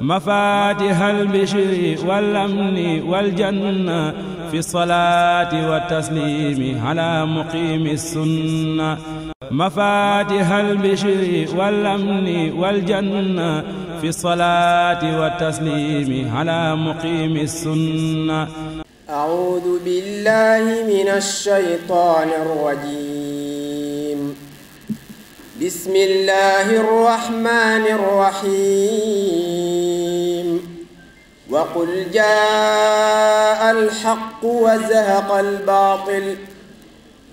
mafatihal bishri wal amni wal janna fi salaati wa taslimi ala muqimi sunna mafatihal bishri wal amni wal janna fi salaati wa taslimi ala muqimi sunna a'uudu billahi minash shaytaanir rajiim bismillahir rahmaanir rahiim وقل جاء الحق وزهق الباطل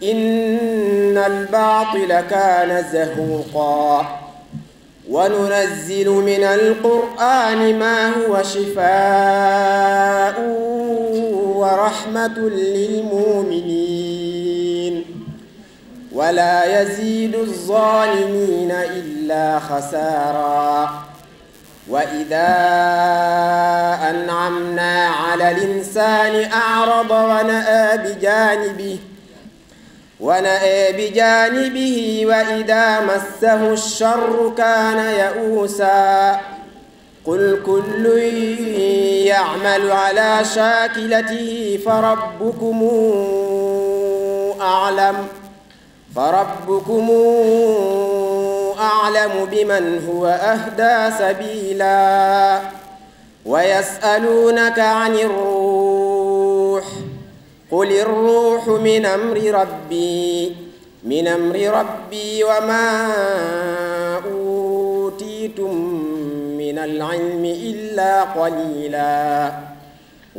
إن الباطل كان زهوقا وننزل من القرآن ما هو شفاء ورحمة للمؤمنين ولا يزيد الظالمين إلا خساراً وإذا أنعمنا على الإنسان أعرض ونأى بجانبه ونأى بجانبه وإذا مسه الشر كان يئوسا قل كل يعمل على شاكلته فربكم أعلم فربكم أعلم بمن هو أهدى سبيلا ويسألونك عن الروح قل الروح من أمر ربي من أمر ربي وما أوتيتم من العلم إلا قليلاً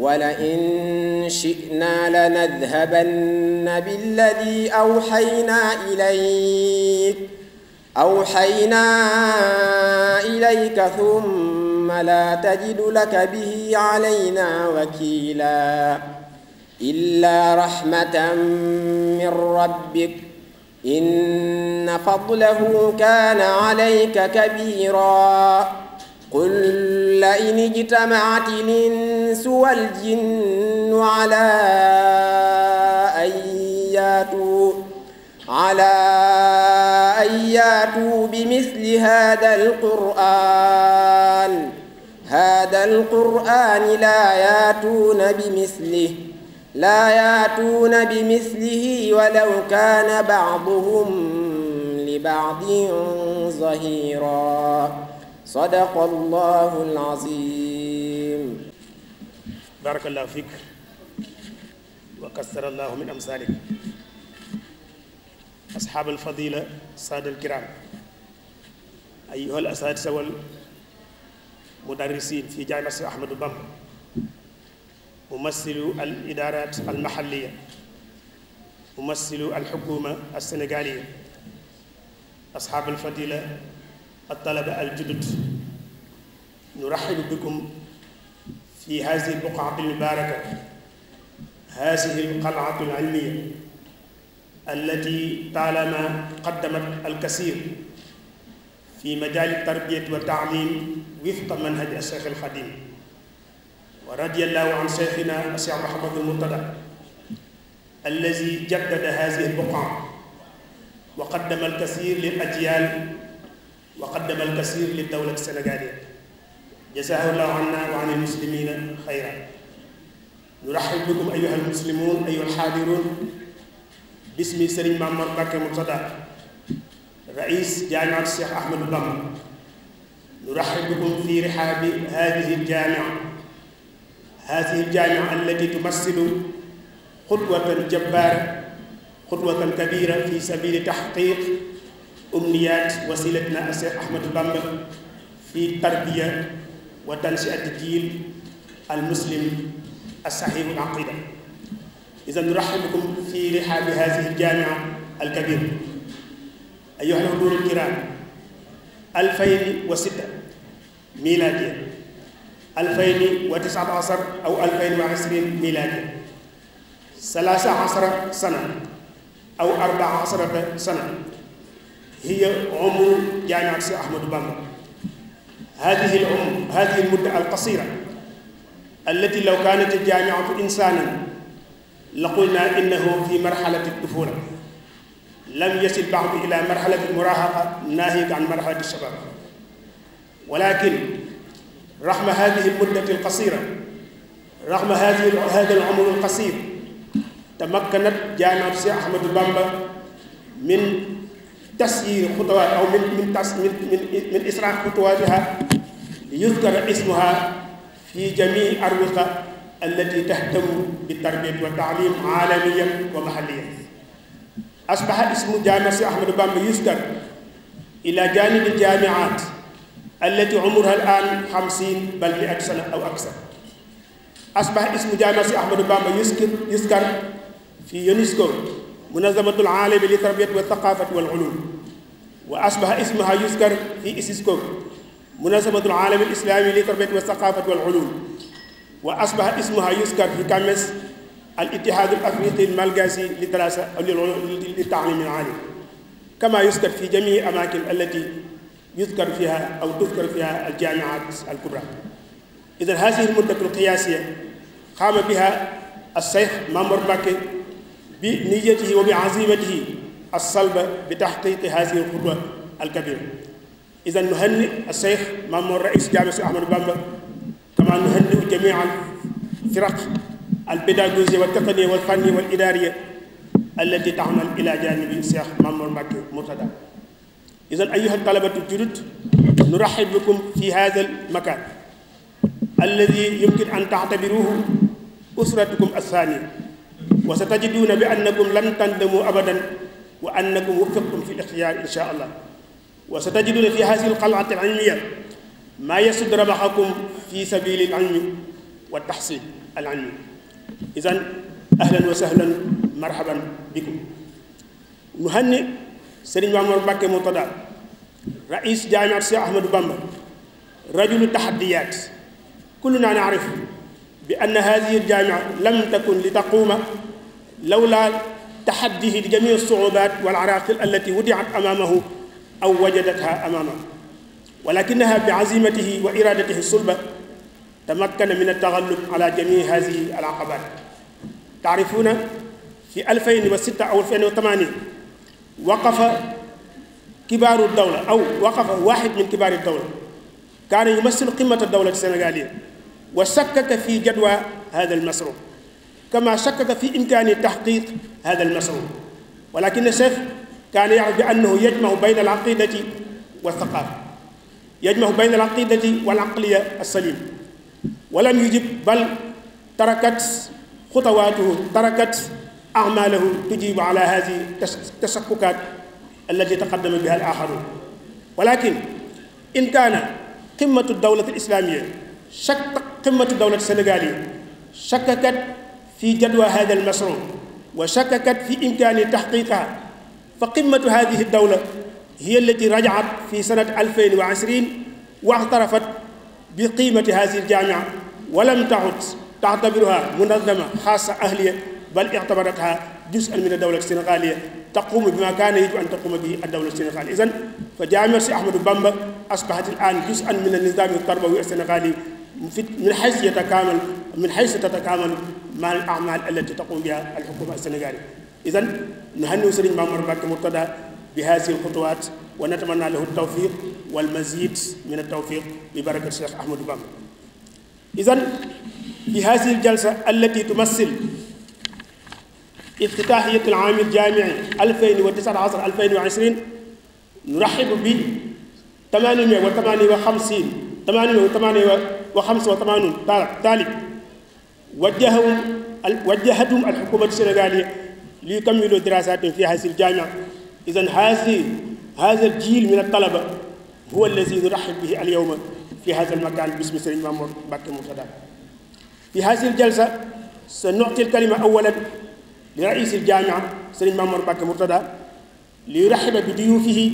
ولئن شئنا لنذهبن بالذي أوحينا إليك أوحينا إليك ثم لا تجد لك به علينا وكيلا إلا رحمة من ربك إن فضله كان عليك كبيرا قل لئن اجتمعت الإنس والجن على أن ياتوا على أن ياتوا بمثل هذا القرآن هذا القرآن لا ياتون بمثله لا ياتون بمثله ولو كان بعضهم لبعض ظهيرا sadaqallaahu al-aziim baarakallaahu fiik wa kasarallaahu min amsaalik asxaab alfadila saada alkiram ayuha alasatisa wal mudarrisin fi jaamiati ahmadu bamba mumassilu al idarat al mahalliya mumassilu al xukuma al sénégaliya asxaab alfadila الطلبة الجدد نرحب بكم في هذه البقعة المباركة هذه القلعة العلمية التي طالما قدمت الكثير في مجال التربية والتعليم وفق منهج الشيخ الخديم ورضي الله عن شيخنا الشيخ محمد المرتضى الذي جدد هذه البقعة وقدم الكثير للأجيال wa qaddama al kasir li dawla sénégalia jasahu llahu anna wa an almuslimina xayra nuraxib bikum ayuha almuslimun ayuha alxaadirun bismi sëriñ Mamar Mbàkke Murtada rais jaamiat Cheikh Ahmadou Bamba nuraxib bikum fi rixaabi hadihi aljaamia hadihi aljaamia allati tumassilu xutwatan jabbaara xutwatan kabira fi sabili taxqiq umniyaat wasilatina ak Cheikh Ahmadou Bamba fi tarbiya wa tansiati jiil al muslim as sahihu al aqida idan nurahibukum fi rihaabi hadihi al jamia al kabir ayuha al hudur al kiram alfayni wa sitta milaadiya alfayni wa tisat asar aw alfayni wa asrin milaadiya salaasa asara sana aw arbaa asarata sana hiya umru jaamiat si Ahmadu Bamba hadihi al umr hadihi al mudda al qasira allati law kaanat jaamiatu insaanin la qulna innahu fi marxalati dufula lam yasil baxdu ila marxalati murahaqa naahika an marxalati shabab walakin رغم هذه المدة القصيرة رغم هذه هذا العمر القصير تمكنت جامعة سي أحمد بامبا من تسيير خطوات أو من من تس من من من إسراع خطواتها ليذكر اسمها في جميع أروقة التي تهتم بالتربية والتعليم عالميا ومحليا أصبح اسم جامع أحمد بامبي يذكر إلى جانب الجامعات التي عمرها الآن خمسين بل مئة سنة أو أكثر أصبح اسم جامع أحمد بامبي يذكر يذكر في يونسكو منظمة العالم للتربية والثقافة والعلوم وأصبح اسمها يذكر في إسسكوب منظمة العالم الإسلامي للتربية والثقافة والعلوم وأصبح اسمها يذكر في كامس الاتحاد الأفريقي الملغاسي للدراسة للتعليم العالي كما يذكر في جميع الأماكن التي يذكر فيها أو تذكر فيها الجامعات الكبرى إذا هذه المدة القياسية قام بها الشيخ مامور مكي bi niyatihi wa bi azimatihi alsalba bi taxqiqi hadihi alxutwa alkabira idan nuhanni alcheikh mamoor rais jaami si ahmadou bamba kama nuhanniu jamia alfiraq alpédagogie waltaqniya walfanniya walidaariya allati taxmal ila janibi cheikh mamoor mbàkke murtada idan ayuha talabatu judud nurahib bikum fi hada almakan alladi yumkin an taxtabiruhu usratukum althaniya wa sa tajiduuna bi annakum lan tandamu abadan wa annakum wuffiqtum fi lixtiyaar insha allah wa sa tajiduuna fi hadihi alqalati alilmia maa yasud rabaxakum fi sabili alilmi wa taxsin alilmi idan ahlan wa sahlan marhaban bikum mu hanni sëriñ Maamor Mbàkke Murtada rais jaamiat Cheikh Ahmadou Bamba rajulu taxaddiyaat kulluna naarif bi anna hadihi aljaamia lam takun li taquuma lawlaa taxaddihi li jamii suubaat wal araaqil allati wudiat amaamahu aw wajadatha amaamahu walakinaha bi azimatihi wa iradatihi sulba tamakkana min altagallub ala jamii hadihi al aqabat taarifuuna fi alfayn wa sitta aw alfayn wa tamaaniin waqafa kibaaru dawla aw waqafa waaxid min kibaari dawla kaana yumassilu qimmata dawlati sénégaliyya wa sakkaka fi jadwa hada almasruuf كما شكك في إمكان تحقيق هذا المشروع ولكن الشيخ كان يعرف بأنه يجمع بين العقيدة والثقافة يجمع بين العقيدة والعقلية السليمة ولم يجب بل تركت خطواته تركت أعماله تجيب على هذه التشككات التي تقدم بها الآخرون ولكن إن كان قمة الدولة الإسلامية شك قمة الدولة السنغالية شككت في جدوى هذا المشروع وشككت في إمكان تحقيقها فقمة هذه الدولة هي التي رجعت في سنة 2020 واعترفت بقيمة هذه الجامعة ولم تعد تعتبرها منظمة خاصة أهلية بل اعتبرتها جزءا من الدولة السنغالية تقوم بما كان يجب أن تقوم به الدولة السنغالية إذن فجامعة أحمد بامبا أصبحت الآن جزءا من النظام التربوي السنغالي من حيث يتكامل من حيث تتكامل maa al amal allati taqum biha al xukuma sénégali idan nahanniu sëriñ Mamour Mbacke Murtada bi haasi al xutuwaat wa natamanna lahu tawfiq wal mazid min al tawfiq bi barakat cheikh ahmadou bamba idan fi haasi al jalsa allati tumassil افتتاحية العام الجامعي 2019 2020 نرحب ب 858 885 طالب وجههم وجهتهم الحكومة السنغالية ليكملوا دراساتهم في هذه الجامعة إذا هذه هذا الجيل من الطلبة هو الذي نرحب به اليوم في هذا المكان باسم سيدنا مامور مبارك مرتضى في هذه الجلسة سنعطي الكلمة أولا لرئيس الجامعة سيدنا مامور مبارك مرتضى ليرحب بضيوفه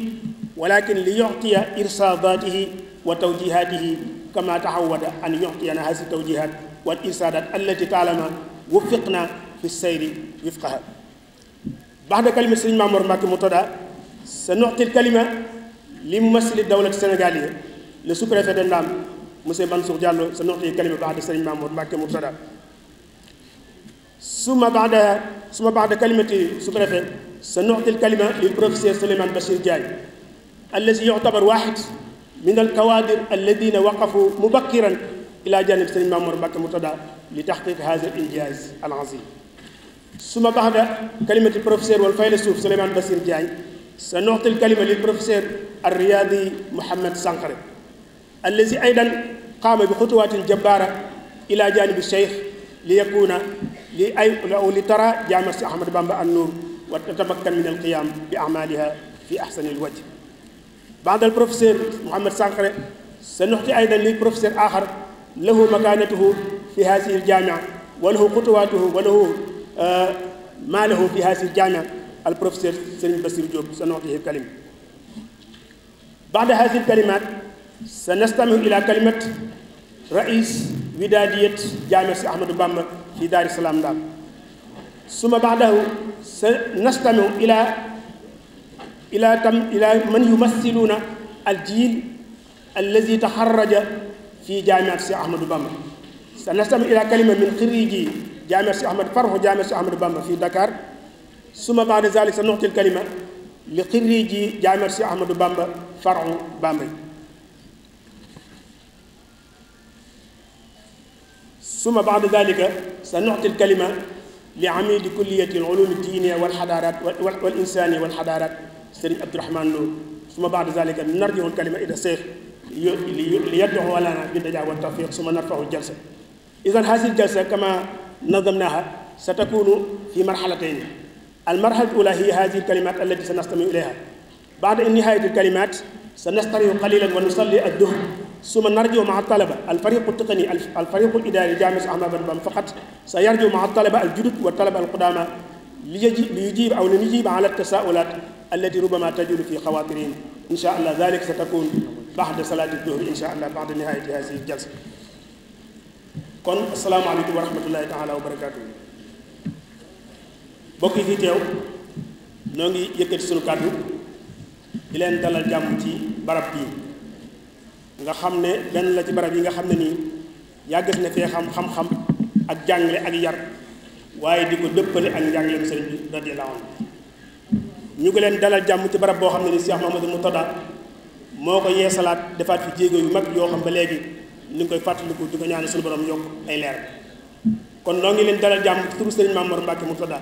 ولكن ليعطي إرشاداته وتوجيهاته كما تعود أن يعطينا هذه التوجيهات wal irsaadaat allati taalama wuffiqna fi sayri wifqaha baxda kalima sëriñ Maamoor Mbàkke mu toda sa noxtil kalima li mumasili dawlati sénégaliya le sous-préfet de Ndam monsieur Mansour Diallo sa noxtil kalima baxda sëriñ Maamoor Mbàkke mu toda suma baxda suma baxda kalimati sous-préfet sa noxtil kalima lil professeur Souleymane Bachir Diagne allazi yuctabar waxid min alkawaadir alladina waqafu mubakiran ilaa janib sëriñ Mamour Mbacke Moutada li taxqiq haza al injaz al azim suma baxda kalimati professeur wal faylasuuf Souleymane Bassir Diagne sa noxtil kalima lil professeur al riyadi Mouhamed Sankhare allazi aydan qaama bi xutuwaatin jabbaara ilaa janibi cheikh li yakuna li ay li tara jaama si Ahmad Bamba an nuur wa tatamakkan min al qiyam bi amaliha fi ahsani al wajh baadal professeur Mouhamed Sankhare sa noxti aydan li professeur axar lahu makaanatuhu fi haasihi aljaamia wa lahu xutuwaatuhu wa lahu uh, maa lahu fi haasihi aljaamia al professeur Serigne Bassirou Diop sanutihi kalim baada haasihi alkalimaat sanastamiu ila kalimat rais widaadiyat jaamia si Ahmadou Bamba fi daari salaam ndaam suma baadahu sanastamiu ila ila tam ila man yumassiluuna aljiil alladi taxarraja fii jaamiat si Ahmadou Bamba sa nastami ila kalima min xiriji jaamiat si Ahmad farxu jaamiat si Ahmadou Bamba fii Dakar suma baada zalik sa nuxtil kalima li xiriji jaamiat si Ahmadou Bamba farxu Bambey suma baada zalika sa nuxtil kalima li amidi kulliyati al ulum diiniya wal xadaaraat wal insaaniya wal xadaaraat Sëriñ Abdourahmane Lo suma baada zalika narjiu al kalima ila Seex ليدعو على بالنجاح والتوفيق ثم نرفع الجلسة إذا هذه الجلسة كما نظمناها ستكون في مرحلتين المرحلة الأولى هي هذه الكلمات التي سنستمع إليها بعد نهاية الكلمات سنستريح قليلا ونصلي الظهر ثم نرجع مع الطلبة الفريق التقني الفريق الإداري جامعة أحمد بن فقط سيرجع مع الطلبة الجدد والطلبة القدامى ليجيب أو لنجيب على التساؤلات allati rubama tajulu fi xawaatirihim insha allah dalik sa takun baxda salaati duhri insha allah baxda nihaayati haasi jalsa kon asalaamaaleykum wa rahmatullahi taala wa barakaatu bokk yi fi teew noo ngi yëkkati sunu kàddu di leen dalal jàmm ci barab bii nga xam ne benn la ci barab yi nga xam ne nii yàggas na fee xam xam-xam ak jàngale ak yar waaye di ko dëppale ak njàngale bi sëriñ bi radiyallahu anhu ñu ngi leen dalal jàmm ci barab boo xam ne ni Cheikh Mahamadou Moutada moo ko yeesalaat defaat fi jéego yu mag yoo xam ba léegi ñu ngi koy fàttaliku di ko ñaane suñu borom yokk ay leer kon noo ngi leen dalal jàmm ci turu Serigne Mamour Mbacke Moutada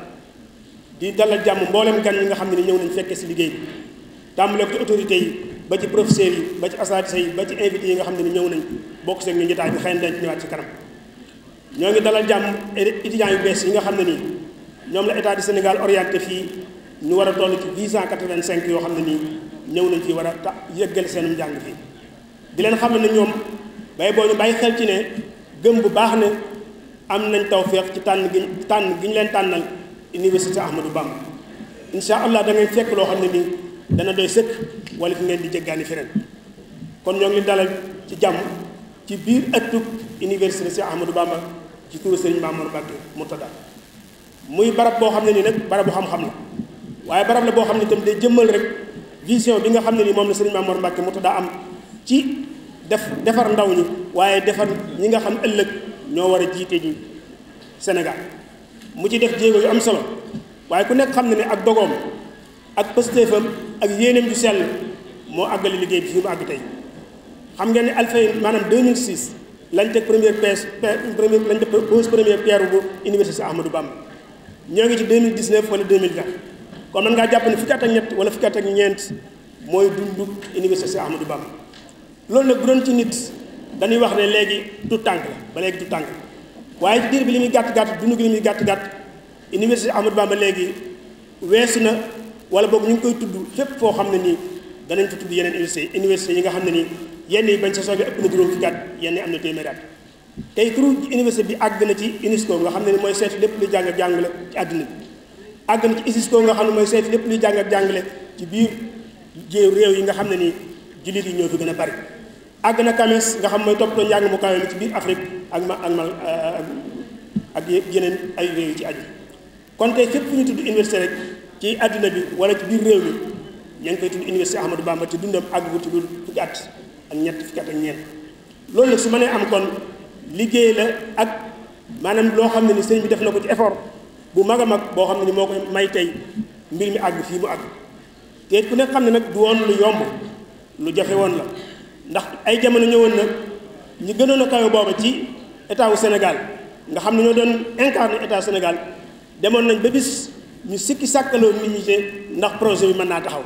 di dalal jàmm mboolem gan yi xam ne ni ñëw nañ fekkee si liggéey bi tàmbale ba ci professeurs ba ci asatisa ba ci yi nga xam ne ni ñëw nañ bokk seeg ñu jotaay bi xëy na dañ ci ñëwaat ci kanam ñoo ngi dalal jàmm étudiants yu bees yi nga xam ne nii ñoom la état di Sénégal orienté fii ñu war a toll ci dix cent quatre-vingt-cinq yoo xam ne nii ñëw nañ ci war a ta yëggal seen njàng fi di leen xam ne ñoom bay boo ñu bàyyi xel ci ne gëm bu baax ne am nañ tawféex ci tànn gi tànn gi leen tànnal université Ahmadou Bamba incha allah da ngeen fekk loo xam ne nii dana doy sëkk wala fi ngeen di jéggaani feneen kon ñoo ngi leen dalal ci jàmm ci biir ëttub université si Ahmadou Bamba ci turu Serigne Mamour Mbacké Murtada muy barab boo xam ne nii nag barabu xam-xam la. waaye barab la boo xam ne tamit day jëmmal rek vision bi nga xam ne ni moom la sëriñ Mamour Mbacke mu daa am ci def defar ndaw ñi waaye defar ñi nga xam ëllëg ñoo war a jiite ñu Sénégal mu ci def jéego yu am solo waaye ku nekk xam ne ne ak dogoom ak pëstéefam ak yéeneem ju sell moo àggali liggéey bi fii mu àgg tey xam ngeen ne Alfayda maanaam 2006 lañ teg première pièce première lañ def pose première pierre bu université Ahmadou Bamba ñoo ngi ci 2019 wala 2020 kon man ngaa jàpp ne fukki at ak ñett wala fukki at ak ñeent mooy dundu université si Ahmadou Bamba loolu nag bu doon ci nit dañuy wax ne léegi du tànk la ba léegi du tànk waaye diir bi li muy gàtt gàtt dundu gi li muy gàtt gàtt université Ahmadou Bamba léegi weesu na wala boobu ñu ngi koy tudd fépp foo xam ne nii danañ fa tudd yeneen université université yi nga xam ne nii yenn yi bañ sa soobee ëpp na juróom fukki yenn am na téeméeri at tey turu université bi na ci UNESCO nga xam ne ni mooy seetu lépp lu jàng jàng la ci àdduna bi àgg na ci ISIS koo nga xam ne mooy seeti lépp luy jàngal ak jàngale ci biir jéew réew yi nga xam ne ni jullit yi ñoo fi gën a bari àgg na CAMES nga xam mooy toppatoo njàng mu kawe mi ci biir Afrique ak ma ak ma ak yeneen ay ci aju kon tey fépp rek ci àddina bi wala ci biir réew mi ña koy tudd université Ahmadou Bamba te dundam àggul ci lu fukki at ak ñett fukki at ak ñeent loolu nag su ma nee am kon liggéey la ak maanaam loo xam ne ni sëñ bi def na ko ci effort bu mag a mag boo xam ne ni moo koy may tey mbir mi àgg fii mu àgg te ku nekk xam ne nag du woon lu yomb lu jafe woon la ndax ay jamono ñëwoon na ñu gënoon a kawe booba ci état wu Sénégal nga xam ne ñoo doon incarné état Sénégal demoon nañ ba bis ñu sikki sàkkaloo nit ñi te ndax projet bi mën naa taxaw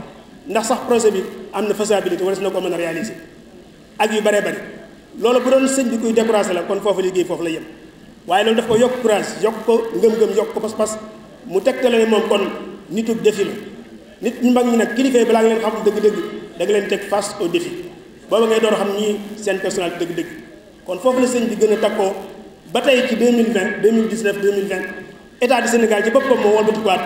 ndax sax projet bi am na faisabilité wala si na ko mën a réaliser ak yu bare bare loolu bu doon sëñ bi kuy découragé la kon foofu liggéey foofu la yem waaye loolu daf ko yokk courage yokk ko ngëm-ngëm yokk ko pas-pas mu tegtale ne moom kon nitu défi la nit ñu mag ñi nag kilifa yi balaa nga leen xam dëgg-dëgg da leen teg face au défi booba ngay door xam ñii seen personnalité dëgg-dëgg kon foofu la sëñ bi gën a takkoo ba tey ci 2020 2019 2020 état du Sénégal ci boppam moo walbatikuwaat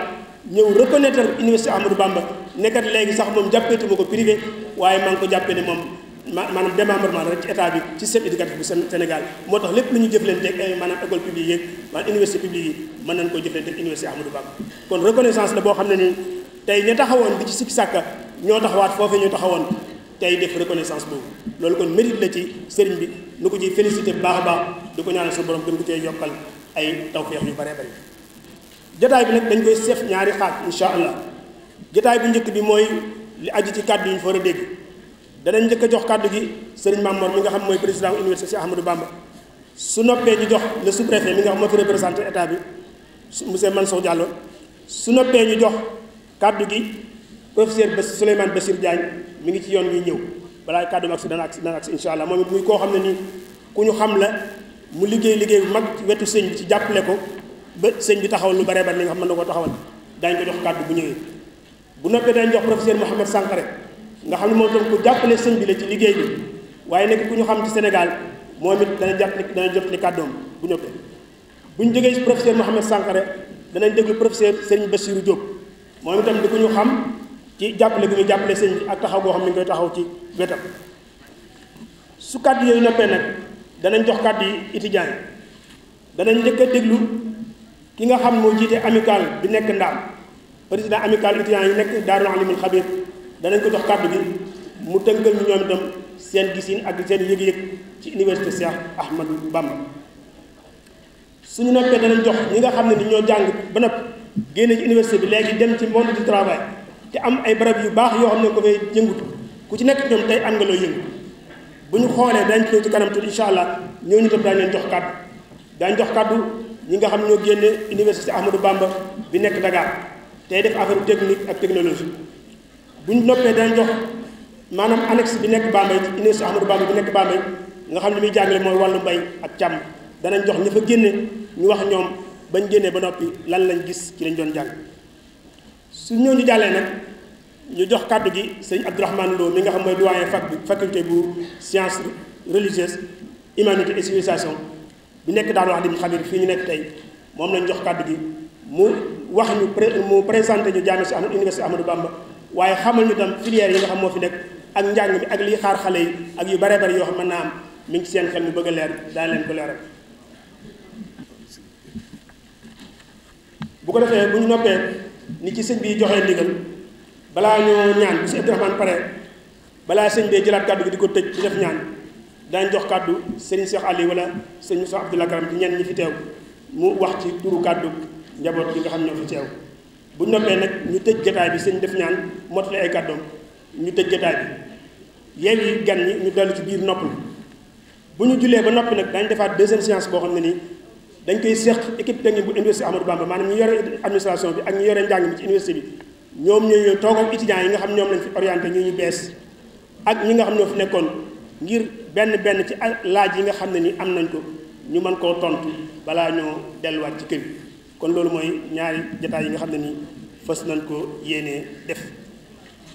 ñëw reconnaître université Amadou Bamba nekkat léegi sax moom jàppeetuma ko privé waaye maa ngi ko jàppee ne moom maanaam démembrement rek ci état bi ci système éducatif bu Sénégal moo tax lépp lu ñu jëflante ak ay maanaam école publique yeeg maanaam université publique yi mën nañ koo jëflante ak université Amadou Bamba kon reconnaissance la boo xam ne ni tey ña taxawoon di ci sikki sàkka ñoo taxawaat foofee ñoo taxawoon tey def reconnaissance boobu loolu kon mérite la ci sëriñ bi nu ko ciy félicité bu baax a baax di ko ñaanal sa borom gën ko cee yokkal ay tawféex yu bare bi nag dañ koy seef ñaari xaaj incha allah jotaay bu njëkk bi mooy li aju ci kàddu yi ñu fa a dégg danañ njëkk a jox kàddu gi sëriñ Mamour mi nga xam mooy président université Cheikh Ahmadou Bamba su noppee ñu jox le sous-préfet mi nga xam moo fi représenté état bi see man soo Diallo su noppee ñu jox kàddu gi professeur Bass Souleymane Bassir Diagne mu ngi ci yoon wi ñëw balaa kàddu mag si dana agsi dana agsi incha allah moom it muy koo xam ne nii ku ñu xam la mu liggéey liggéey bu mag wetu sëñ bi ci jàppale ko ba sëñ bi taxawal lu bare ba li nga xam mën na koo taxawal daañu ko jox kàddu bu ñëwee bu noppee dañ jox professeur Mouhamed Sankare nga xam ne moo tam ku jàppale sëñ bi la ci liggéey bi waaye nekk ku ñu xam ci senegal moom it dana jàpp dana jot li kàddoom bu ñëppee bu ñu jógee professeur Mouhamed Sankaré danañ déglu professeur sëñ Bassirou Diop moom itam di ku ñu xam ci jàppale gu ñu jàppale sëñ bi ak taxaw boo xam ne ñu taxaw ci wetam su kàddu nag danañ jox kàddu yi étudiants yi danañ njëkk déglu ki nga xam moo jiite amical bi nekk ndaam président amical étudiants yi nekk Daarul Alimul Xabir danañ ko jox kàddu bi mu tënkal ñu ñoom dem seen gisin ak seen yëg-yëg ci université Cheikh Ahmadou Bamba suñu noppee danañ jox ñi nga xam ne ni ñoo jàng ba nopp génne ci université bi léegi dem ci monde du travail te am ay barab yu baax yoo xam ne ko fay yëngutu ku ci nekk ñoom tey am nga loo yëngu bu ñu xoolee dañ ci kanam tuuti incha allah ñooñu tam daan leen jox kàddu daañ jox kàddu ñi nga xam ñoo génne université Ahmadou bàmba bi nekk Dakar tey def affaire technique ak technologie bu ñu noppee dañ jox maanaam annexe bi nekk Bambey université Ahmadou Bamba bi nekk Bambey nga xam ne muy jàngale mooy wàllu mbay ak càmm danañ jox ña fa génne ñu wax ñoom bañ génnee ba noppi lan lañ gis ci lañ doon jàng su ñëw ñu jàllee nag ñu jox kàddu gi sëñ Abdourahmane Lo mi nga xam mooy doyen fac faculté bu science religieuse humanité et civilisation bi nekk daal wax di mu xabir fii ñu nekk tey moom lañ jox kàddu gi mu wax ñu mu présenté ñu jàmm si Université Ahmadou Bamba waaye xamal ñu tam filière yi nga xam moo fi nekk ak njàng mi ak liy xaar xale yi ak yu bare bari yoo xam mën naa am mi ngi ci seen xel mu bëgg a leer daa leen ko leeral bu ko defee bu ñu noppee ni ci sëñ bi joxee ndigal balaa ñoo ñaan bi si Abdourahmane pare balaa sëñ bee jëlaat kàddu gi di ko tëj di def ñaan daañ jox kàddu sëñ Cheikh Ali wala sëñ Moussa Abdoulaye Karam ci ñenn ñi fi teew mu wax ci turu kàddu njaboot bi nga xam ñoo fi teew bu noppee nag ñu tëj jataay bi sëñ def ñaan motale ay kàddoom ñu tëj jataay bi yeew yi gan ñi ñu dellu ci biir nopp bu ñu jullee ba noppi nag dañ defaat deuxième séance boo xam ne nii dañ koy seq équipe technique bu université Amadou Bamba maanaam ñu yore administration bi ak ñu yore njàng mi ci université bi ñoom ñooy ñëw toog ak étudiants yi nga xam ñoom lañ fi orienté ñu ñu bees ak ñi nga xam ñoo fi nekkoon ngir benn benn ci a laaj yi nga xam ne ni am nañ ko ñu mën koo tontu balaa ñoo delluwaat ci kër yi kon loolu mooy ñaari jataay yi nga xam ne nii fas nañ ko yéene def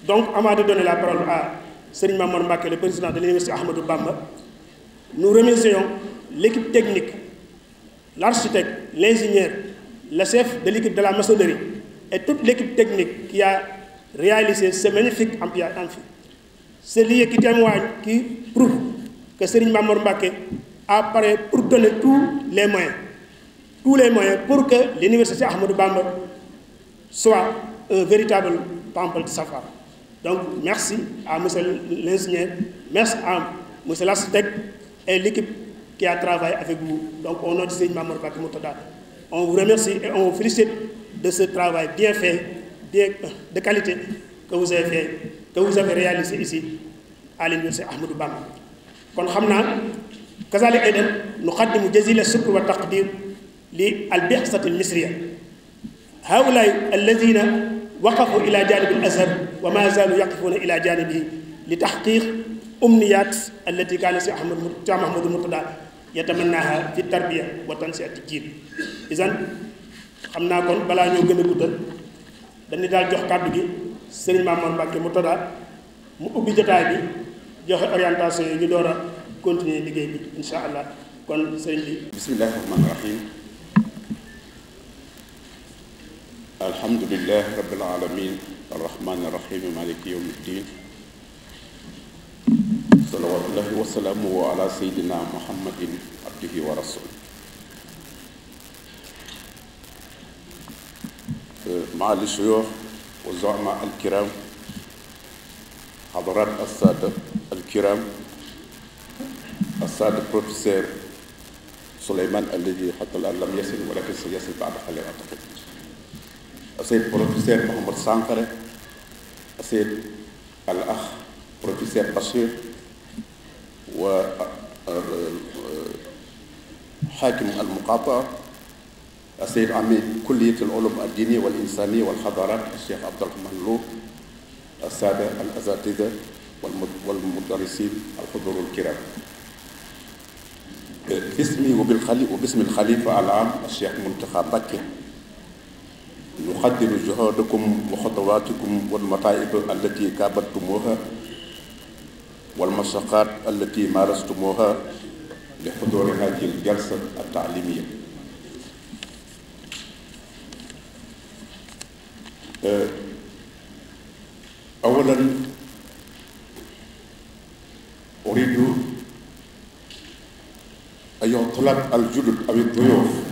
donc avant de donner la parole à Serigne Mamour Mbacké le président de l'université Ahmadou Bamba nous remercions l'équipe technique l'architecte l'ingénieur le chef de l'équipe de la maçonnerie et toute l'équipe technique qui a réalisé ce magnifique amphi. C'est lieu qui témoigne, qui prouve que Serigne Mamour Mbacké a pour donner tous les moyens tous les moyens pour que l'université Ahmadou Bamba soit un véritable temple de Safar. Donc merci à monsieur l'ingénieur, merci à monsieur l'architecte et l'équipe qui a travaillé avec vous. Donc au nom du Seigneur Mamour Bakimotoda, on vous remercie et on vous de ce travail bien fait, bien euh, de qualité que vous avez fait, que vous avez réalisé ici à l'université Ahmadou Bamba. kon xam naa kazaalik ay dem nu xaddimu jazila sukr wa taqdir للبعثة المصرية هؤلاء الذين وقفوا إلى جانب الأزهر وما زالوا يقفون إلى جانبه لتحقيق أمنيات التي كان سي أحمد محمود المرتضى يتمناها في التربية وتنشئة الجيل إذن xam naa kon balaa ñoo gën a guddal dañu daal jox kàddu gi sëriñ Mamour Mbacke mu toddaat mu ubbi jotaay bi joxe orientation yi ñu door continuer liggéey bi incha allah kon sëriñ bi bismillahi rahmaani alhamdulilah rabbil alamin arrahmani arrahim maliki yawmi ddin salawatullahi wasalaamuhu ala sayidina muhammadin abdihi wa rasul maal shuyukh wa zama alkiram xadarat assada alkiram assada professeur Souleymane Alladji xatal lam yasin walakin sa yasin baada xale السيد بروفيسور محمد سانكري السيد الأخ بروفيسور بشير و حاكم المقاطعة السيد عميد كلية العلوم الدينية والإنسانية والحضارات الشيخ عبد الرحمن لوب السادة الأساتذة والمدرسين الحضور الكرام باسمي وباسم الخليفة العام الشيخ منتخب مكي yuqaddiru juhadakum wa xatawaatikum wal mataa'iba allati kaabattumuha wal masaqaat allati maarastumuha li xuduuri haadihi al-jalsa at-taalimiya awalan uriidu an yutlaq al-judud aw ad-duyuuf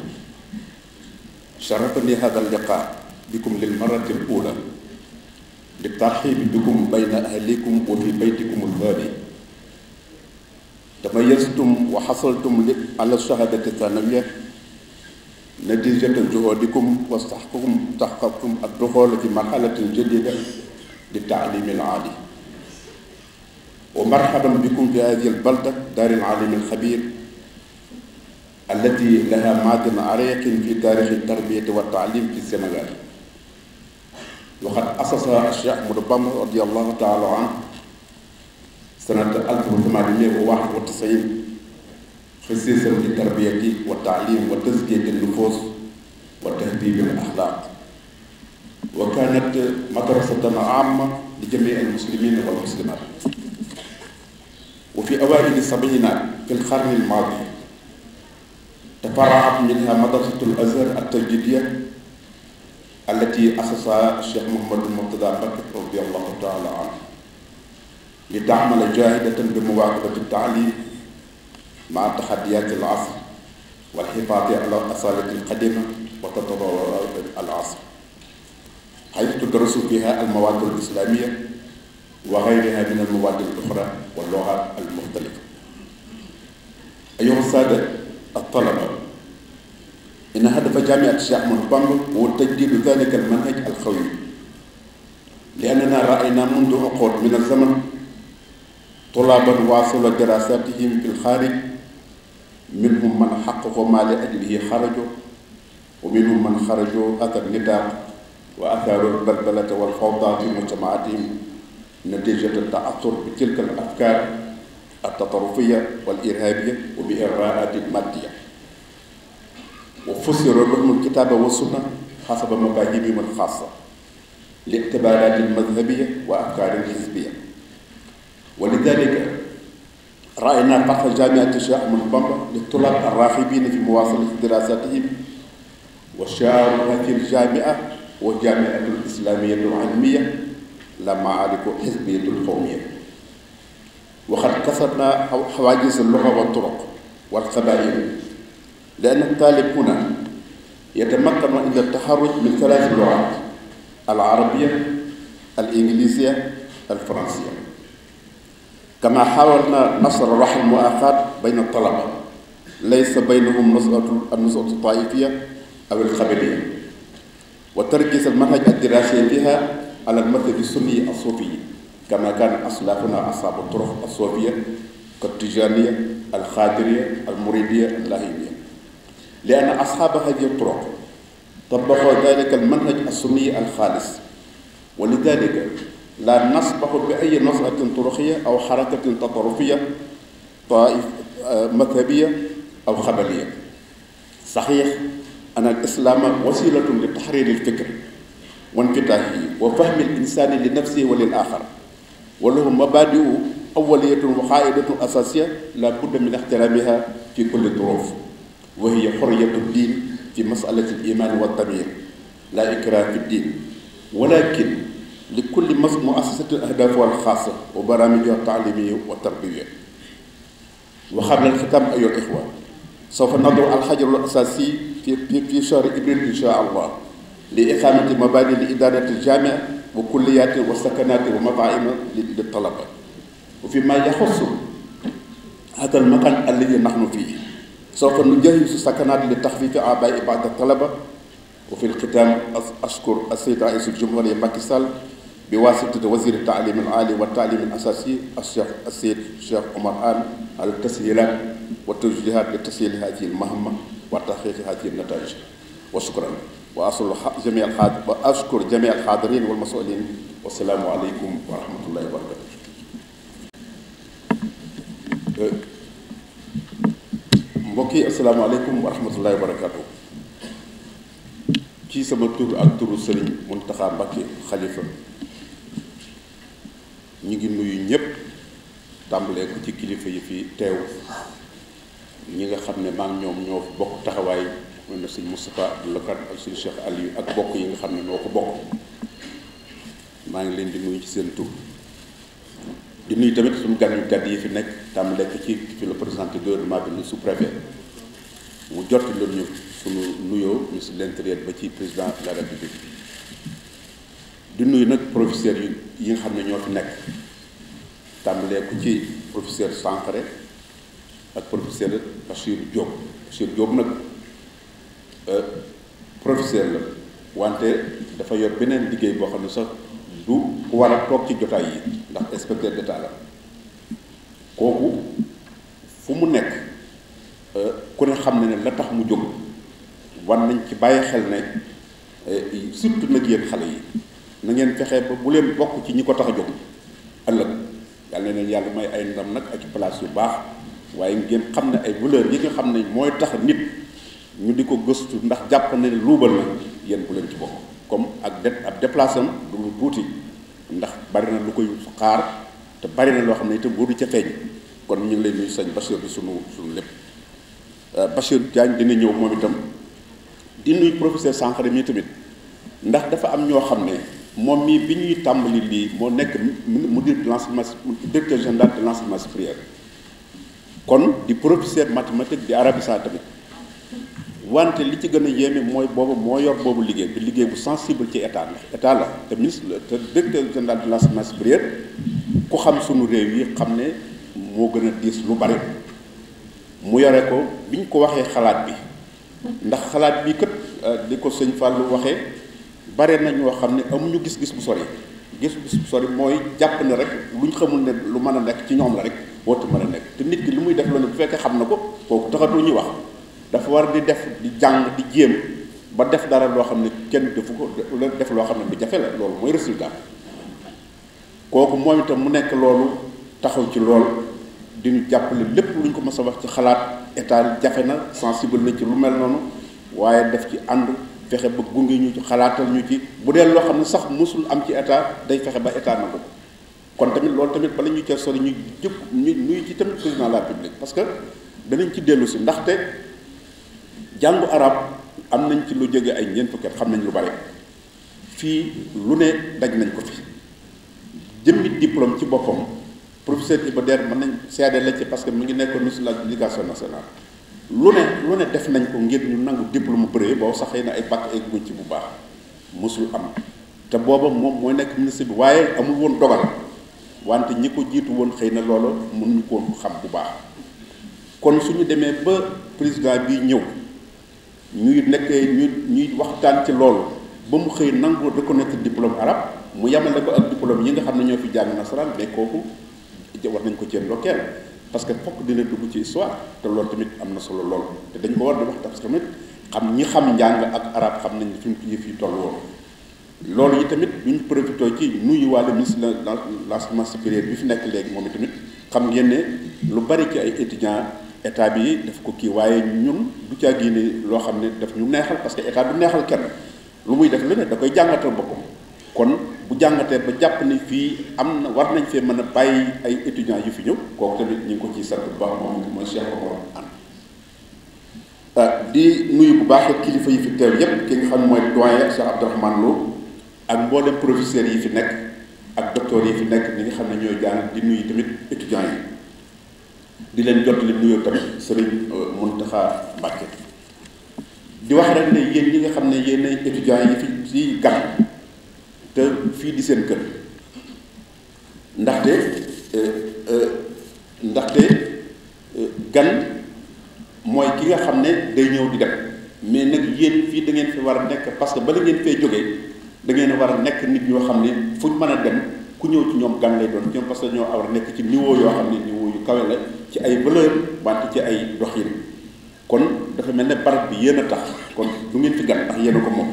sharafani hada alliqa bikum lil marrati al ula li tarxibi bikum bayna ahlikum wa fi baytikum albabi tamayastum wa xasaltum li ala shahadati sanawiya natijata juhodikum wa saxqakum saxqakum ad duxool fi marxalatin jadida li taalimi al aali wa marxaban bikum fi hadi al balda daari al aalimi al xabir التي لها ماد عريق في تاريخ التربية والتعليم في السنغال وقد أسسها الشيخ أحمد بامر رضي الله تعالى عنه سنة 1891 خصيصا للتربية والتعليم وتزكية النفوس وتهذيب الأخلاق وكانت مدرسة عامة لجميع المسلمين والمسلمات وفي أوائل السبعينات في القرن الماضي تفرعت منها مدرسة الأزهر التجديدية التي أسسها الشيخ محمد المرتضى مكي رضي الله تعالى عنه لتعمل جاهدة بمواكبة التعليم مع تحديات العصر والحفاظ على الأصالة القديمة وتطور العصر حيث تدرس فيها المواد الإسلامية وغيرها من المواد الأخرى واللغات المختلفة أيها السادة الطلبة إن هدف جامعة الشيخ أحمد بامبا هو تجديد ذلك المنهج القوي لأننا رأينا منذ عقود من الزمن طلابا واصلوا دراساتهم في الخارج منهم من حقق ما لأجله خرجوا ومنهم من خرجوا أثر النطاق وأثاروا البلبلة والفوضى في مجتمعاتهم نتيجة التأثر بتلك الأفكار التطرفية والإرهابية وبإراءة مادية وفسر لهم الكتاب والسنة حسب مفاهيمهم الخاصة لاعتبارات مذهبية وأفكار حزبية ولذلك رأينا فتح جامعة الشيخ أحمد بامبا للطلاب الراغبين في مواصلة دراساتهم وشعار هذه الجامعة والجامعة الإسلامية العلمية لا معارك حزبية قومية وقد كسرنا حواجز اللغة والطرق والقبائل لأن الطالب هنا يتمكن عند التخرج من ثلاث لغات العربية الإنجليزية الفرنسية كما حاولنا نصر رحل المؤاخاة بين الطلبة ليس بينهم نزعة النزعة الطائفية أو القبلية وتركيز المنهج الدراسي فيها على المذهب السني الصوفي كما كان أسلافنا أصحاب الطرق الصوفية كالتجانية الخادرية المريدية اللهيبية لأن أصحاب هذه الطرق طبقوا ذلك المنهج السني الخالص ولذلك لا نصبح بأي نصرة طرقية أو حركة تطرفية طائف مذهبية أو خبلية صحيح أن الإسلام وسيلة لتحرير الفكر وانفتاحه وفهم الإنسان لنفسه وللآخر wala hum mabadiu awaliyatun wa qaidatun asasiya la budda min ixtiramiha fi kulli duruf wa hiya xuriyatu diin fi masalati l iman wa tamir la ikraha fi diin walakin li kulli mas muassasatin ahdaaf wal xaasa wa baramijuha taalimiya wa tarbiya wa qabla alxitaam ayyuha al ixwa sawfa nadru alxajaru al asasi fi fi shahri ibril insha allah li iqamati mabadi li idarati al jamia wa kulliyaati wa sakanaati wa mataaima li talaba wa fi ma yaxusu hada al maqan alladi naxnu fii sawfa nujahizu sakanaat li taxfiifi abaai baada talaba wa fi lxitaam ashkur asayid rais aljumhuria Macky Sall bi waasitati wasiri taalim al aali wa taalim al asasi acheikh asayid Cheikh Omar Anne al tashiilaat wa tawjiihaat li tashiil haadihi al mahma wa taxqiiqi haadihi al nataij wa shukran wa asul jami al xaad wa ashkur jami al xaadirin wal masulin wasalaamu aleykum wa rahmatullahi wa barakatu mbokk yi asalaamaaleykum wa rahmatullahi wa barakatu ci sama tur ak turu sëriñ Muntaxa Mbàkke xalifa ñu ngi nuyu ñépp tàmbalee ko ci kilifa yi fi teew ñi nga xam ne maam ñoom ñoo bokk taxawaay moom la si Moustapha Abdoulaye Kane ak sëñ ali Aliou ak bokk yi nga xam ne noo ko bokk maa ngi leen di nuyu ci seen tur di nuyu tamit suñu gan yu yi fi nekk tam lekk ci ci le présenté bi sous préfet mu jotti loolu ñu nuyoo ministre de l'intérieur ba ci président de la république di nuyu nag professeurs yi yi nga xam ne ñoo fi nekk tàmbalee ko ci professeur Sankaré ak professeur Bachir Diop Bachir Diop nag professeur la wante dafa yor beneen liggéey boo xam ne sax du ku war a toog ci jotaay yi ndax inspecteur d'état la kooku fu mu nekk euh, ku ne xam ne ne la tax mu jóg wan nañ ci bàyyi xel ne euh, surtout na yéen xale yi na ngeen fexe ba bu leen bokk ci ñi ko tax a jóg ëllëg yàlla na leen yàlla may ay ndam nag ak place yu baax waaye ngeen xam ne ay valeur yi nga xam ne mooy tax nit ñu di ko gëstu ndax jàpp ne luubal na yéen bu leen ci bokk comme ak de ab déplacé du lu tuuti ndax bari na lu koy xaar te bari na loo xam ne itam wóoru ca feeñ kon ñu ngi lay nuyu sëñ Bachir bi sunu sunu lépp euh, Bachir Diagne dina ñëw moom itam di nuyu professeur Sankhare mii tamit ndax dafa am ñoo xam ne moom mii bi ñuy tàmbali lii moo nekk mu mu dir de l'enseignement directeur général de l'enseignement supérieur kon di professeur mathématique di arabisant tamit wante li ci gën a yéeme mooy boobu moo yor boobu liggéey te liggéey bu sensible ci état la état la te ministre la te directeur général de l'enseignement supérieur ku xam suñu réew yi xam ne moo gën a diis lu bari mu yore ko bi ñu ko waxee xalaat bi ndax xalaat bii kët euh, di ko sëñ Fallou waxee bare na ñoo xam ne amuñu gis-gis bu sori gis-gis bu sori mooy jàpp ne rek luñ xamul ne lu mën a nekk ci ñoom la rek wootu mën a nekk te nit ki lu muy def loolu bu fekkee xam na ko kooku taxatoo ñuy wax. dafa war di def di jàng di jéem ba def dara loo xam ne kenn defu ko def loo xam ne bu jafe la loolu mooy résultat kooku moom itam mu nekk loolu taxaw ci lool di ñu jàppale lépp lu ñu ko mës a ci xalaat état jafe na sensible na ci lu mel noonu waaye def ci ànd fexe ba gunge ñu ci xalaatal ñu ci bu dee loo xam ne sax mosul am ci état day fexe ba état na ko kon tamit loolu tamit bala ñu cee sori ñu jëpp ñu nuyu ci tamit président de la République parce que danañ ci dellu si ndaxte. jàngu arab am nañ ci lu jege ay ñeent fukki xam nañ lu bare fii lu ne daj nañ ko fi jëmmi diplôme ci boppam professeur Iba Der mën nañ seede la ci parce que mu ngi nekkoon si de l'éducation nationale lu ne lu ne def nañ ko ngir ñu nangu diplôme bëre boobu sax xëy na ay bàkk ay guñ ci bu baax mosul am te booba moom mooy nekk ministre bi waaye amul woon dogal wante ñi ko jiitu woon xëy na loola mënuñu ko woon xam bu baax kon suñu demee ba président bi ñëw ñuy nekkee ñu ñuy waxtaan ci loolu ba mu xëy nangoo ko reconnaître diplôme arabe mu yemale ko ak diplôme yi nga xam ne ñoo fi jàng nasaraan mais kooku war nañ ko cee ndokkeel parce que fokk dina dugg ci histoire te loolu tamit am na solo lool te dañ ko war di wax parce que tamit xam ñi xam njàng ak arab xam nañu fi mu yëf yi toll woon loolu yi tamit bu ñu profité ci nuyuwaale ministre de l'enseignement supérieur bi fi nekk léegi moom i tamit xam ngeen lu bari ci ay étudiants état bi daf ko kii waaye ñun du caa génne loo xam ne daf ñu neexal parce que état du neexal kenn lu muy def lu ne da koy jàngatal boppam kon bu jàngatee ba jàpp ni fii am na war nañ fee mën a bàyyi ay étudiants yu fi ñëw kooku tamit ñu ko ciy sant bu baax moom mooy Cheikh Omar Anne ah, di nuyu bu baax kilifa yi fi teew yépp ki nga xam mooy doyen Cheikh Abdourahmane Lo ak mboolem professeurs yi fi nekk ak docteurs yi fi nekk ñi nga xam ne ñooy jàng di nuyu tamit étudiants yi di leen jottali nuyoo tam sëriñ euh, Muntaxa Mbàkke di wax rek ne yéen ñi nga xam ne yéen ay étudiants yi fi ci gan te fii di seen kër ndaxte euh, euh, ndaxte gan mooy ki nga xam ne day ñëw di dem mais nag yéen fii da ngeen fi war a nekk parce que bala ngeen fee jógee da war a nekk nit ñoo xam ne fu ñu mën a dem ku ñëw ci ñoom gan lay doon ñoom parce que ñoo war a nekk ci niveau yoo xam ne niveau. kawe la ci ay valeur wante ci ay doxin kon dafa mel ne barab bi yéen a tax kon du ngeen fi gan ndax yéen a ko moom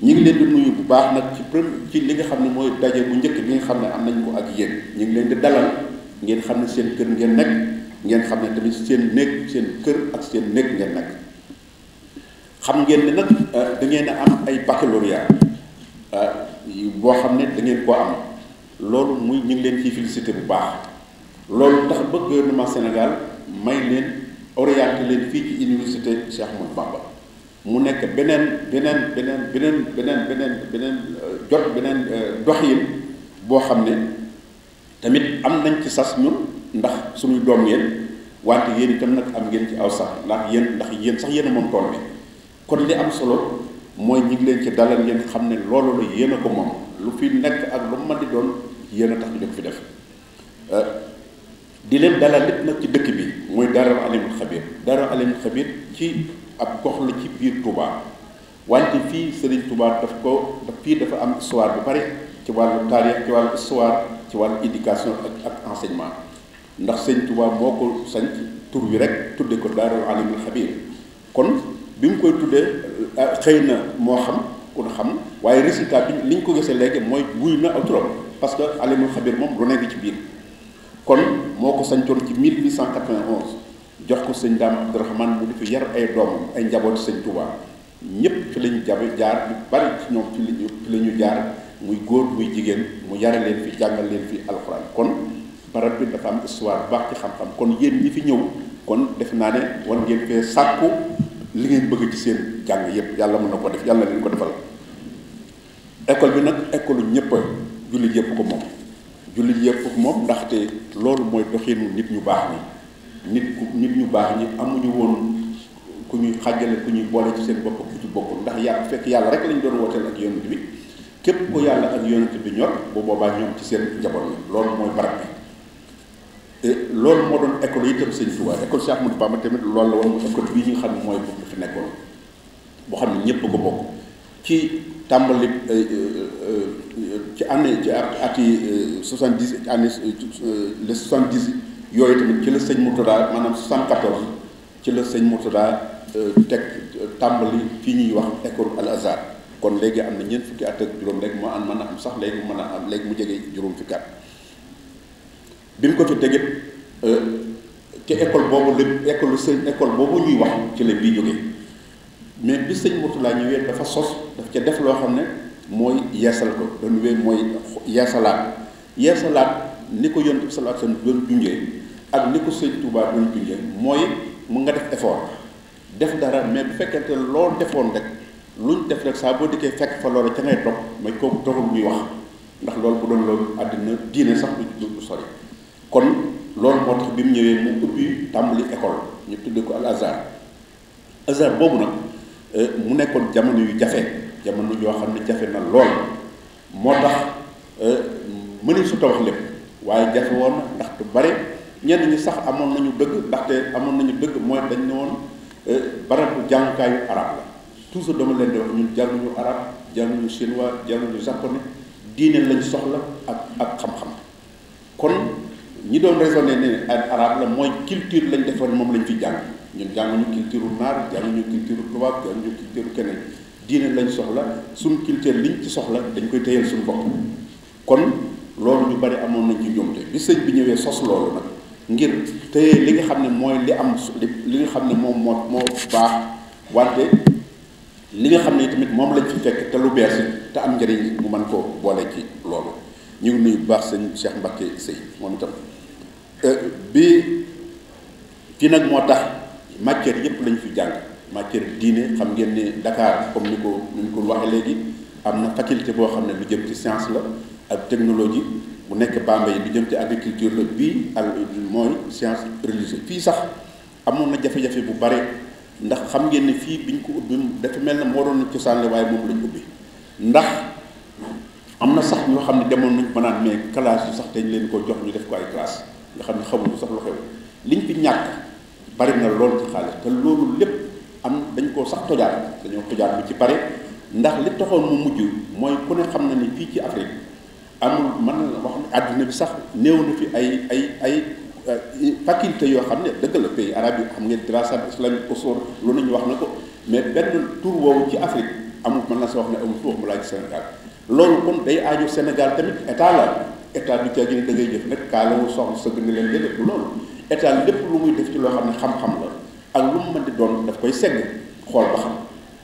ñu ngi leen di nuyu bu baax nag ci premier ci li nga xam ne mooy daje bu njëkk bi nga xam ne am nañ ko ak yéen ñu ngi leen di dalal ngeen xam ne seen kër ngeen nekk ngeen xam ne tamit seen néeg seen kër ak seen néeg ngeen nekk xam ngeen ne nag euh, da ngeen am ay baccalauréat euh, boo xam ne da ngeen koo am loolu muy ñu ngi leen ciy félicité bu baax loolu tax bëgg ba ma Sénégal may leen orienté leen fii ci université Cheikh Ahmadou Bamba mu nekk beneen beneen beneen beneen beneen beneen beneen euh, jot beneen euh, doxin boo xam ne tamit am nañ ci sas ñun ndax suñuy doom ngeen wante yéen itam nag am ngeen ci aw sax ndax yéen ndax yéen sax yéen moom tool bi kon li am solo mooy ñu leen ci dalal ngeen xam ne loolu la yéen a ko moom lu fi nekk ak lu mu mën di doon yéen a tax ñu ko fi def euh, di leen dalal lépp na ci dëkk bi mooy daaral alimul xabir dara alimul xabir ci ab gox la ci biir Touba wante fii Serigne Touba daf ko fii dafa am histoire bu pare ci wàllu taarix ci wàllu histoire ci wàllu éducation ak ak enseignement ndax Serigne tubaab moo ko sanc tur wi rek tudde ko daaral alimul xabir kon bi mu koy tuddee euh, euh, xëy na moo xam ku ne xam waaye résultat bi li ñu ko gisee léegi mooy wuy na aw turam parce que alimul xabir moom lu nekk ci biir kon moo ko sancoon ci cent 1891 jox ko sëñ Daam Abdourahmane mu di fi yar ay doomam ay njabooti sëñ Touba ñépp fi lañu jabe jaar ñu bari ci ñoom la ñu jaar muy góor muy jigéen mu yare leen fi jàngal leen fi alxuraan kon barab bi dafa am histoire baax ci xam-xam kon yéen ñi fi ñëw kon def naa ne war ngeen fee sàkku li ngeen bëgg ci seen jàng yépp yàlla mën na ko def yàlla leen ko defal école bi nag école ñëpp a jullit yëpp ko moom jullit yëpp moom ndaxte loolu mooy doxinu nit ñu baax ñi nit ku nit ñu baax ñi amuñu woon ku ñuy xàjjale ku ñuy boole ci seen bopp ku ci bokkul ndax yàlla fekk yàlla rek lañ doon wooteel ak yonent bi képp ko yàlla ak yonent bi ñor bu boobaa ñoom ci seen njaboot la loolu mooy barab bi loolu moo doon école yi tam sëñ Tuubaa école Cheikh Ahmadou Bamba tamit loolu la woon école bii ñu xam ne mooy bu fi nekkoon boo xam ne ñëpp ko bokk ci tàmbali euh, euh, euh, ci année ci at yi soixante dix année le soixante dix yooyu tamit ci la sëñ Mourtada maanaam soixante quatorze ci la sëñ Mourtada teg tàmbali fii ñuy wax école al azhar kon léegi am na ñeent fukki at ak juróom léegi moo am mën a am sax léegi mu mën a am léegi mu jege juróom fukki at bi mu ko fi tegit te école boobu lépp école sëñ école boobu ñuy wax ci la bii jógee mais bi sëñ laa Mourtala ñëwee dafa sos daf ca def loo xam ne mooy yeesal ko doon wéy mooy yeesalaat yeesalaat ni ko yonent bi sallallahu alayhi wasallam doon junjee ak ni ko sëñ Touba doon junjee mooy mu nga def effort def dara mais bu fekkente ne loolu defoon rek luñ def rek saa boo dikkee fekk fa loola ca ngay topp mooy kooku toxul ñu wax ndax loolu bu doon loolu àddina diine sax du du kon loolu moo tax bi mu ñëwee mu ubbi tàmbali école ñu tudd ko al azar boobu nag. Eh, mu nekkoon jamono yu jafe jamono yoo xam ne jafe na lool moo tax mëni su ta wax lépp waaye jafe woon ndax du bari ñenn ñi sax amoon nañu dëgg ndaxte amoon nañu dëgg mooy dañ ne woon eh, barabu jàngukaayu arab la toujours dama leen di wax ñun jànguñu arab jànguñu chinois jànguñu japonais diine lañ soxla ak ak xam-xam kon ñi doon raisonné ne arabe la mooy culture lañ defoon moom lañ fi jàng ñu jànguñu culture naar jànguñu culture tubaab ñu culture keneen diine lañ soxla suñ culture liñ ci soxla dañ koy téyal suñ bopp kon loolu ñu bari amoon nañ ci njuumte bi sëñ bi ñëwee sos loolu nag ngir téye li nga xam ne mooy li am li nga xam ne moom moo moo baax wante li nga xam ne tamit moom lañ fi fekk te lu bees te am njëriñ mu mën ko boole ci loolu ñu ngi nuyu bu baax sëñ Cheikh Mbacke Seye moom itam euh, bi fii nag moo tax matière yëpp lañu fi jàng matière diine xam ngeen ne Dakar comme ni ko ni ñu ko waxee léegi am na faculté boo xam ne lu jëm ci science la ak technologie bu nekk yi lu jëm ci agriculture la bii ak mooy science religieuse fii sax amoon na jafe-jafe bu bare ndax xam ngeen ne fii biñ ko ubbi dafa mel ne moo doon cosaanle waaye moom lañ ubbi ndax. am na sax ñoo xam ne demoon nañ ba naan mais classe yu sax dañ leen koo jox ñu def ko ay classe nga xam ne xamuñu sax lu xew liñ fi ñàkk bari na lool ci xaalis te loolu lépp am dañ koo sax tojaat dañoo tojaat lu ci bari ndax li taxoon mu mujj mooy ku xam na ni fii ci Afrique amul mën na wax àddina bi sax néew na fi ay ay ay euh, faculté yoo xam ne dëgg la pays arabe yi xam ngeen dirasa islamique usul loolu ñu wax na ko mais benn tur woowu ci Afrique amul mën na sa wax ne amul foofu mu laaj Sénégal loolu kon day aajo Sénégal tamit état la état du caa gën da ngay jëf nag kaalawu soxla sëgg nga leen déedéet bu loolu état lépp lu muy def ci loo xam ne xam-xam la ak lu mu mën di doon daf koy segg xool ba xam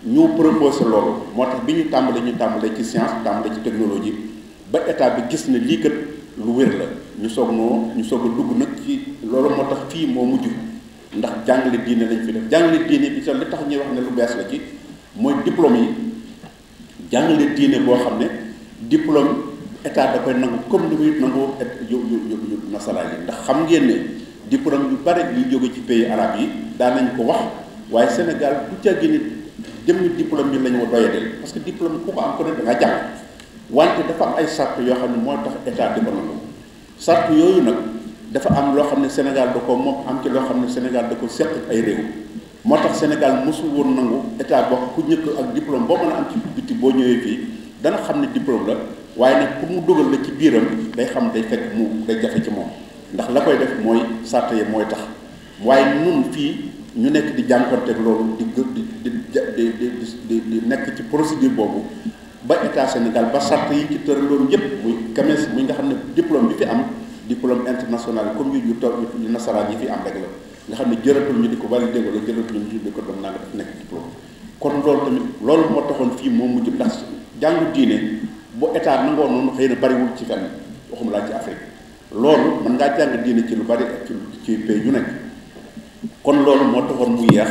ñu proposé loolu moo tax bi ñu tàmbalee ñu tàmbalee ci science tàmbalee ci technologie ba état bi gis ne lii kat lu wér la ñu soog noo ñu soog a dugg nag ci loolu moo tax fii moo mujj ndax jàngale diine lañ fi def jàngale diine bi sax li tax ñuy wax ne lu bees la ci mooy diplôme yi. jàngale diine boo xam ne diplôme état da koy nangu comme ni muy nangoo yu yu yu nasaraan yi ndax xam ngeen ne diplôme yu bare yu jóge ci pays arabe yi daan nañ ko wax waaye Sénégal du jàggi nit jëmmi diplôme bi la ñu doyadeel parce que diplôme ku ko am ko ne da nga jàng wante dafa am ay sart yoo xam ne moo tax état di ko nangu sart yooyu nag dafa am loo xam ne Sénégal da ko moom am ci loo xam ne Sénégal da ko seq ay réew. moo tax Sénégal mosul woon nangu état bokk ku ñëkk ak diplôme boo mën a am ci biti boo ñëwee fii dana xam ne diplôme la waaye nag pour mu dugal la ci biiram day xam day fekk mu day jafe ci moom ndax la koy def mooy sàrt yi mooy tax waaye nun fii ñu nekk di jànkonteeg loolu di di di di di nekk ci procédure boobu ba état Sénégal ba sàrt yi ci tër loolu yëpp muy CAMES muy nga xam ne diplôme bi fi am diplôme international comme yu yu toog yu nasaraan yi fi am rek la nga xam ne jëratul ñu di ko validé wala jëratul ñu di ko doon naan daf nekk diplôme kon loolu tamit loolu moo taxoon fii moo mujj ndax jàngu diine bu état nangoo noonu xëy na bariwul ci fenn waxuma laa ci Afrique loolu mën ngaa jàng diine ci lu bari ci ci pays yu nekk kon loolu moo taxoon mu yeex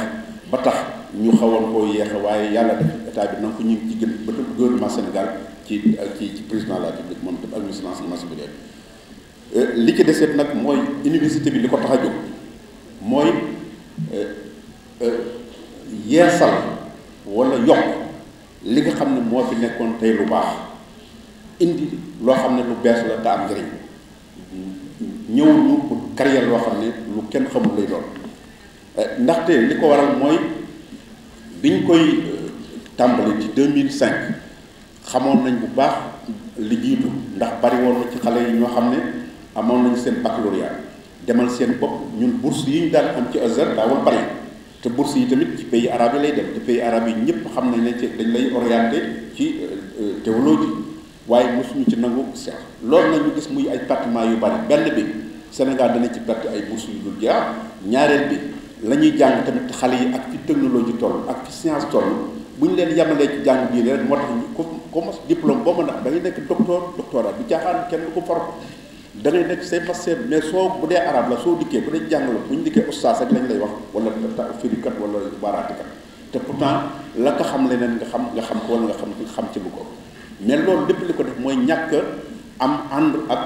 ba tax ñu xawoon koo yeex waaye yàlla def état bi nanga ko ñu ngi ba gën ba gouvernement Sénégal ci ci ci président de la République moom tam ak ministre de euh, l'enseignement li ci deseet nag mooy université bi li ko tax a jóg mooy euh, euh, yeesal walla yokk li nga xam ne moo fi nekkoon tey lu baax indi loo xam ne lu bees la te am njëriñ ñëw ñu pour loo xam ne lu kenn xamul lay doon euh, ndaxte li ko waral mooy biñ koy tàmbali ci 2005 xamoon nañ bu baax li jiitu ndax bari woon na ci xale yi ñoo xam ne amoon nañu seen baccalauréat demal seen bopp ñun bourse yi ñu daan am ci Azhar daawul bari te bourse yi tamit ci pays arabe yi lay dem te pays arabe yi ñëpp xam nañ ne ci dañ lay orienté ci euh, euh, théologie waaye mosuñu ci nangu seet lool nag ñu gis muy ay département yu bari benn bi Sénégal dana ci perte ay bourse yu dul jeex ñaareel bi la ñuy jàng tamit xale yi ak fi technologie toll ak fi science toll bu ñu leen yemalee ci jàng bii rek moo tax ñu ko ko mos diplôme boo a am da ngay nekk bu caaxaan kenn ko for da ngay nekk say pasteur mais soo bu dee arab la soo dikkee bu dee jàng la bu ñu dikkee ustaas rek lañ lay wax wala firikat wala baaraatikat te pourtant la nga xam leneen nga xam nga xam ko wala nga xam nga xam ci lu ko mais loolu lépp li ko def mooy ñàkk am ànd ak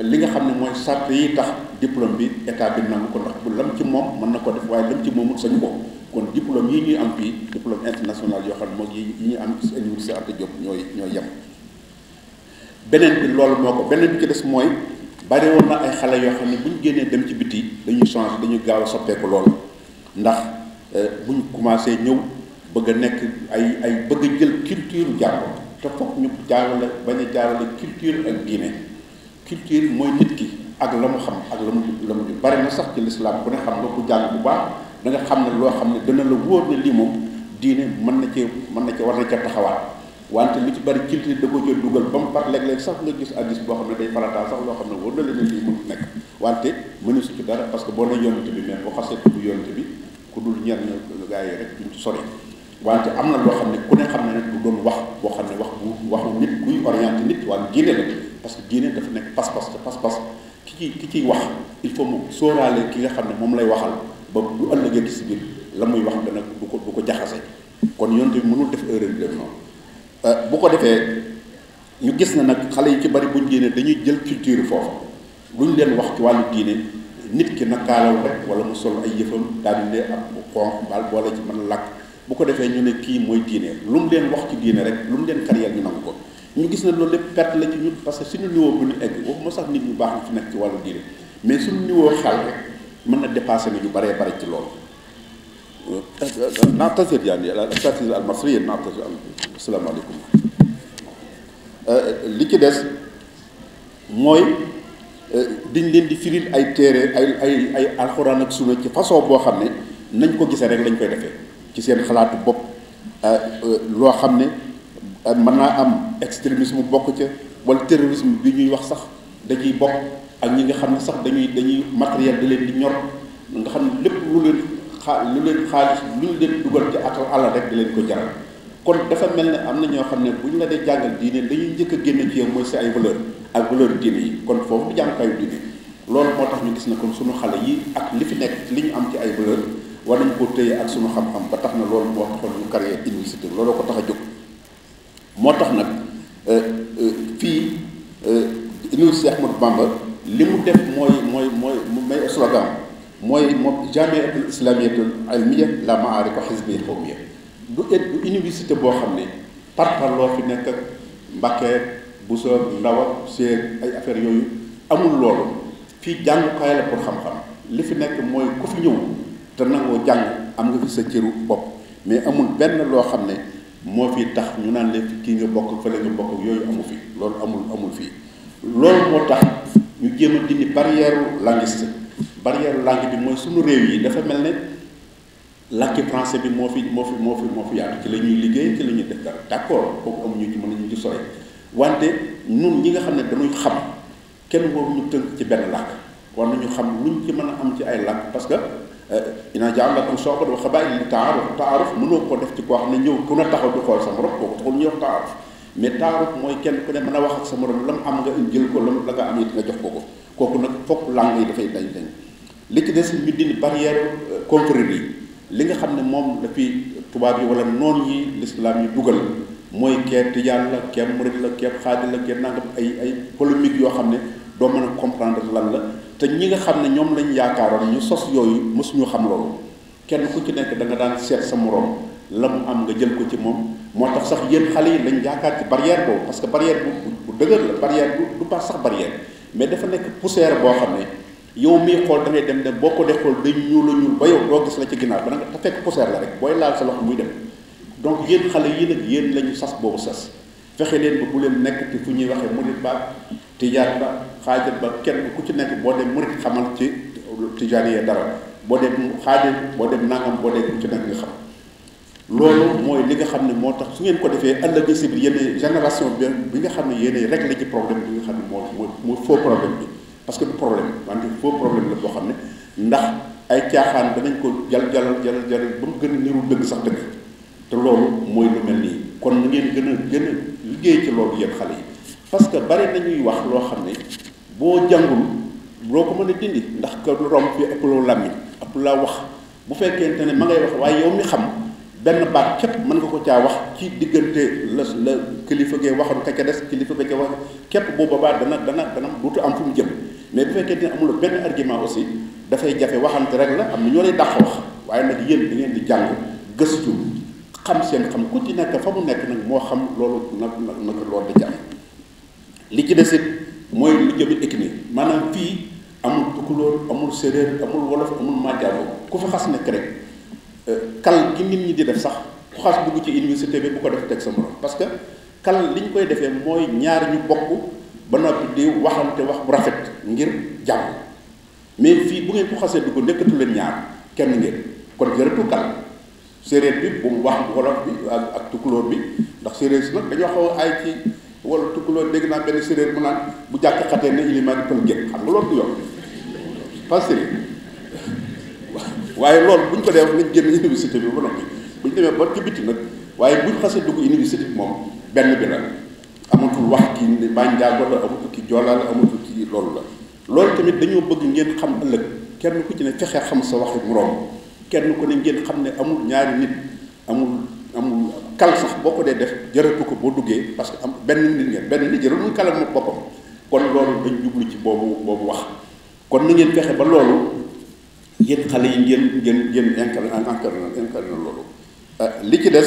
li nga xam ne mooy sart yi tax diplôme bi état bi nangu ko ndax bu lam ci moom mën na ko def waaye lam ci moomul sañu ko kon diplôme yi ñuy am fii diplôme international yoo xam ne moom yi ñuy am ci université Anta Diop ñooy ñooy yem bi loolu moo ko beneen bi mooy bari woon na ay xale yoo xam ne bu ñu génnee dem ci biti dañuy changé dañuy gaaw a soppeeku lool ndax euh, bu ñu commencé ñëw bëgg a nekk ay ay bëgg a jël culture jàmbur te foog ñu jaarale bañ a jaarale culture ak diine culture mooy nit ki ak la mu xam ak la mu la mu bari na sax ci lislaam ku ne xam nga ku jàng bu baax da nga xam ne loo xam ne dana la wóor ne lii moom diine mën na cee mën na cee war na ca taxawaat wante lu ci bari culture da ko jël dugal ba mu par léeg sax nga gis addis boo xam ne day farataa sax loo xam ne wóor na leen lii mënut nekk wante mënu parce que boo ne yonent bi mais boo xasee tudd yonent bi ku dul xam ne ku ne xam ne du wax boo xam ne wax bu waxu nit kuy orienté nit wante diine la parce que diine dafa nekk pas-pas te pas-pas ki ci ki ciy wax il faut moom sóoraale ki nga xam ne moom lay waxal ba bu ëllëgee ci biir la muy wax dana du ko du ko jaxase kon yonent bi mënul def erreur bi dem noonu Euh, bu ko defee ñu gis na nag xale yu ci bari buñ diine dañuy jël culture foofu luñ leen wax ci wàllu diine nit ki na kaalaw rek wala mu sol ay yëfam daal di ne ak bu baal boole ci làkk bu ko defee ñu ne kii mooy diine lu mu leen wax ci diine rek lu mu leen carrière ñu nangu ko ñu gis na loolu lépp perte la ci ñun parce que suñu niveau bu ñu egg waxuma sax nit ñu baax ñu fi nekk ci wàllu diine mais suñu niveau xel rek mën na dépassé na ñu baree bari ci loolu نعتذر يعني الاساتذه المصريه نعتذر السلام عليكم li ci des mooy diñ leen di firil ay téere ay ay ay alxuraan ak sunna ci façon boo xam ne nañ ko gisee rek lañ koy defee ci seen xalaatu bopp loo xam ne mën naa am extrémisme bokk ca wala terrorisme bi ñuy wax sax dañuy bokk ak ñi nga xam ne sax dañuy dañuy matériel da leen di ñor nga xam ne lépp lu leen xaa lu leen xaalis lu ñu leen dugal ci atal alal rek di leen ko jaral kon dafa mel ne am na ñoo xam ne bu ñu la dee jàngal diine dañuy njëkk a génne ci yow mooy si ay valeur ak valeur diine yi kon foofu du jànkaayu diine loolu moo tax ñu gis ne kon suñu xale yi ak li fi nekk ci li ñu am ci ay valeur war nañ koo téye ak suñu xam-xam ba tax na loolu moo taxoon ñu créé université looloo ko tax a jóg moo tax nag euh, euh, fii euh, université Ahmadou Bamba li mu def mooy mooy mooy may slogan mooy moom jamiatul islamiyatul ilmiya la maarifa xisbi xawmiya du et du université boo xam ne par parloo fi nekk ak bu sa ndaw ak seeg ay affaire yooyu amul loolu fii jàngukaay la pour xam-xam li fi nekk mooy ku fi ñëw te nangoo jàng am nga fi sa cëru bopp mais amul benn loo xam ne moo fi tax ñu naan leen fi kii bokk fële nga bokk yooyu amu fi loolu amul amul fii loolu moo tax ñu jéem a dindi barrière linguistique barrière langue bi mooy suñu réew yi dafa mel ne làkki français bi moo fi moo fi moo fi moo fi yaatu ci la ñuy liggéey ci la ñuy def dara d'accord kooku amuñu ci mën nañu ci sore wante ñun ñi nga xam ne dañuy xam kenn waruñu tënk ci benn làkk war nañu xam luñ ci mën a am ci ay làkk parce que euh, inaa jaam la am soxla dafa xabaar yi taaruf taaruf mënoo ko def ci koo xam ne ñëw ku na taxaw di xool sa morom kooku taxul ñuy wax taaruf mais taaruf mooy kenn ku ne mën a wax ak sa morom la mu am nga jël ko la la nga am it nga jox ko ko kooku nag fokk langue yi dafay dañ dañ li ci des ñu dindi barrière euh, confrérie yi li nga xam ne moom la fi tubaab yi wala noon yi l'islam yi dugal mooy kee tijaan la kee murid la kee xaadir la kee nangam ay ay polémique yoo xam ne doo mën a comprendre lan la te ñi nga xam ne ñoom lañ yaakaaroon ñu sos yooyu mosuñu xam loolu kenn ku ci nekk da nga daan seet sa moroom la mu am nga jël ko ci moom moo tax sax yéen xale yi lañ yaakaar ci barrière boobu parce que barrière bu bu dëgër la barrière bu du pas sax barrière mais dafa nekk poussière boo xam ne yow miy xool da ngay dem dem boo ko dee xool day ñuul a ñuul ba yow doo gis la ci ginnaaw ba nga te fekk poussière la rek booy laal sa loxo muy dem donc yéen xale yi nag yéen lañu sas boobu sas fexe leen ba bu leen nekk ci fu ñuy waxee di ba tijaat ba xaajal ba kenn ku ci nekk boo dem murit xamal ci tijaat yi dara boo dem xaajal boo dem nangam boo dem ku ci nekk nga xam loolu mooy li nga xam ne moo tax su ngeen ko defee ëllëg si biir yenn génération bi nga xam ne yéenay réglé ci problème bi nga xam ne moo mooy mooy parce que du problème wante faux problème la xam ne ndax ay caaxaan danañ ko jal jalal jalal jalal ba mu gën a niru dëgg sax dëgg te loolu mooy lu mel nii kon na ngeen gën a gën liggéey ci loolu yéen xale yi parce que bari nañuy wax loo xam ne boo jàngul loo ko mën a dindi ndax que lu romb fi ëpp loo làmmiñ ëpp laa wax bu fekkente ne ma ngay wax waaye yow mi xam benn baat képp mën nga ko caa wax ci diggante la la kilifa gee waxoon ka ca des kilifa ga ca wax képp boobu baat dana dana dana duutu am fu mu jëm mais bu fekkee ne amuloo benn argument aussi dafay jafe waxante rek la am na ñoo lay dàq wax waaye nag yéen da ngeen di jàng gëstu xam seen xam ku ci nekk fa mu nekk nag moo xam loolu nag nag loolu di ci li ci des it mooy lu jëm ethnie maanaam fii amul tukulóor amul séeréer amul wolof amul maajaabo ku fi xas nekk rek. kal gi nit ñi di def sax ku xas dugg ci université bi bu ko def teg sa morom parce que kal li ñu koy defee mooy ñaar ñu bokk ba noppi di waxam te wax bu rafet ngir jàmm mais fii bu ngeen ko xasee dugg nekkatu leen ñaar kenn ngeen kon jërëtu kal séeréer bi bu mu wax wolof bi ak ak bi ndax séeréer si nag dañoo xaw a ay ci wala tukulóor naa benn séeréer mu naan bu jàkk xatee ne ilimaa di pël génn xam nga loolu du yoon parce waaye loolu bu ñu ko dee nañ jën université bi ba noppi bu ñu demee ba ci biti nag waaye bu ñu xasee dugg université bi moom benn bi la amatul wax kii Banjaago la amatul ki Joola la amatul ki loolu la loolu tamit dañoo bëgg ngeen xam ëllëg kenn ku ci ne fexee xam sa waxi moroom kenn ku ne ngeen xam ne amul ñaari nit amul amul kal sax boo ko dee def jërëtu ko boo duggee parce que am benn nit ngeen benn nit jërël mu kalal ma boppam kon loolu dañ ci boobu boobu wax kon na ngeen fexe ba loolu yéen xale yi ngeen ngeen ngeen incarné incarné loolu euh, li ci des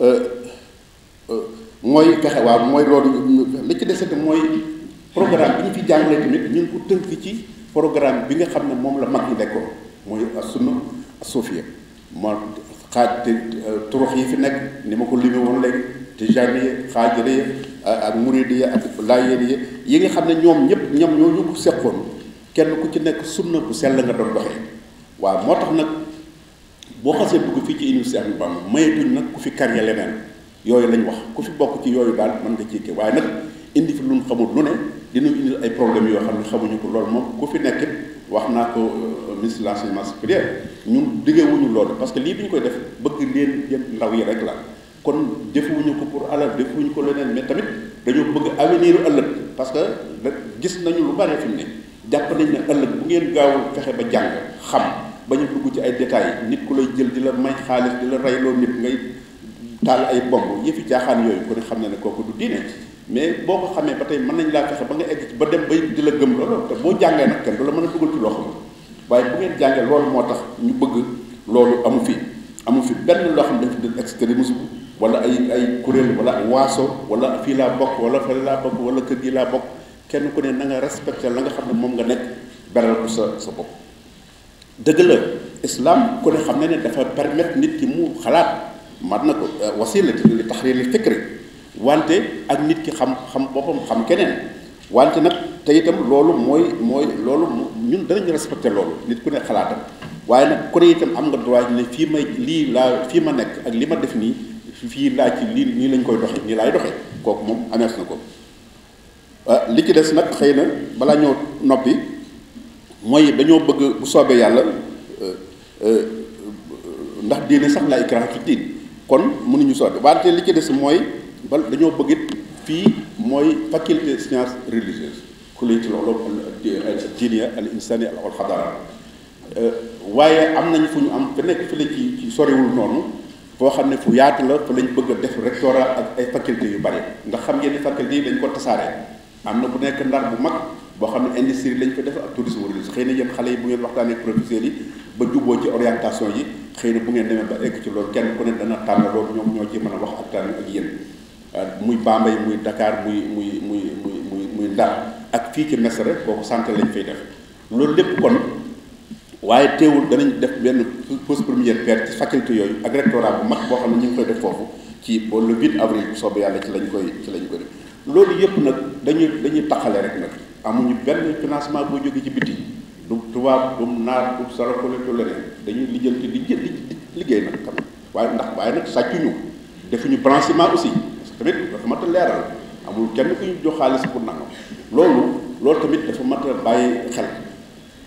euh, euh, mooy fexe waaw mooy loolu li ci des te mooy programme bi fi jàngale tamit ñu ngi ko ci programme bi nga xam ne moom la mag ñi nekkoon mooy sunna sofia moo xaaj te turux yi fi nekk ni ma ko limee woon léegi tijaaniye xaajiriye ak muridiye ak laayeniye yi nga xam ne ñoom ñëpp ñoom ñoo ñu ko seqoon kenn ku ci nekk sunna bu sell nga doon doxee waaw moo tax nag boo xasee dugg fii ci université Ahmadou Bamba mayetuñ nag ku fi carrière leneen yooyu lañu wax ku fi bokk ci yooyu daal man nga ciy waaye nag indi fi lu xamul lu ne dina indil ay problèmes yoo xam ne xamuñu ko loolu moom ku fi nekk wax naa ko euh, ministre de l'enseignement supérieur ñun diggewuñu loolu parce que lii bi ñu koy def bëgg leen jëm ndaw yi rek la kon defuñu ko pour alal defuñu ko leneen mais tamit dañoo bëgg avenir ëllëg parce que gis nañu lu bare jàpp nañ ne ëllëg bu ngeen gaawul fexe ba jàng xam ba ñu dugg ci ay détails nit ku lay jël di la may xaalis di la reyloo nit ngay taal ay bomb yëfi jaaxaan yooyu ku ne xam na ne kooku du diine mais boo ko xamee ba tey mën nañ laa fexe ba nga egg ci ba dem bay di la gëm loolu te boo jàngee nag kenn du la mën a dugal ci loo xamul waaye bu ngeen jàngee loolu moo tax ñu bëgg loolu amu fi amu fi benn loo xam ne dafa def extrémisme wala ay ay kuréel wala waaso wala fii laa bokk wala fële laa bokk wala kër gi laa bokk kenn ku ne na nga respecté la nga xam ne moom nga nekk beral ko sa sa bopp dëgg la islam ku ne xam ne ne dafa permettre nit ki mu xalaat mat na ko euh, wasila li taxriiril fikri wante ak nit ki xam xam boppam xam keneen wante nag te itam loolu mooy mooy loolu ñun danañu respecté loolu nit ku ne xalaatam waaye nag ku ne itam am nga droit ne fii may lii laa fii ma nekk ak li ma def nii fii laa ci lii nii lañ koy doxe nii laay doxe kooku moom amees na ko Euh, li ci des nag xëy na balaa ñoo noppi mooy dañoo bëgg bu soobee yàlla euh, euh, ndax diine sax laa ikraha fi diin kon mënuñu soobe wante li ci des mooy bal dañoo bëgg fii mooy faculté science religieuse kulliyatu ulum ad-diniya al-insaniya waaye am nañ fu ñu am te nekk fi la ci ci soriwul noonu foo xam ne fu yaatu la fa lañ bëgg def rectorat ak ay faculté yu bari ndax xam ngeen ni faculté yi dañ ko tasaaree am na bu nekk ndar bu mag boo xam ne industrie lañ fa def ak tourisme religieux xëy na yéen xale yi bu ngeen waxtaanee ak professeurs yi ba juboo ci orientation yi xëy na bu ngeen demee ba egg ci loolu kenn ku ne dana tànn loolu ñoom ñoo ci mën a wax ak tànn ak yéen euh, muy Bambey muy Dakar muy muy muy muy muy muy Ndar ak fii ci Mesere kooku santé lañ fay def loolu lépp kon waaye teewul danañ def benn pose première pierre ci faculté yooyu ak rectorat bu mag boo xam ne ñu def foofu ci ba le 8 avril bu yàlla ci lañ koy ci lañ koy def loolu yëpp nag dañuy dañuy taxale rek nag amuñu benn financement boo jóge ci biti du tubaab du naar du sarakolito leneen dañuy lijjanti di jël liggéey nag xam waaye ndax waaye nag sàccuñu defuñu blanchiment aussi parce que mat a leeral amul kenn ku ñu jox xaalis pour nangam loolu loolu tamit dafa mat bàyyi xel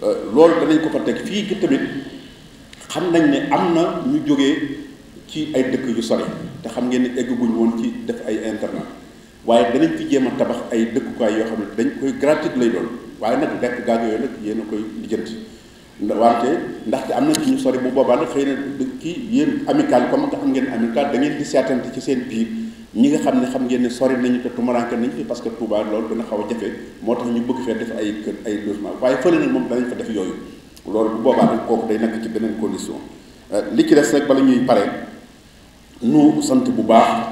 euh, loolu danañ ko fa teg fii ki tamit xam nañ ni am na ñu jóge ci ay dëkk yu sori te xam ngeen ne egguñ woon ci def ay internet waaye danañ fi jéem a tabax ay dëkkukaay yoo xam ne dañ koy gratuite lay doon waaye nag dekk gaag yooyu nag yéen a koy lijjanti wante ndaxte am na ci ñu sori bu boobaa nag xëy na kii yéen amical comme que am ngeen amical da ngeen di seetante ci seen biir ñi nga xam ne xam ngeen ne sori nañu te tumaranke nañ fi parce que Touba loolu dana xaw a jafe moo tax ñu bëgg fee def ay kër waaye fële moom danañ fa def yooyu loolu bu boobaa nag kooku day nekk ci beneen condition euh, li ci des rek bala ñuy pare nu sant bu baax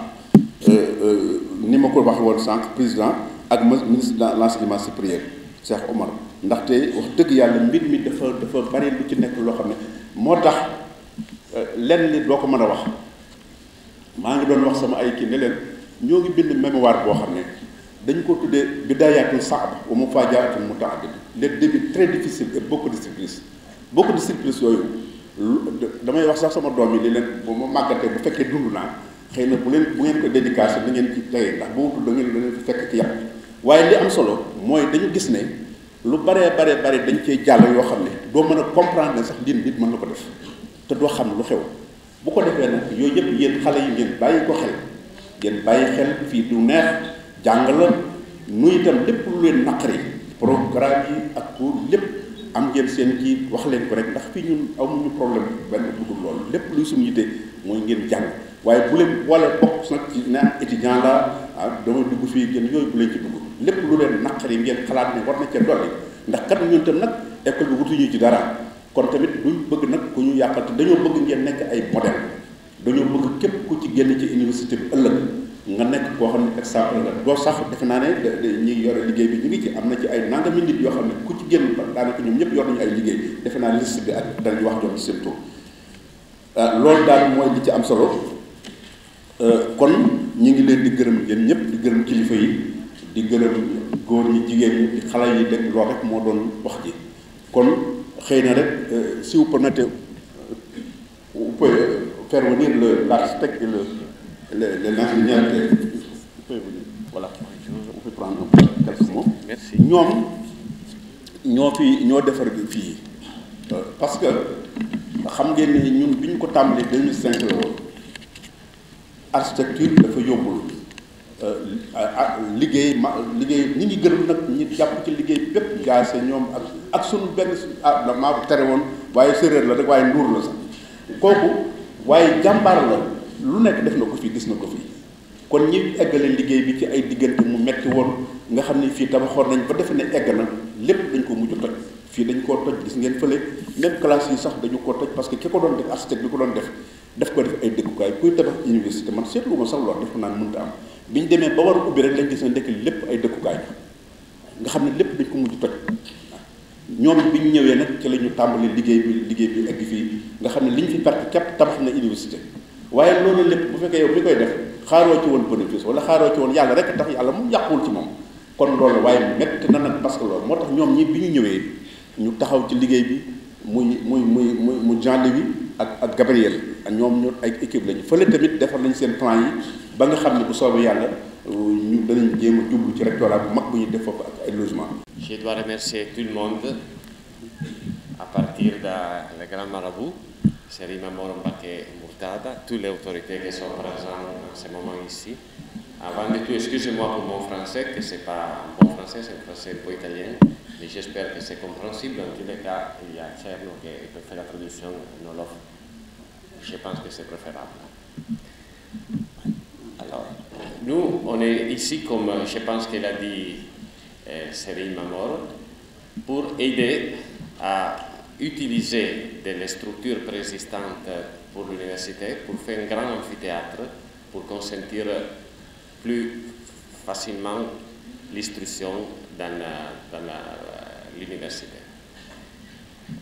euh, euh, ni ma ko waxee woon sànq président ak ministre de l'enseignement supérieur Cheikh Omar ndaxte wax dëgg yàlla mbir mi dafa dafa bari lu ci nekk loo xam ne moo tax euh, lenn li doo ko mën a wax maa ngi doon wax sama ay kii ne leen ñoo ngi bind mémoire boo xam ne dañ ko tuddee bidaayatul mu wa mufaajaatun mutaaddida les débuts très difficiles et beaucoup de surprises beaucoup di surprises yooyu damay wax sax sama doom yi li leen bu ma màggatee bu fekkee dund naa xëy na bu leen bu ngeen ko dédicacé na ngeen ci tey ndax boobu wutul da ngeen da ngeen fi fekk ci yàq waaye li am solo mooy dañu gis ne lu baree baree bare dañ cee jàll yoo xam ne doo mën a comprendre ne sax lin nit mën na ko def te doo xam lu xew bu ko defee nag yooyu yëpp yéen xale yi ngeen bàyyi ko xel ngeen bàyyi xel fii du neex jàng la nuy itam lépp lu leen naqari programme yi ak pour lépp am ngeen seen kii wax leen ko rek ndax fii ñun amuñu problème benn dugul lépp luy suñu mooy ngeen jàng waaye bu leen boole bokk nag ci naan étudiant la ah dama dugg fii ngeen yooyu bu leen ci dugg lépp lu leen naqari ngeen xalaat ne war na cee dolli ndax kat ñun tam nag école bi wutuñu ci dara kon tamit duñ bëgg nag ku ñu yàqal te dañoo bëgg ngeen nekk ay modèle dañoo bëgg képp ku ci génn ci université bi ëllëg nga nekk koo xam ne exemple la doo sax defe naa ne ñi yore liggéey bi ñu ngi ci am na ci ay nangami nit yoo xam ne ku ci génn daanaka ñoom ñëpp yor nañu ay liggéey defe naa liste bi ak dañu wax jox Euh, lool daal mooy li ci am solo euh, kon ñu ngi leen di gërëm yéen ñëpp di gërëm kilifa yi di gërëm góor ñi jigéen ñi di xale yi dégg lool rek moo doon wax ji kon xëy na rek euh, si vous permettez vous pouvez faire venir le l'architecte et le le l'ingénieur voilà vous pouvez prendre quelques mots merci ñoom ñoo fi ñoo defar bi fii parce xam ngeen ne ñun bi ñu ko tàmbalee 2005 la woon architecture dafa yombul euh, liggéey ma liggéey ñi ngi gërëm nag ñi jàpp ci liggéey bépp gaase ñoom ak ak sunu benn ah maa ko tere woon waaye séeréer la rek waaye nduur la sax kooku waaye jàmbaar la lu nekk def na ko fi gis na ko fi kon ñi eggale liggéey bi ci ay diggante mu metti woon nga xam ni fii tabaxoon nañ ba defe ne egg na lépp dañ ko mujj toj fii dañ koo toj gis ngeen fële même classe yi sax dañu koo toj parce que ki ko doon def architecte bi ko doon def daf ko def ay dëkkukaay kuy tabax université man seetlu sax loolu def ko a ubbi rek lañ gis ne ndekk nga xam ne lépp dañ ko mujj toj ñoom bi ñu ñëwee nag ci la tàmbali liggéey bi liggéey bi egg fii nga xam ne li ñu fi perte képp tabax na université waaye loolu lépp bu fekkee yow mi koy def xaaroo ci woon bénéfice wala xaaroo ci woon yàlla rek tax yàlla moom yàquwul ci moom kon loolu waaye métti parce que loolu moo tax ñoom ñi bi ñëwee ñu taxaw ci liggéey bi muy muy muy muy mu Jean Louis ak ak Gabriel ak ñoom ñoo ay équipe lañu fële tamit defar nañ seen plan yi ba nga xam ne bu soobee yàlla euh, ñu danañ jéem a jublu ci rectorat bu mag bu ñuy def foofu ak ay logement Je dois remercier tout le monde à partir de le grand marabout Serima Moro Mbacké Murtada, toutes les autorités qui sont présentes en ce moment ici. Avant de tout, excusez-moi pour mon français, que c'est pas un français, c'est un italien. mais j'espère que c'est compréhensible. En tous cas, il y a Tcherno qui fait la traduction, non l'offre. Je pense que c'est préférable. nous, on est ici, comme je pense qu'il a dit euh, Sérim Amor, pour aider à utiliser des structures préexistantes pour l'université, pour faire un grand amphithéâtre, pour consentir plus facilement l'instruction dans la l'université.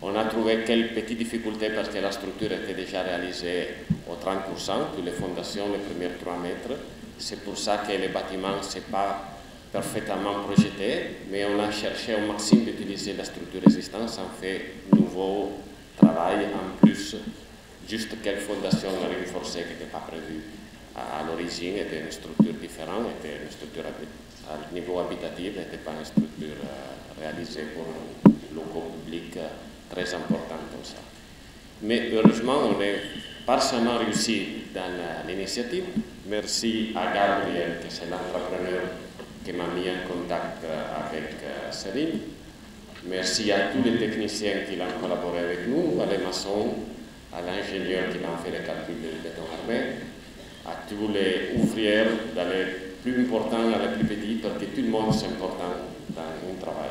On a trouvé quelques petites difficultés parce que la structure était déjà réalisée au 30%, puis les fondations, les premiers 3 mètres. C'est pour ça que le bâtiment ne s'est pas parfaitement projeté, mais on a cherché au maximum d'utiliser la structure existante sans faire nouveau travail en plus, juste quelques fondations renforcées qui n'étaient pas prévues à l'origine, était une structure différente, à niveau habitatif, n'était pas une structure... Euh, réalisé pour un locaux public euh, très important comme ça. Mais heureusement, on est partiellement réussi dans euh, l'initiative. Merci à Gabriel, qui est l'entrepreneur qui m'a mis en contact euh, avec Céline. Merci à tous les techniciens qui l'ont collaboré avec nous, à les à l'ingénieur qui m'a fait les calculs de béton à tous les ouvrières, dans les plus importants à les plus petits, parce que tout le monde est important dans mon travail.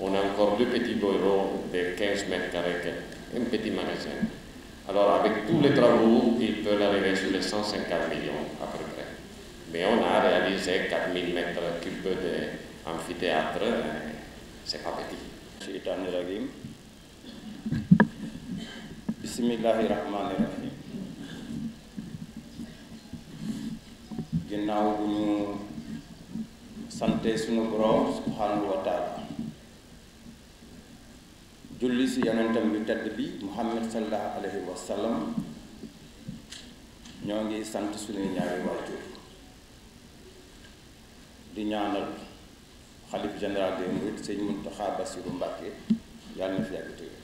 on a encore deux petits boilons de mètres carrés, un petit magasin. Alors avec tous les travaux, ils peuvent arriver sur les millions à peu Mais on a réalisé 4000 mètres cubes d'amphithéâtre, c'est pas petit. Bismillahirrahmanirrahim. ginnaaw bu ñu sante suñu borom subhanahu wa taala julli si yonentam yu tedd bi muhammad sallallahu alayhi wa ñoo ngi sant suñuy ñaari waajur di ñaanal xalif général des mourides sëñ Muntaxa Basiru Mbàkke yàlla na fi yàgg tëye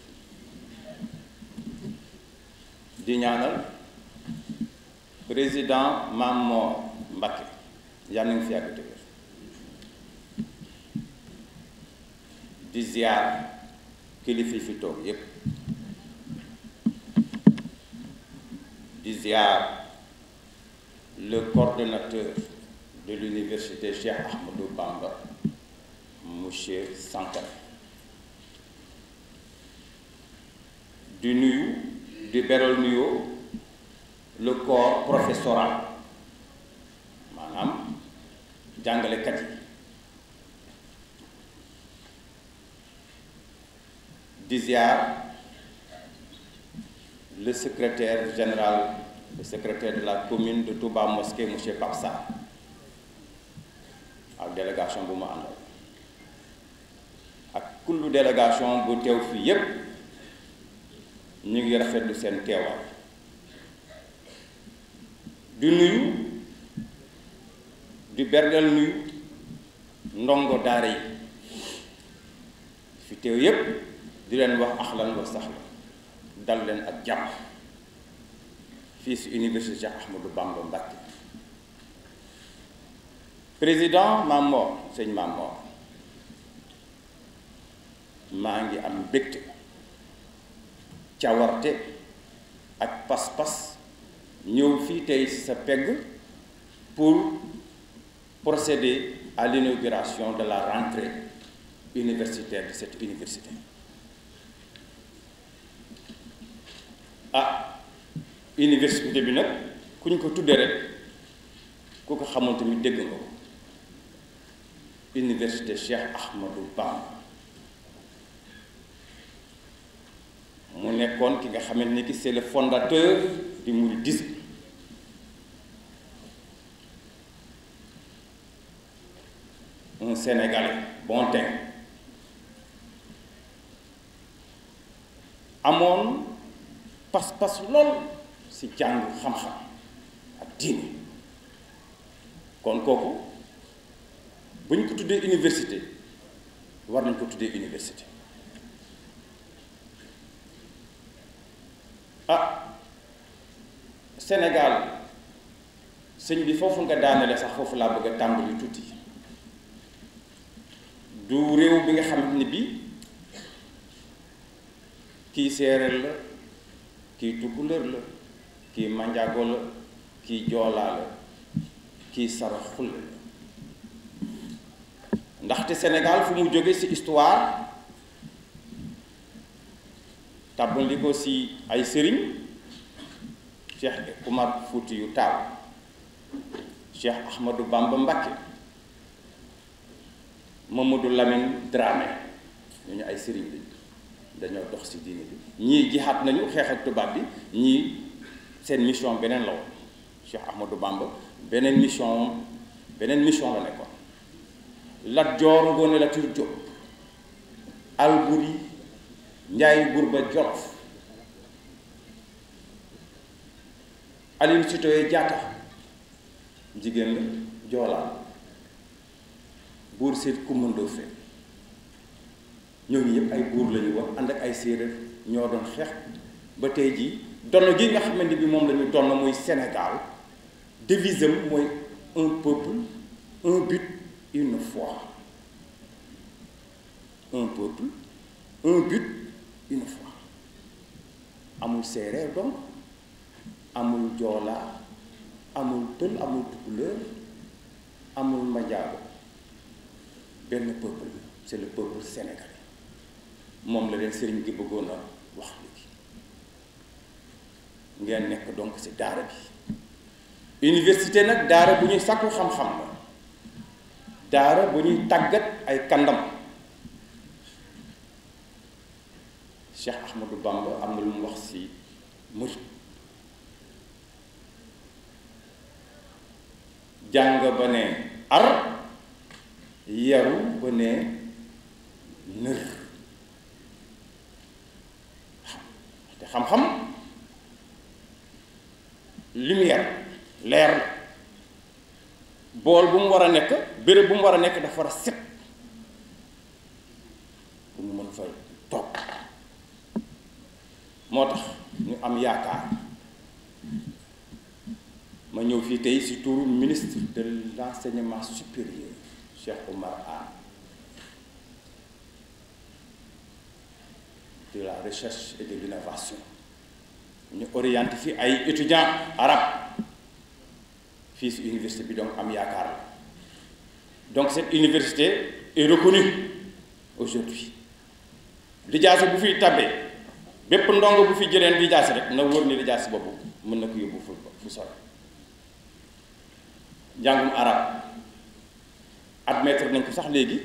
di ñaanal président Maam Moor Mbàkke yàlla na fi yàgg tëye di ziar kilifa yi fi toog yépp di ziar le coordonnateur de l'université Cheikh Ahmadou Bamba monsieur Sankara di nuyu di beral nuyoo le corps professoral maanaam jàngalekat yi di le secretaire général le secrétaire de la commune de Touba Mosquée monsieur Papsa ak délégation bu ma àndal ak kullu délégation bu teew fii yépp ñu ngi lu seen teewaay du nuyu di berdel nuyu ndongo daara yi fi teew yépp di leen wax axlan wa saxlan dal leen ak jàmm fii si université Cheikh Ahmadou Bamba Mbacké président Mamor sëñ Mamor maa ngi am mbégte cawarte ak pas-pas ñëw fii tey sa pegg pour procéder à l'inauguration de la rentrée universitaire de cette université ah université bi nag kuñ ko tuddee rek ku ko xamoon tamit dégg nga ko université Cheikh Ahmadou Bamba mu nekkoon ki nga xamante ni ki c'est le fondateur du mouridisme un Sénégalais bon teint amoon pas-pas lool si jàng xam-xam ak diine kon kooku bu ñu ko tuddee université war nañ ko tuddee université ah Sénégal sëñ bi foofu nga daanale sax foofu laa bëgg a tàmbali tuuti du réew bi nga xamante ni bi kii séeréer la kii tukulër la kii manjaago la kii joolaa la kii saraxul la ndaxte Sénégal fu mu jóge ci histoire tàbbali ci ay sëriñ Cheikh Oumar Foutiyou Tall Cheikh Ahmadou Bamba Mbacké Mamadou Lamine Dramé ñu ñu ay sëriñ lañu dañoo dox ci diine bi ñii jihaat nañu xeex tubaab bi ñii seen mission beneen la woon Cheikh Ahmadou Bamba beneen mission beneen mission la nekkoon Lat Joor Ngoone Latiir Jóob Alburi Njaay Burba Jolof Aline Sitoé Diatta jigéen la Joolaan buur Seyd Kumba Ndofféne ñooñu yëpp ay buur la ñu ànd ak ay séeréer ñoo doon xeex ba tey jii donn gi nga xamante bi moom la ñu donn muy Sénégal devise mooy un peuple un but une foi un peuple un but une foi amul séeréer donc amul joolaa amul pël amul tukulóor amul manjaago benn peuple c'est le peuple sénégalais moom la leen sëriñ gi bëggoon a wax léegi ngeen nekk donc ci daara bi université nag daara bu ñuy sàkku xam-xam la daara bu ñuy tàggat ay kàndam Cheikh Ahmadou Bamba am na lu mu wax ci murit jàng ba ne ar yaru ba ne nër te xam-xam lumière leer na bool bu mu war a nekk béréb bu mu war a nekk dafa war a set bu ñu mën fay toog moo tax ñu am yaakaar ma ñëw fii tey si turu ministre de l'enseignement supérieur Cheikh Oumar Anne de la recherche et de l'innovation ñu orienté fi ay étudiants arabes fii si université bi donc am yaakaar la donc cette université est reconnue aujourd'hui lijaasa bu fiy tabbee bépp ndongo bu fi jëleen lijaasa rek na wóor ni lijaasa bopp mën na ko yóbbu fu fu sore njàngum arab admettre nañ ko sax léegi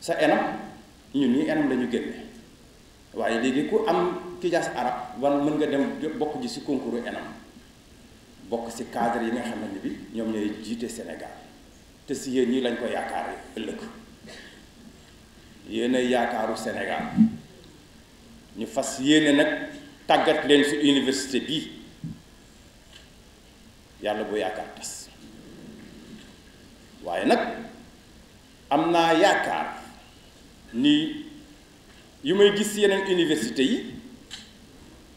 sa enam ñun ñi enam lañu ñu waaye léegi ku am kijaas arab wan mën nga dem bokk ji si concours ENAM bokk ci cadre yi nga xamante bi ñoom ñooy jiite Sénégal te si yéen ñi lañ ko yaakaar ëllëg yéen a yaakaaru Sénégal ñu fas yéene nag tàggat leen fi université bii yàlla bu yaakaar tas waaye nag am naa yaakaar ni yu may gis yeneen université yi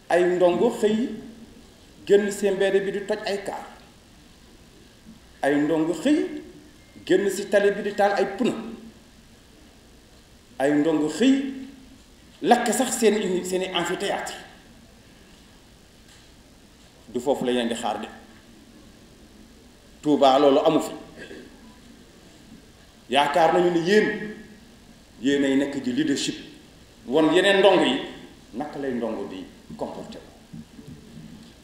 ay ndongo xëy génn si mbedd bi di toj ay kaar ay ndongo xëy génn si tali bi di taal ay pneu ay ndongo xëy lakk sax seen seeni seen i du foofu la leen di xaar de Touba loolu amu yaakaar nañu ni yéen yéen ay nekk ji leadership won yeneen ndongo yi naka lay ndong bi comporté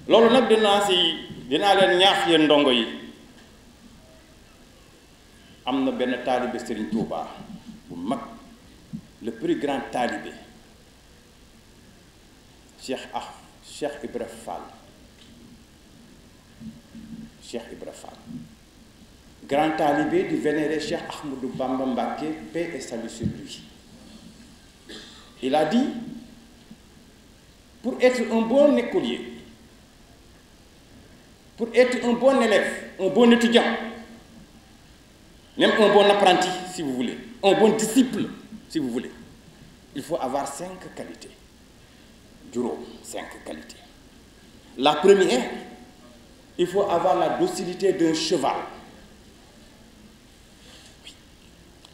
loolu nag dinaa si dinaa leen ñaax yéen ndongo yi am na benn taalibe Serigne Touba bu mag le plus grand taalibe Cheikh ah Cheikh Ibra Fall Cheikh Ibra Fall grand taalibe du vénéré Cheikh Ahmadou Bamba Mbacké paix et salut sur lui Il a dit, pour être un bon écolier, pour être un bon élève, un bon étudiant, même un bon apprenti, si vous voulez, un bon disciple, si vous voulez, il faut avoir cinq qualités. Duro, cinq qualités. La première, il faut avoir la docilité d'un cheval.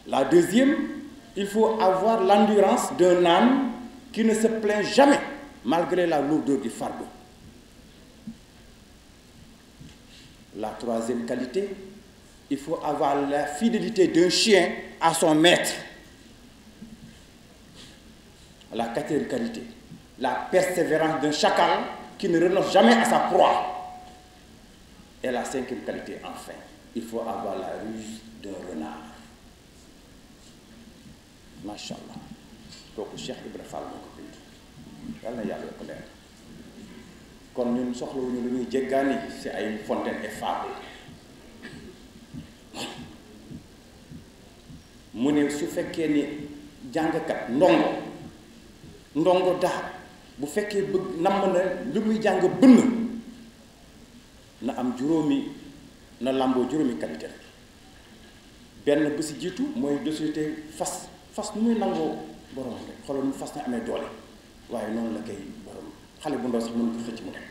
La deuxième, il faut avoir l'endurance d'un âne qui ne se plaint jamais malgré la lourdeur du fardeau. La troisième qualité, il faut avoir la fidélité d'un chien à son maître. La quatrième qualité, la persévérance d'un chacal qui ne renonce jamais à sa proie. Et la cinquième qualité, enfin, il faut avoir la ruse d'un renard. macha allah kooku Cheikh Ibra Fall moo ko bind yàlla na yàlla yokk kon ñun soxlawuñu lu ñuy jéggaani ci ay fontaine effable mu ne su fekkee ni jàngkat ndongo ndongo daal bu fekkee bëgg namm na li muy jàng bënn na am juróomi na làmboo juróomi qualité benn bu jiitu mooy société fas fas nu muy nangoo borom rek xoolal mu fas ne amee doole waaye noonu la koy borom xale bu ndaw sax mën ko xëcc mu dem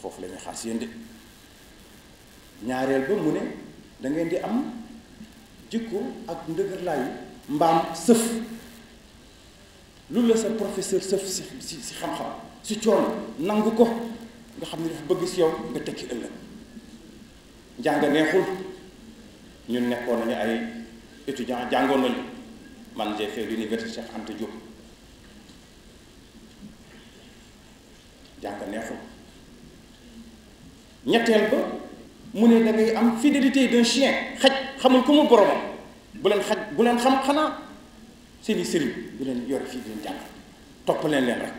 foofu la xaar si yéen de ñaareel ba mu ne da di am jikko ak ndëgërlaayu mbaam sëf lu la sa professeur sëf si si si xam-xam si coono nangu ko nga xam ne dafa bëgg si yow nga tekki ëllëg njàng neexul ñun nekkoon nañu ay. étudiant jàngoon nañu man j'ai fait l'université Cheikh Anta Diop jàng neexul ñetteel ba mu ne da am fidélité d'un chien xaj xamul ku mu boromam bu leen xaj bu leen xam xanaa seeni sëriñ bu leen yor fii di leen jàng topp leen leen rek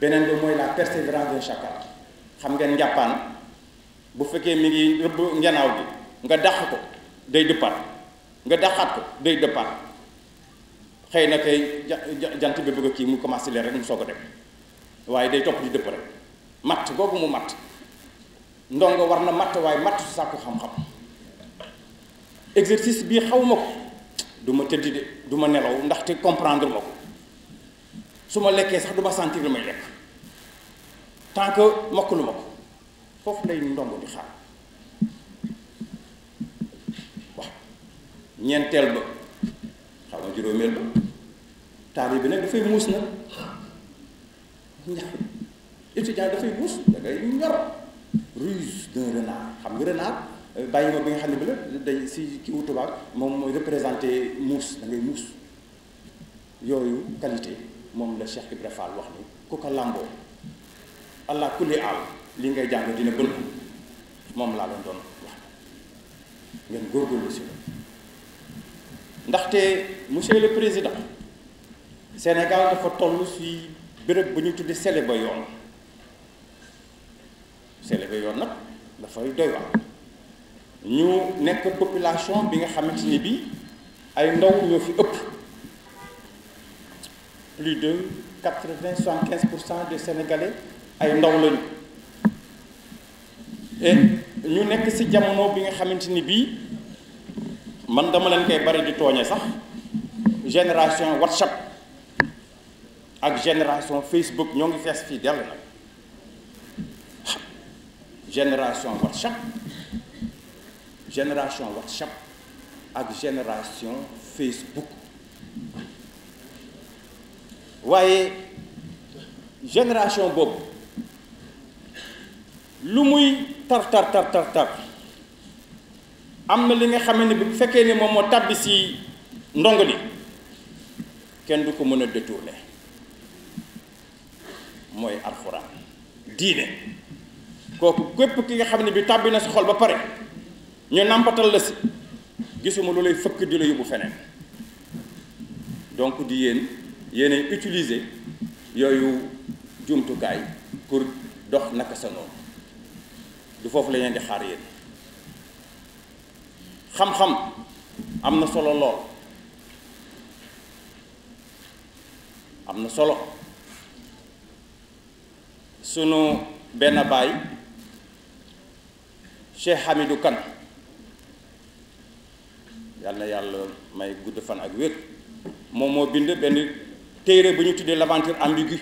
beneen bi mooy la persévérance d'un chacal xam ngeen njàppaan bu fekkee mi ngi rëbb njanaaw bi nga dàq ko day dëppaat nga dàqaat ko day dëppaat xëy na kay jant bi bëgg kii mu commencé leer rek mu soog a dem waaye day topp di dëpp rek matt googu mu matt nga war na matt waaye matt su sàkku xam-xam exercice bii xaw ko du ma tëdd de du ma nelaw ndaxte comprendre ma ko su ma lekkee sax du sentir lu may lekk tant que mokk lu ma ko foofu lay ndongo di xaar waaw ñeenteel ba xam nga juróomeel ba taali bi nag dafay muus nag ñax étudiant dafay muus da ngay ñor ruse d'un renard xam nga renard euh, bàyyi ma bi nga xam ne bi la day si kii wu moom mooy représenté muus da ngay muus yooyu qualité moom la Cheikh Ibra Fall wax ni ku ko làmboo allah kulli aal li ngay jàng dina bënn moom laa leen doon wax ngeen góorgóorlu si la ndaxte monsieur le président Sénégal dafa toll si béréb bu ñu tudde sele ba yoon sele ba nag dafay doy wax ñu nekk population bi nga xamante ni bi ay ndaw ñoo fi ëpp plus de quatre-vingts soixante-quinze pour cent des Sénégalais ay ndaw lañu Eh, ñu nekk si jamono bi nga xamante ni bii man dama leen koy bari di tooñe sax génération WhatsApp ak génération Facebook ñoo ngi fees fii dell na génération WhatsApp génération WhatsApp ak génération Facebook waaye génération boobu lu muy tar tar tar am na li nga xam ne bu fekkee ne moom moo tàbbi si ndongo li kenn du ko mën a détourné mooy alxuraan diine kooku képp ki nga xam ne bi tàbbi na si xol ba pare ñu nàmpatal la si gisuma lu lay fëkk di la yóbbu feneen donc di yéen yéenay utiliser yooyu jumtukaay pour dox naka sa noonu du foofu la leen di xaar yéen xam-xam am na solo lool am na solo sunu benn baay Cheikh Hamidou Kane yàlla na yàlla may gudd fan ak wér moom moo bind benn téere bu ñu tuddee l'aventure ambiguë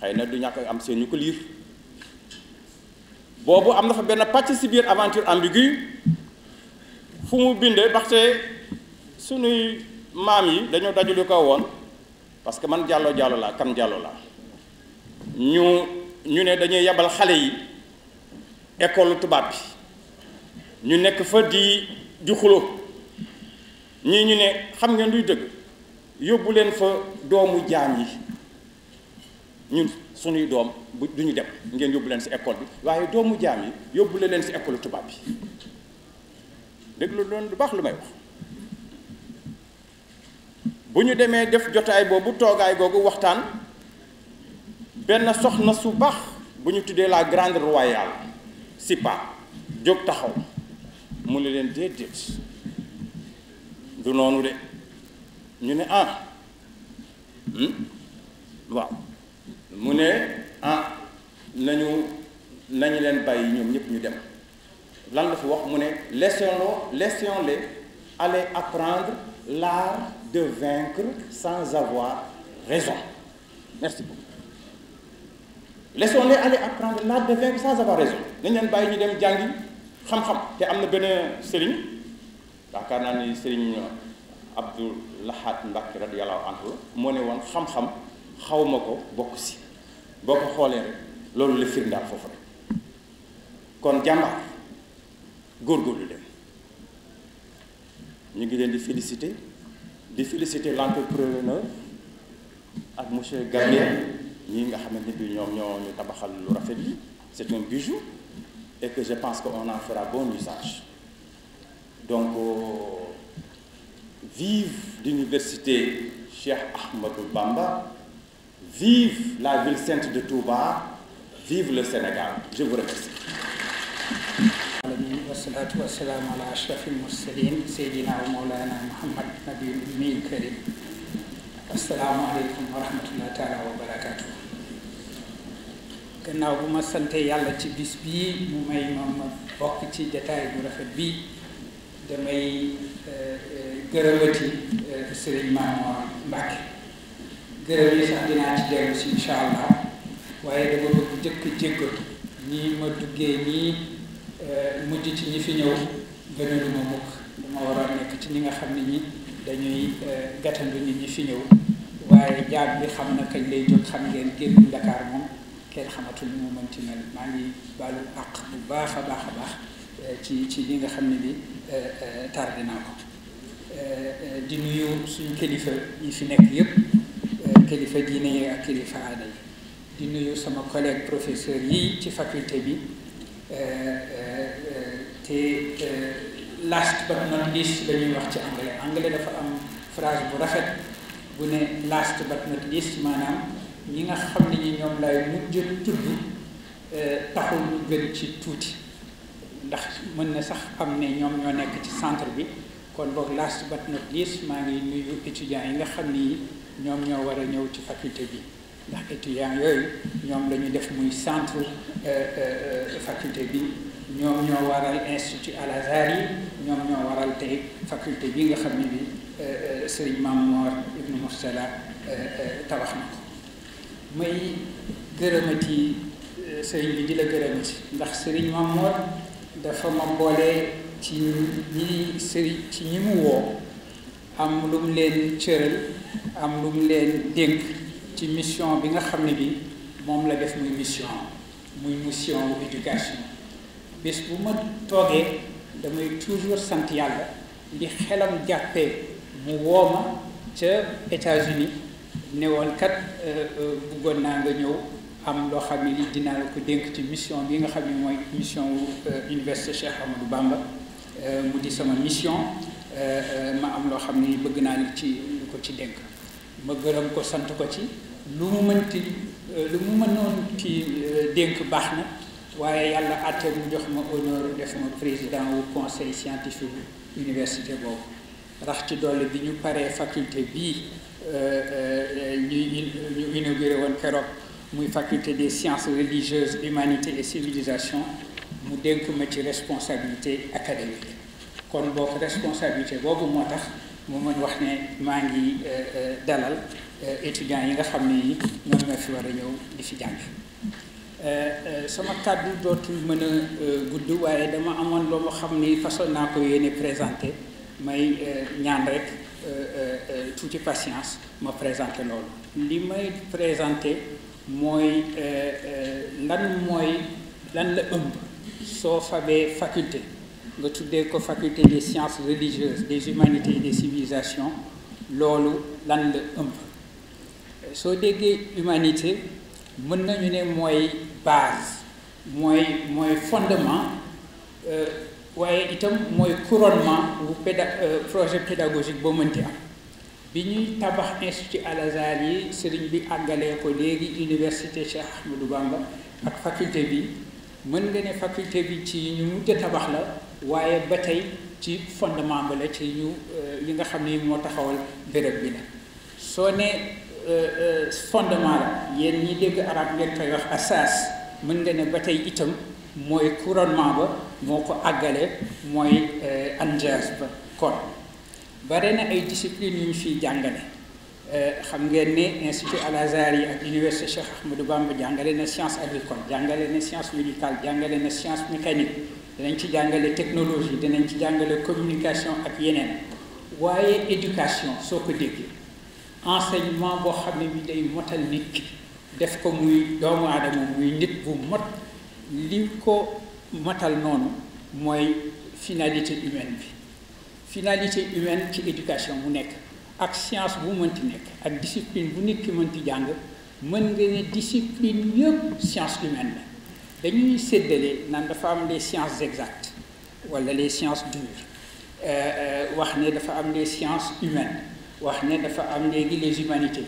xëy na du ñàkk am seen ñu ko liir boobu am na fa benn pàcc si biir aventure ambiguë fu mu bindee baxte suñuy maam yi dañoo dajulu ko woon parce que man jàllo jàllo laa kan jàllo laa ñu ñu ne dañuy yebal xale yi école tubaab bi ñu nekk fa di di xulo ñii ñu ne xam ngeen luy dëgg yóbbu leen fa doomu jaan yi ñun suñuy doom bu duñu dem ngeen yóbbu leen si école bi waaye doomu jaam yi yóbbu leen si école tubaab bi déglu loolu lu baax lu may wax bu ñu demee def jotaay boobu toogaay googu waxtaan benn soxna su baax bu ñu tuddee la grande royale Sipa jóg taxaw mu ne leen déedéet du noonu de ñu ne ah hmm? waaw mu ne ah nañu nañu leen bàyyi ñoom ñëpp ñu dem lan la fi wax mu ne laissons-le laissons-les aller apprendre l'art de vaincre sans avoir raison merci beaucoup laissons-les aller apprendre l'art de vaincre sans avoir raison nañ leen bàyyi ñu dem jàngi xam-xam te am na benn sëriñ yaakaar naa ni sëriñ Abdul Lahat Mbacke radiyallahu anhu moo ne woon xam-xam xaw ma ko bokk si boo ko xoolee rek loolu la firndaal foofu rek kon góor góorgóorlu leen ñu ngi leen di féliciter di féliciter l'entrepreneur ak monsieur Gabriel ñi nga xamante ni ñoom ñoo ñu tabaxal lu rafet yi c'est un bijou et que je pense qu'on en fera bon usage donc euh, vive l'université Cheikh Ahmadou Bamba Vive la ville sainte de Touba, vive le Sénégal. Je vous remercie. والصلاة والسلام على أشرف gannaaw bu ma sante yàlla ci bis bii mu may ma ma ci jataay bu rafet bii damay euh, euh, gërëmati euh, Sëriñ Mamoor Mbàkke gërëm yi sax dinaa ci dellu si incha allah waaye dama bëgg jëkk jéggat ñii ma duggee ñii eh, mujj ci ñi fi ñëw gënalu ma mukk dama war a nekk ci ñi nga xam ne ñi dañuy eh, gàttandu nit ñi fi ñëw waaye jaag bi xam na kañ lay jóg xam ngeen génn Dakar moom kenn xamatul mu mën ci mel maa ngi baalu àq bu baax a baax a baax eh, ci ci li nga xam ne bi tardé naa ko di nuyu suñu kilifa yi fi nekk yépp kilifa diine yi ak kilifa aada yi di nuyu sama collègue professeur yi ci faculté bi euh, euh, euh, te last but not least la wax ci anglais anglais dafa am phrase bu rafet bu ne last but not least maanaam ñi nga xam ne ñi ñoom lay mujj tudd taxul ñu gën ci tuuti ndax mën na sax am ne ñoom ñoo nekk ci centre bi kon boog last but not least maa ngi nuyu étudiants yi nga xam ni ñoom ñoo war a ñëw ci faculté bi ndax étudiants yooyu ñoom la ñu def muy centre euh, euh, faculté bi ñoom ñoo waral institut Al Azhar yi ñoom ñoo waral tey faculté bi nga xam ni bi euh, sëriñ Mamoor Ibnu Mursala tabax na ko may gërëmati sëriñ bi di la gërëmati ndax sëriñ Mamoor dafa ma boole ci ñi sëriñ ci ñi mu woo am lu mu leen cëral am lu mu leen dénk ci mission bi nga xam ne bi moom la def muy mission muy mission wu éducation bis bu ma toogee damay toujours sant yàlla li xelam jàppee mu wooma ca États-Unis ne woon kat euh, euh, bëggoon naa nga ñëw am loo xam ne li dinaa la ko dénk ci mission bi nga xam ne mooy mission wu euh, université Cheikh Amadou Bamba mu di sama mission ma am loo xam ne bëgg naa li ci lu ko ci dénk ma gërëm ko sant ko ci lu mu mënti euh, lu mu mënoon kii euh, dénk baax na waaye yàlla àtte mu jox ma honneur def ma président wu conseil scientifique université boobu rax ci doole bi ñu paree faculté bii euh, ñu ñu inauguré woon keroog muy faculté des sciences religieuses humanités et civilisation mu dénk ma ci responsabilité académique kon bokk responsabilité boobu moo tax mu mën wax ne maa ngi euh, euh, dalal euh, étudiants yi nga xam ni yi ñoom fi war a ñëw di fi jàng sama kàddu dootul mën a gudd waaye dama amoon loo ma xam ni façon naa ko yéene présenté may ñaan rek ci patience ma présenté loolu li may présenté mooy lan mooy lan la ëmb soo fabee faculté nga tuddee ko faculté des sciences religieuses des humanités et des civilisations loolu lan la ëmb soo déggee humanité mën nañu ne mooy base mooy mooy fondement euh, waaye itam mooy couronnement bu péda euh, projet pédagogique boo mënti am bi ñuy tabax institut Al-Azhar yi sëriñ bi àggalee ko léegi université Cheikh Ahmadou Bamba ak faculté bi mën nga ne faculté bi ci ñu mujj tabax la waaye ba tey ci fondement ba la ci ñu yi euh, nga xam ni moo taxawal béréb bi la soo ne euh, euh, fondement la yéen ñi dégg arab ngeen koy wax asaas mën nga ne ba tey itam mooy couronnement ba moo ko àggale mooy anjas ba kon bare na ay discipline yu ñu fiy jàngale xam ngeen ne institut Al Azhar yi ak université Cheikh Ahmadou Bamba jàngale na science agricole jàngale na science médicale jàngale na science mécanique danañ ci jàngale technologie dinañ ci jàngale communication ak yeneen waaye éducation soo ko déggee enseignement boo xam ne bi day motal nit ki def ko muy doomu aadama muy nit bu mot li ko matal noonu mooy finalité humaine bi finalité humaine ci éducation bu nekk ak science bu mënti nekk ak discipline bu nit ki mënti jàng mën nga ne discipline yëpp science humaine la dañuy séddale naan dafa am les science exactes walla les sciences dures euh, euh, wax ne dafa am les sciences humaines wax ne dafa am léegi les humanités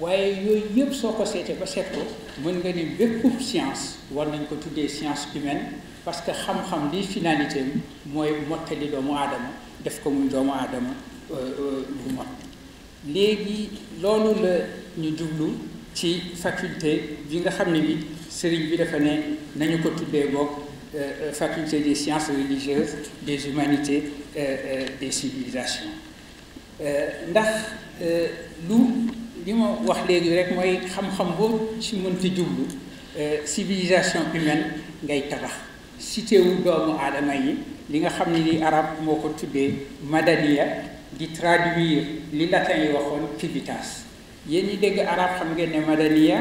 waaye yooyu yëpp soo ko seetee ba seet ko mën nga ne bépp science war nañ ko tuddee science humaine parce que xam-xam li finalité am mooy mottali doomu aadama def ko muy doomu aadama bu euh, mot léegi loolu la ñu jublu ci faculté bi nga xam ne bi sëriñ bi dafa ne nañu ko tuddee boog euh, euh, faculté des sciences religieuses des humanités euh, des civilisations ndax lu li ma wax léegi rek mooy xam-xam boo ci mënti jublu civilisation humaine ngay tabax cité wu doomu aadama yi li nga xam ni ni arab moo ko tuddee madaniya di traduire li latin yi waxoon civitas yéen ñi dégg arab xam ngeen ne madaniya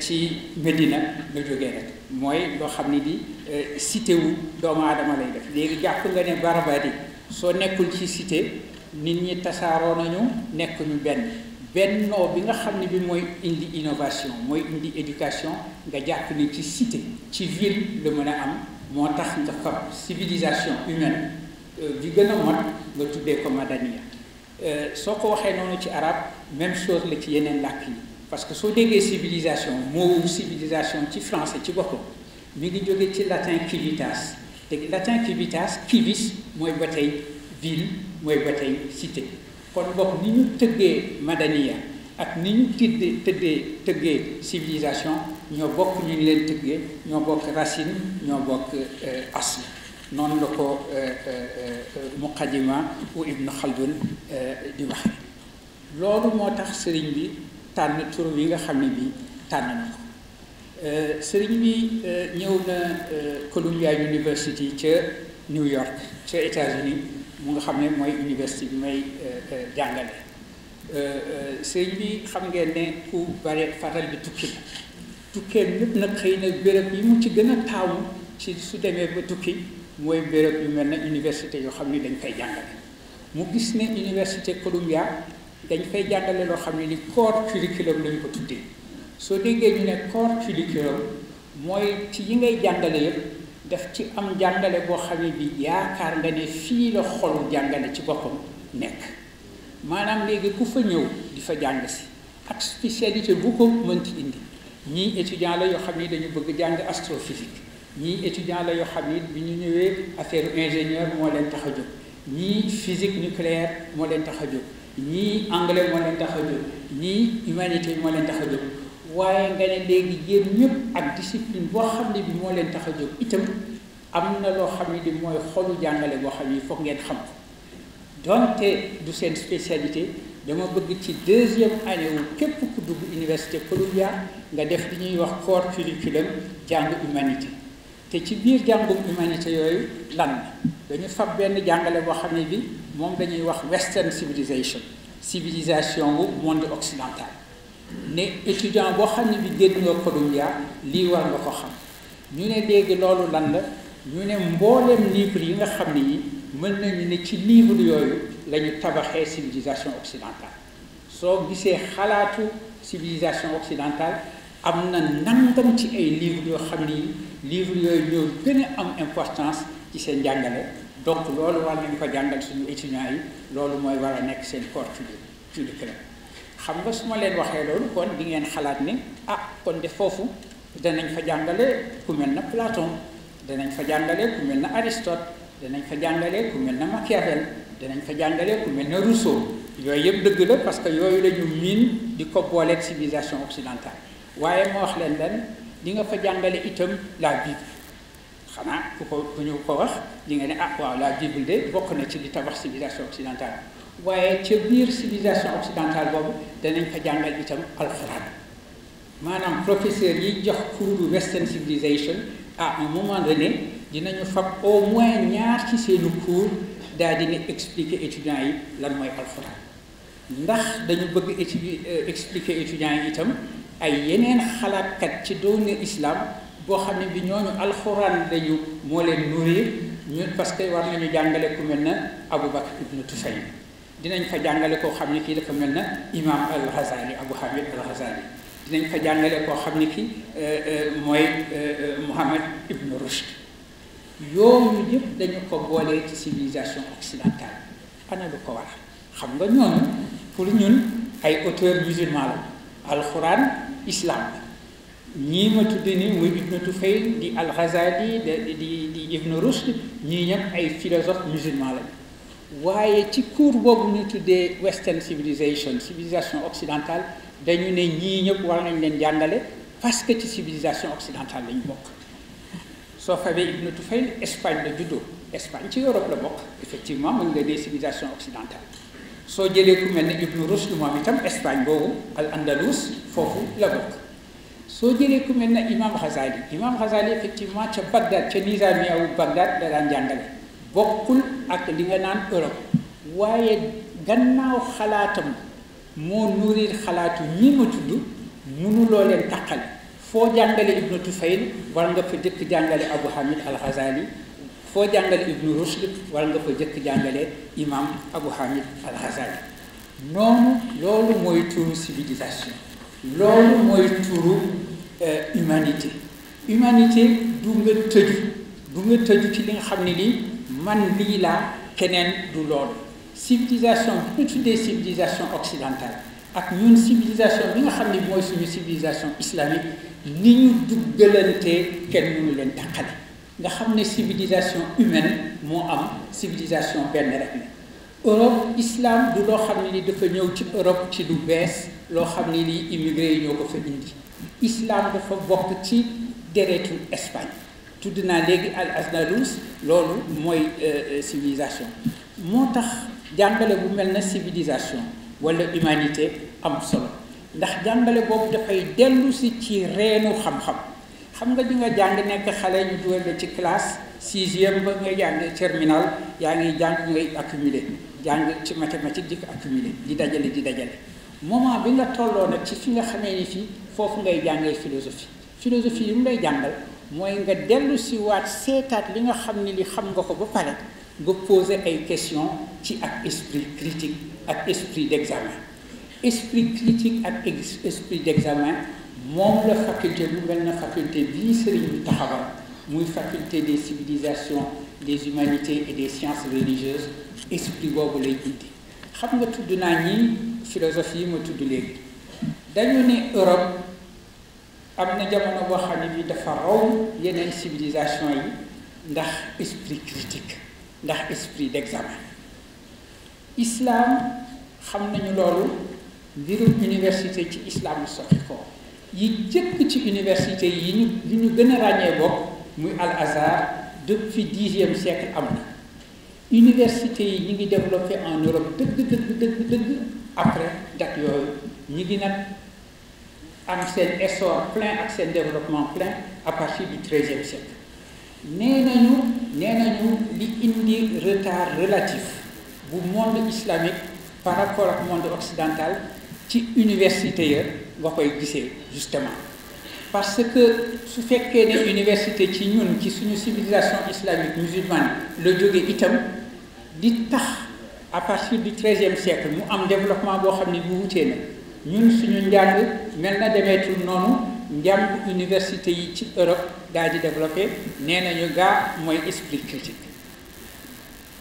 ci Medina la jógee rek mooy loo xam ne di euh, cité wu doomu aadama lay def léegi jàpp nga ne barabadi soo nekkul ci cité nit ñi tasaaroo nañu nekk ñu benn bennoo bi nga xam ni bi mooy indi innovation mooy indi éducation nga jàpp ni ci cité ci ville la mën a am moo tax nga ko civilisation humaine euh, bi gën a mat nga tuddee ko madaniya euh, soo ko waxee noonu ci arab même chose la ci yeneen làkk yi parce que soo déggee civilisation moo civilisation ci français ci boppam mi ngi jóge ci latin civitas te latin civitas civis mooy ba tey ville mooy ba tey cité kon bopp ni ñu tëggee madaniya ak ni ñu tëddee tëddee tëggee civilisation ñoo bokk ñu ñu leen tëggee ñoo bokk racine ñoo bokk euh, asl noonu la ko euh, euh, muqaddima u ibnu xaldun di waxe loolu moo tax sëriñ bi tànn tur yi nga xam ne bi tànn na ko euh, sëriñ bi euh, ñëw na euh, Columbia University ca New York ca États-Unis mu nga xam ne mooy université bi may jàngale sëriñ bi xam ngeen ne ku bare faral di tukki la tukkeen ñépp nag xëy na béréb yi mu ci gën a taamu ci su demee ba tukki mooy béréb yu mel na université yoo xam ne dañ koy jàngale mu gis ne université Columbia dañ fay jàngale loo xam ne li corps curriculum lañu ko tuddee soo déggee ñu ne corps curriculum mooy ci yi ngay jàngale yëpp daf ci am jàngale boo xam ne bi yaakaar nga ne fii la xolu jàngale ci boppam nekk maanaam léegi ku fa ñëw di fa jàng si ak spécialité bu ko mënti indi ñii étudiant la yoo xam ni dañu bëgg jàng astrophysique ñii étudiant la yoo xam ni bi ñu ñëwee affaire ingénieur moo leen tax a jóg ñii physique nucléaire moo leen tax a jóg ñii anglais moo leen tax a jóg ñii humanité moo leen tax a jóg waaye nga ne léegi yéen ñëpp ak discipline boo xam ne bi moo leen tax a jóg itam am na loo xam ne di mooy xolu jàngale boo xam ne foog ngeen xam ko donte du seen spécialité dama bëgg ci deuxième année wu képp ku dugg université Columbia nga def li ñuy wax corps curriculum jàng humanité te ci biir jàngum humanité yooyu lan dañu fab benn jàngale boo xam ne bi moom dañuy wax western civilisation civilisation wu monde occidental ne étudiant boo xam ne bi génn nga Columbia lii war nga ko xam ñu ne léegi loolu lan la ñu ne mbooleem livre yi nga xam ne yi mën nañu ne ci livre yooyu la ñu tabaxee civilisation occidentale soo gisee xalaatu civilisation occidentale am na nangam ci ay livre yoo xam ne yi livre yooyu ñoo gën a am importance ci seen jàngale donc loolu war nañu fa jàngal suñu étudiants yi loolu mooy war a nekk seen corps curriculaire xam nga su ma leen waxee loolu kon di ngeen xalaat ni ah kon def foofu danañ fa jàngale ku mel na Platon danañ fa jàngale ku na Aristote danañ fa jàngale ku na Machiavel danañ fa jàngale ku mel na Rousseau yooyu yëpp dëgg la parce que yooyu la ñu miin di ko booleeg occidentale waaye moo wax leen leen li nga fa jàngale itam la Bible xanaa ku ko ku ñu ko wax li nga ne ah waaw la Bible de bokk na ci li tabax civilisation occidentale waaye ca biir civilisation occidentale boobu danañ fa jàngal itam alxuraan maanaam professeur yi jox cours western civilisation à un moment donné dinañu fab au moins ñaar ci seeni cours daal dina expliquer étudiants yi lan mooy alxuraan ndax dañu bëgg euh, expliquer étudiants yi itam ay yeneen xalaatkat ci doone islaam boo xam ne bi ñooñu alxuraan dañu moo leen nourrir ñun parce que war nañu jàngale ku mel na Aboubacar ibnu Tufayn dinañ fa jàngale koo xam ne kii dafa mel na imam al Ghazali Abou dinañ fa jàngale koo xam ne kii euh, euh, mooy euh, Mouhamad ibnu Rushd yooyu yëpp dañu ko boolee ci civilisation occidentale ana ko war xam nga ñooñu pour ñun ay auteurs musulmans la. alxuraan islam ñii ma tudde ni muy ibnu Tufayl di al-Ghazali di di di ibnu Rushd ñii ñëpp ay philosophe musulman lañu waaye ci cours boobu ñu tuddee western civilisation civilisation occidentale dañu ne ñii ñëpp war nañ leen jàngale parce que ci civilisation occidentale lañu bokk soo xamee ibnu Tufayl Espagne la juddoo Espagne ci Europe la bokk effectivement mën nga ne civilisation occidentale soo jëlee ku mel ne Ibnu Rushd moom itam Espagne boobu al Andalus foofu la bokk soo jëlee ku mel ne Imam Ghazali Imam Ghazali effectivement ca Bagdad ca Nizamiya wu Bagdad da daan jàngale bokkul ak li nga naan Europe waaye gannaaw xalaatam moo nurir xalaatu ñi ma tudd mënuloo leen taqale foo jàngale Ibnu Tufayl war nga fa dëkk jàngale Abu Hamid al Ghazali foo jàngale ibnu rushd war nga fa jëkk jàngale imam abu hamid al ghazali noonu loolu mooy tuuru civilisation loolu mooy tuuru euh, humanité humanité du nga tëju du nga tëju ci li nga xam ne lii man lii laa keneen du loolu civilisation bu ñu tuddee civilisation occidentale ak ñun civilisation bi nga xam ne mooy suñu civilisation islamique li ñu duggalante kenn mënu leen taqale nga xam ne civilisation humaine moo am civilisation benn rek la Europe islam du loo xam ne li dafa ñëw ci Europe ci lu bees loo xam ne lii immigré yi ñoo ko fa indi islam dafa bokk ci deretu Espagne tudd naa léegi al Andalus loolu mooy euh, civilisation moo tax jàngale bu mel na civilisation wala humanité am solo ndax jàngale boobu dafay dellu ci reenu xam-xam xam nga di nga jàng nekk xale ñu dugal la ci classe sixième ba nga jàng terminal yaa ngi jàng ngay accumuler jàng ci mathématique jik ko accumuler di dajale di dajale moment bi nga tolloo nag ci fi nga xamee ni fii foofu ngay jàngee philosophie philosophie yi mu lay jàngal mooy nga dellu si waat seetaat li nga xam ni li xam nga ko ba pare nga poser ay question ci ak esprit critique ak esprit d'examen esprit critique ak esprit d'examen moom la faculté bu mel na faculté bii sëriñ bi taxawal muy faculté des civilisations des humanités et des sciences religieuses esprit boobu lay indi xam nga tudd naa ñi philosophie yi ma tudd léegi dañu ne Europe am na jamono boo xam ne bi dafa raw yeneen civilisation yi ndax esprit critique ndax esprit d'examen islam xam nañu loolu mbirum université ci islam ko yi jëkk ci université yi ñu yi ñu gën a ràññee bokk muy al azhar fi dixième siècle am na université yi ñu ngi développé en Europe dëgg dëgg dëgg dëgg après date yooyu ñu ngi nag am seen essor plein ak seen développement plein à partir du treizième siècle nee nañu nee nañu li indi retard relatif bu monde islamique par rapport ak monde occidental ci université ya nga koy gisee justement parce que su fekkee ne université ci ñun ci suñu civilisation islamique musulmane la jóge itam di tax à partir du treizième siècle mu am développement boo xam ni bu wutee na ñun suñu njàng mel na demeetul noonu njàng université yi ci Europe daal di développé nee nañu gaa mooy esprit critique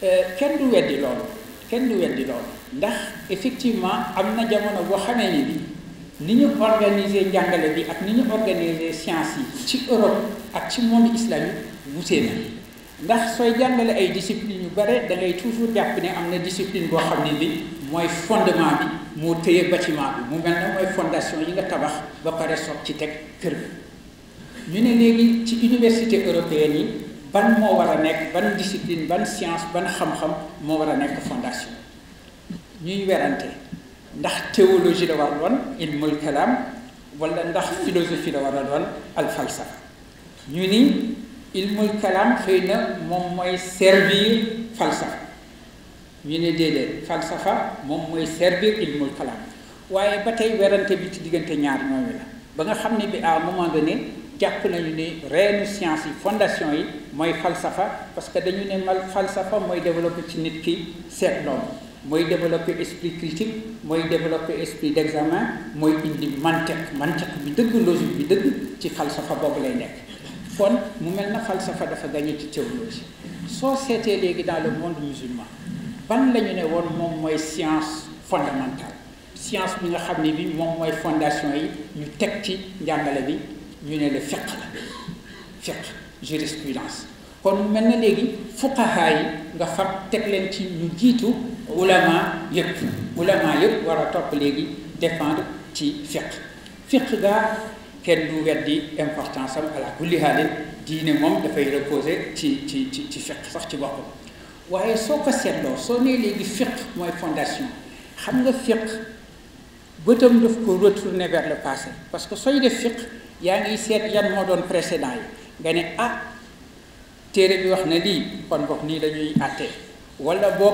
euh, kenn du weddi loolu kenn du weddi loolu ndax effectivement am na jamono boo xamee ni bi ni ñu organiser njàngale bi ak ni ñu organiser science yi ci Europe ak ci monde islamique wutee na ndax sooy jàngale ay discipline yu bare da ngay toujours jàpp ni am na discipline boo xam ne bi mooy fondement moo téye bâtiment bi mu mel ne fondation yi nga tabax ba pare soog ci teg kër bi ñu ne léegi ci université européenne yi ban moo war a nekk ban disipline ban science ban xam-xam moo war a nekk fondation ñuy werante ndax théologie la war doon ilmul kalaam wala ndax philosophie la war a doon al falsafa ñu ni moy kalaam xëy na moom mooy servir falsafa ñu ne déedéet falsafa moom mooy servir ilmul kalaam waaye ba tey werante bi ci diggante ñaar ñooñu la ba nga xam ne bi à un moment donné jàpp nañu ni reenu science yi fondation yi mooy falsafa parce que dañu ne mal falsafa mooy développé ci nit ki seet loolu mooy développer esprit critique mooy développer esprit d'examen mooy indi mantek mantek bi dëgg logique bi dëgg ci falsafa boobu lay nekk kon mu mel na falsafa dafa gagné ci théologie soo seetee léegi daal le monde musulman ban lañu ne woon moom mooy science fondamentale science bi nga xam ni bi moom mooy fondation yi ñu teg ci njàmbale bi ñu ne le fiqh la fiqh jurisprudence kon mu mel na léegi fuqaha yi nga fab teg leen ci ñu jiitu ulama yëpp ulama yëpp war a topp léegi dépendre ci fiq fiq gaa kenn du di importance am ala kulli haal diine moom dafay reposer ci ci ci ci sax ci boppam waaye soo ko seetloo soo nee léegi fiq mooy fondation xam nga fiq bëtam daf ko retourner vers le passé parce que sooy def fiq yaa ngi seet yan moo doon précédent yi nga ne ah téere bi wax na lii kon boog nii la ñuy àttee wala boog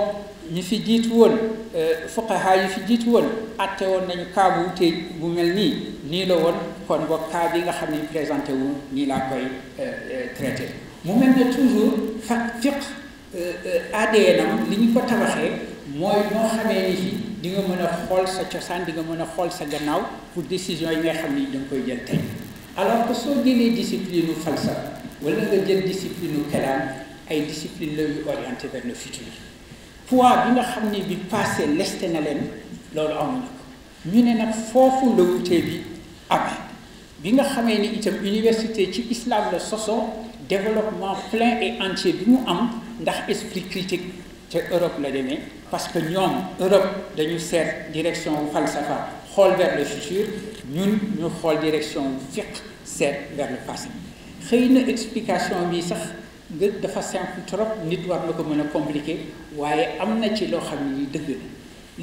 ñi fi jiitu woon euh, fuqaha yi fi jiitu woon atte woon nañu kaa bu wutee bu mel nii nii la woon kon boog kaa bi nga xam ne présenté wu nii laa koy euh, euh, traité mu mel ne toujours fa fiq ADN am li ñu ko tabaxee mooy moo xamee ni fi di nga mën a xool sa cosaan di nga mën a xool sa gannaaw pour décision yi nga xam ni da nga koy jël tey alors que soo jëlee discipline u falsafa wala nga jël discipline u kalaam ay discipline la yu orienté vers le futur poids bi nga xam ne bi passé leste na leen loolu amuñu ko ñu ne nag foofu la wutee bi amee bi nga xamee ni itam université ci islam la soso développement plein et entier bi mu am ndax esprit critique te Europe la demee parce que ñoom Europe dañu seet direction wu falsafa xool vers le futur ñun ñu xool direction wu fiqh seet vers le passé xëy na explication bi sax nga dafa simple trop nit war na ko mën a compliquer waaye am na ci loo xam ni dëgg la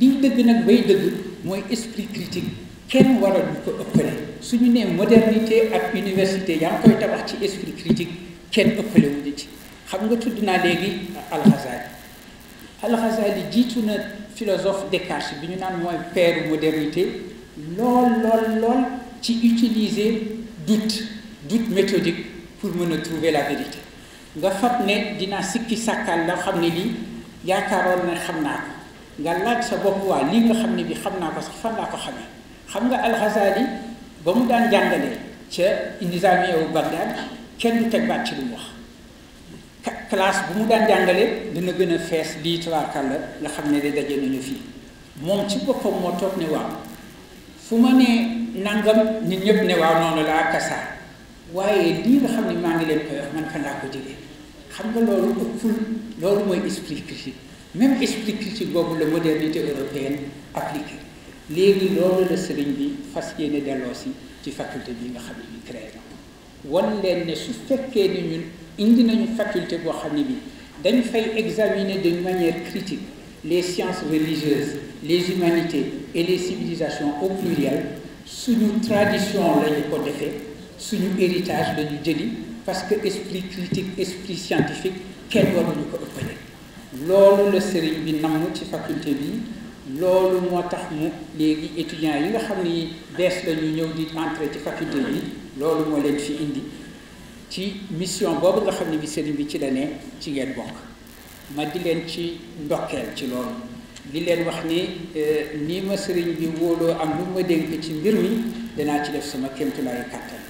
liy dëgg nag bay dëgg mooy esprit critique kenn waral ñu ko ëppale suñu nee modernité ak université yaa ngi koy tabax ci esprit critique kenn ëppale wu ñu ci xam nga tudd naa léegi Al-Ghazali al jiitu na philosophe Descartes bi ñu naan mooy per modernité lool lool lool ci utiliser doute doute méthodique pour mën a trouver la vérité nga fab ne dinaa sikki sàkkal la xam ne lii yaakaaroon ne xam naa ko nga laaj sa bopp waa lii nga xam ne bi xam naa ko sax fan laa ko xamee xam nga alxasaali ba mu daan jàngalee ca Nizamiya wu Bagdad kenn du teg baat ci lu mu wax classe bu mu daan jàngale dina gën a fees lii tabaarkal la nga xam ne de daje fii moom ci boppam moo toog ne waaw fu ma nee nangam ñëpp ne waaw noonu laa kasaar waaye lii nga xam ne maa ngi leen koy wax man fan laa ko jëlee xam nga loolu ëppul loolu mooy esprit critique même esprit critique boobu la modernité européenne appliquée léegi loolu la sëriñ bi fas yéene delloo si ci faculté bi nga xam ne bi créé na wan leen ne su fekkee ni ñun indi nañu faculté boo xam ne bi dañu fay examiner d'une manière critique les sciences religieuses les humanités et les civilisations au pluriel suñu tradition lañu ko defee suñu héritage dañu jëli parce que esprit critique esprit scientifique kenn waruñu ko ëppale loolu la sëriñ bi namm ci faculté bii loolu moo tax mu léegi étudiants yi nga xam ni bees la ñu ñëw di entrer ci faculté bi loolu moo leen fi indi ci mission boobu nga xam ne bi sëriñ bi ci la ne ci ngeen bokk ma di leen ci ndokkeel ci loolu di leen wax ni euh, nii ma sëriñ bi wóoloo am lu ma dénk ci mbir mi danaa ci def sama kéemtulaayu kàttan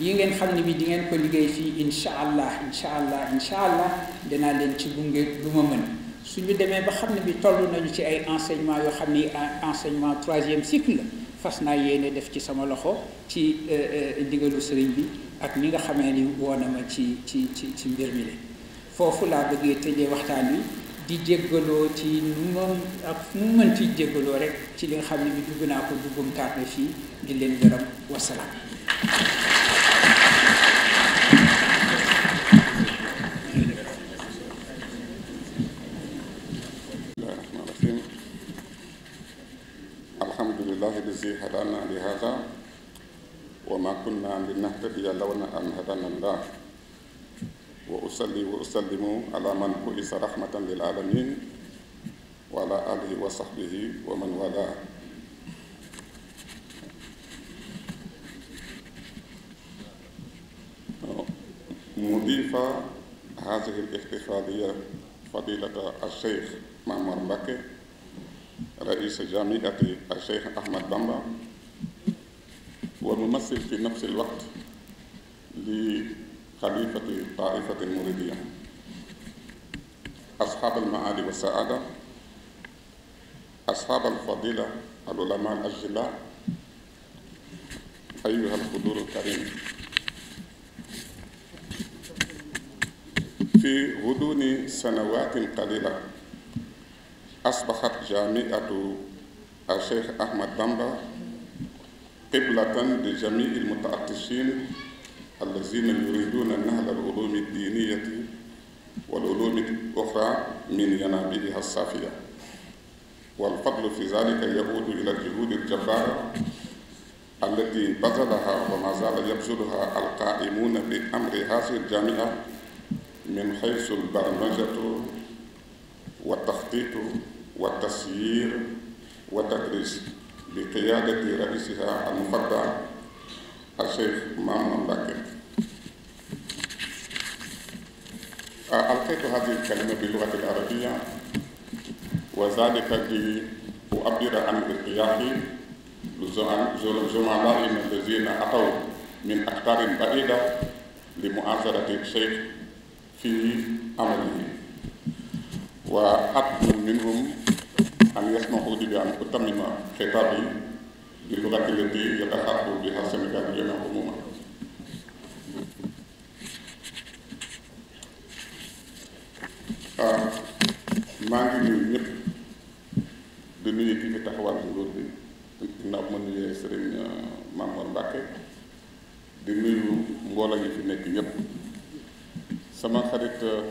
lii ngeen xam ne bi di ngeen ko liggéey fii incha allah incha allah incha allah dinaa leen ci gunge lu ma mën suñu demee ba xam ne bi toll nañu ci ay enseignement yoo xam ni enseignement troisième cycle la fas naa yéene def ci sama loxo ci euh, euh, ndigalu sëriñ bi ak ñi nga xamee ni woo na ci ci ci ci mbir mi foofu laa bëggee tëjee waxtaan wi di jéggaloo ci nu ma ci jéggaloo rek ci li nga xam ne bi dugg naa ko duggum taat na fii di leen gërëm wasalaam alhamdulilah lazi hadana li hada wa ma kunna linahtadiya lawna an hadana allah wa usalli wa usallimu ala man bu'isa rahmatan lil alamin wa ala alihi wa sahbihi wa man wala مضيفة هذه الاحتفالية فضيلة الشيخ معمر مبكي رئيس جامعة الشيخ أحمد بامبا وممثل في نفس الوقت لخليفة طائفة المريدية أصحاب المعالي والسعادة أصحاب الفضيلة العلماء الأجلاء أيها الحضور الكريم في غضون سنوات قليلة أصبحت جامعة الشيخ أحمد بامبا قبلة لجميع المتعطشين الذين يريدون نهل العلوم الدينية والعلوم الأخرى من ينابيعها الصافية والفضل في ذلك يعود إلى الجهود الجبارة التي بذلها وما زال يبذلها القائمون بأمر هذه الجامعة min xaysu albarnajatu wa taxtiitu wa tasyiir wa tadris bi qiyaadati raisiha almufadda alcheikh Mamour Mbacké ألقيت هذه الكلمة باللغة العربية وذلك لأعبر عن ارتياحي لزملائنا الذين أتوا من أقطار بعيدة لمؤازرة الشيخ في عمله وعدل منهم أن يسمحوا لي بأن أتمم خطابي باللغة التي يتخاطب بها السنغاليون عموما maa ngi nuyu ñëpp di nuyu ki fi taxawal nguur bi ginnaaw ma nuyee sëriñ Mamour Mbacke di nuyu mbooloo ñi fi nekk ñëpp sama xarit äh,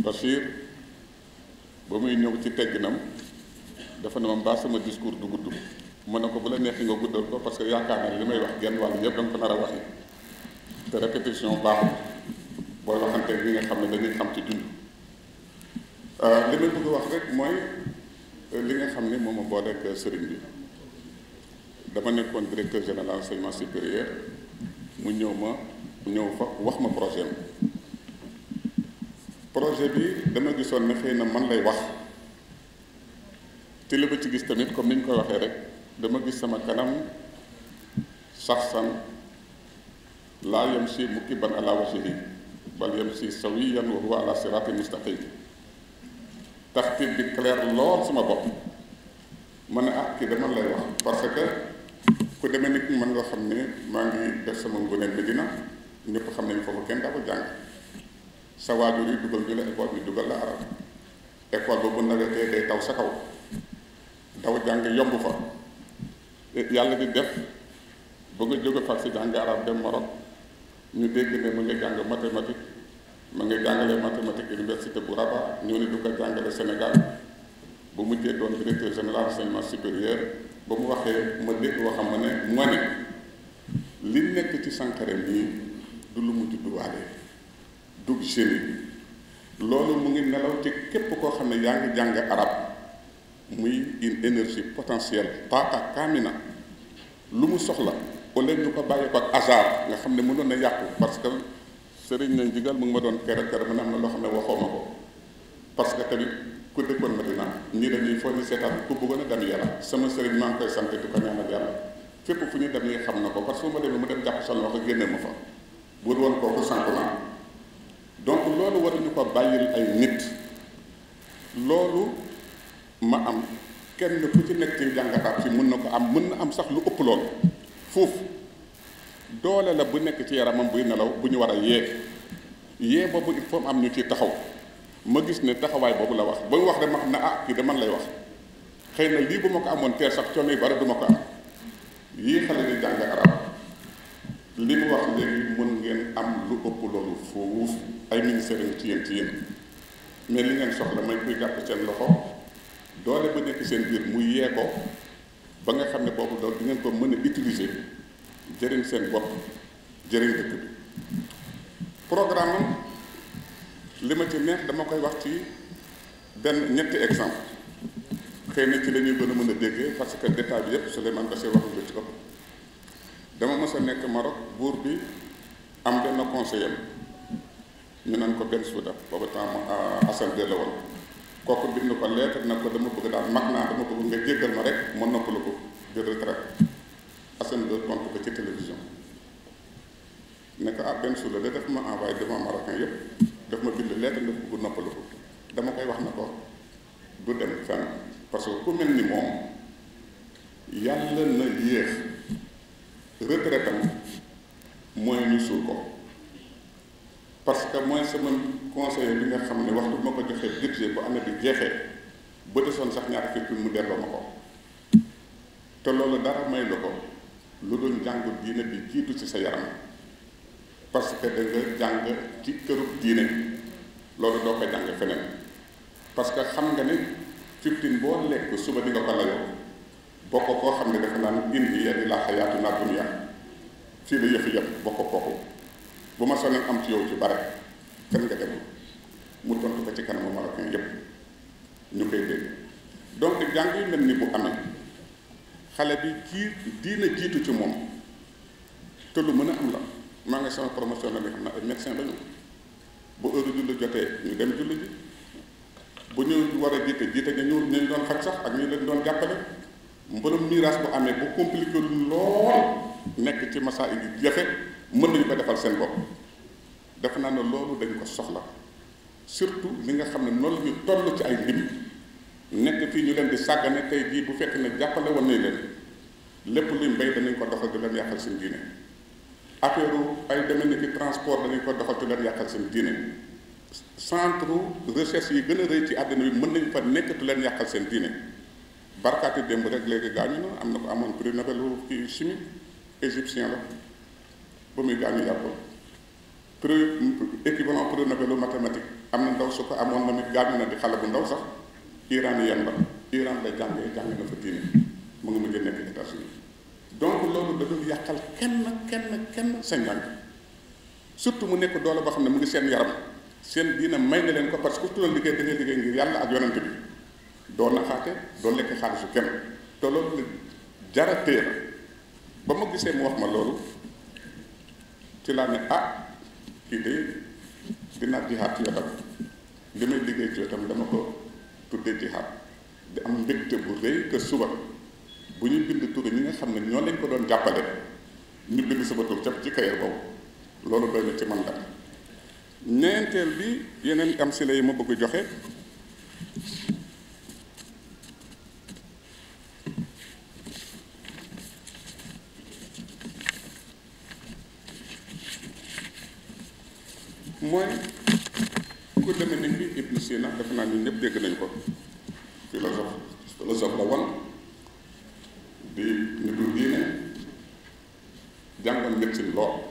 Bachir ba muy ñëw ci tegginam dafa ne ma mbaa sama discours du gudd mën na ko bu la neexee nga guddal ko parce que yaakaar naa li may wax genn wàll yëpp danga ko nar a waxi te répétition baaxul booy waxante ñi nga xam ne dañuy xam ci dund euh, li may bëgg wax rek mooy euh, li nga xam ni moom a boo ak sëriñ bi dama nekkoon directeur général enseignement supérieur mu ñëw ma ñëw fa wax ma projet bi projet bi dama gisoon ne na man lay wax te li ba ci gis tamit comme ni ñu koy waxee rek dama gis sama kanam saxsan laa yam si mukki ban ala wajhihi bal yam si sawiyan wa huwa ala sirati mustaqim taxtiir bi clair lool sama bopp ma ne ah kii dama lay wax parce que ku demee nit man nga xam ne maa ngi def sama ngone Medina ñëpp xam nañ foofu kenn daa ko jàng sa waajur yi dugal ñu la école ñu dugal la arab école ba bu nawetee day taw sa kaw daw jàng yomb fa e, yàlla di def ba nga jóge far si jàng arab dem Maroc ñu dégg ne mu nga jàng mathématique ma nga jàngale mathématique université bu Rabat ñoo ne du ko jàngale Sénégal bu mujjee doon directeur général enseignement supérieur ba mu waxee ma dégg waxam ma ne mu ne li nekk ci Sankara nii du lu mu judduwaale dug génie bi loolu mu ngi nelaw ci képp koo xam ne yaa ngi jàng arab muy une énergie potentielle taata kaamina lu mu soxla wala ñu ko bàyyi ko ak hasard nga xam ne mënoon na yàqu parce que sëriñ na njigal mu ngi ma doon kere kere man am na loo xam ne waxoo ma ko parce que tamit ku dëkkoon Madina ñii dañuy foo ñu seetaan ku bëggoon a dem yàlla sama sëriñ maa koy sant di ko ñaanal yàlla fépp fu ñu dem yi xam na ko parce que mu dem jàpp sa loxo génne bu woon kooku sànq la donc loolu waruñu ko bàyyil ay nit loolu ma am kenn ku ci nekk ci jàngataab si mën na ko am mën na am sax lu ëpp lool foofu doole la bu nekk ci yaramam buy nelaw bu ñu war a yee yee boobu il faut am ñu ciy taxaw ma gis ne taxawaay boobu la wax ba wax de ma xam ne ah kii de man lay wax xëy na lii bu ma ko amoon teel sax coono yu bari du ma ko am yii xale jàng arab li mu wax léegi mën ngeen am lu ëpp loolu foofu ay ministères yu ci yéen ci yéen mais li ngeen soxla may kuy jàpp seen loxo doole ba nekk seen biir mu yee ko ba nga xam ne boobu dool di ngeen ko mën a utiliser jëriñ seen bopp jëriñ dëkk bi programme li ma ci neex dama koy wax ci benn ñetti exemple xëy na ci la ñuy a mën a déggee parce que détail bi yëpp Souleymane Bassir wax na ci ëpp dama mës a nekk Maroc buur bi am benn conseiller ñu naan ko benn suuda booba temps euh, Assane Gueye la woon kooku bind ko lettre na ko dama bëgg daal mag naa dama bëgg nga jéggal ma rek ma noppalu ko di retraite Assane Gueye tontu ko ci télévision ne ko ah, benn suuda de daf ma envoyé devant marocain yëpp daf ma bind lettre nga bëgg noppalu ko dama koy wax na ko du dem fenn parce que ku mel ni moom yàlla na yéex retraite am mooy ñu suul ko parce que mooy sama conseiller bi nga xam ne waxtu ma ko joxee boo bu année bi jeexee ba desoon sax ñaata fekk mu delloo ma ko te loolu dara may la ko lu doon jàngu diine bi jiitu ci sa yaram parce que da nga jàng ci kërub diine loolu doo ko jàng feneen parce que xam nga ne fifteen boo lekk suba di nga ko layoo bokkoo koo xam ne dafa naan indi yenn laax yaatu naa dunya fii la yëfi yëpp bokkoo kooku bu ma sonee am ci yow ci bare kan nga dem mu tontu ko ci kanamu malakin yëpp ñu koy dégg donc jàng yu mel ni bu amee xale bi jii diina jiitu ci moom te lu mën a am la maa ngi sama promotion la xam ne ay médecin lañu bu heure julli jotee ñu dem julli ji bu ñu war a jiite jiite ñu ñu doon faj sax ak ñu leen doon jàppale. mbirum miraas bu amee bu compliqué lu lool nekk ci massa yi jafe mën nañu ko defal seen bopp def naa ne loolu dañu ko soxla surtout li nga xam ne noonu la ñu toll ci ay ndim nekk fii ñu leen di sàggane tey bii bu fekk ne jàppale woon nañ leen lépp luy mbéy danañ ko doxal di leen yàqal seen diine affaire ay demee ni fi transport danañ ko doxal di leen yàqal seen diine centre recherche yi gën a rëy ci àddina bi mën nañ fa nekk di leen yàqal seen diine barkaati démb rek léegi gaañu na am na ko amoon prix Nobel ci chimie égyptien la ba muy gaañu yàggul prix équivalent prix Nobel mathématique am na ndaw su ko amoon moom it gaañu na di xale bu ndaw sax iranien la Iran lay jàngee jàngee na fa diine mu ngi mujj nekk États-Unis donc loolu da dul yàqal kenn kenn kenn sa njàng surtout mu nekk doole boo xam ne mu ngi seen yaram seen diina may na leen ko parce que ku tural liggéey da liggéey ngir yàlla ak yonante bi doo naxaate doo lekk xaalisu kenn te loolu la jara téye ba ma gisee mu wax ma loolu ci laa ne ah kii de dinaa jihaat ci wetam li may liggéey ci wetam dama ko tuddee jihaat di am mbégte bu rëy que suba bu ñu bind tur ñi nga xam ne ñoo lañ ko doon jàppale ñu bind suba tur cap ci kayar boobu loolu doy na ci man la ñeenteel bi yeneen am si la yi ma bëgg joxe mooy cour de Ménique bi Ibn Sina def naa ñun ñëpp dégg nañ ko philosophe philosophe la woon di nitu diine jàngoon médecine lool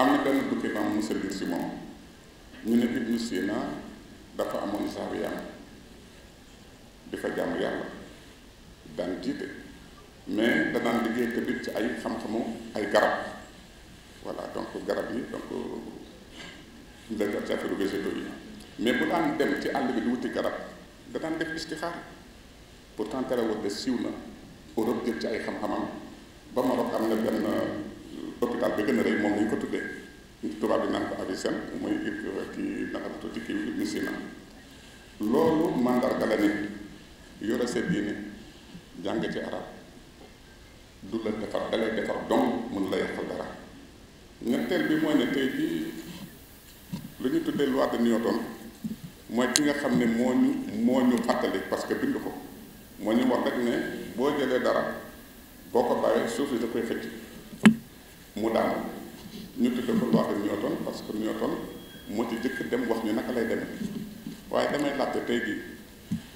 am na benn document mu sa si moom ñu ne Ibn Sina dafa amoon zawiyaam di fa jàmm yàlla daan jiite mais danaan liggéey tamit ci ay xam-xamu ay garab voilà donc garab yi donc ñu daan def ci affaire végétaux yi mais bu daan dem ci àll bi di wuti garab da daan def istixaar pourtant terewul de siw na Europe jël ci ay xam-xamam ba Maroc am na benn euh, hôpital bi gën a rëy moom lañ ko tuddee tubaab bi naan ko Avicenne mooy kii euh, naka la tudd kii Ibn Sina loolu mandarga la ne yore sa diine jàng ci arab du la defar dalay defar donc mun la yàqal dara ñetteel bi mooy ne tey jii. lu ñu tuddee loi de Newton mooy ki nga xam ne moo ñu moo ñu fàttali parce que bind ko moo ñu wax rek ne boo jëlee dara boo ko bàyyee suuf si da koy xëcc mu daanu ñu tuddee ko loi de Newton parce que Newton moo ci jëkk dem wax ñu naka lay demee waaye damay laajte tey bii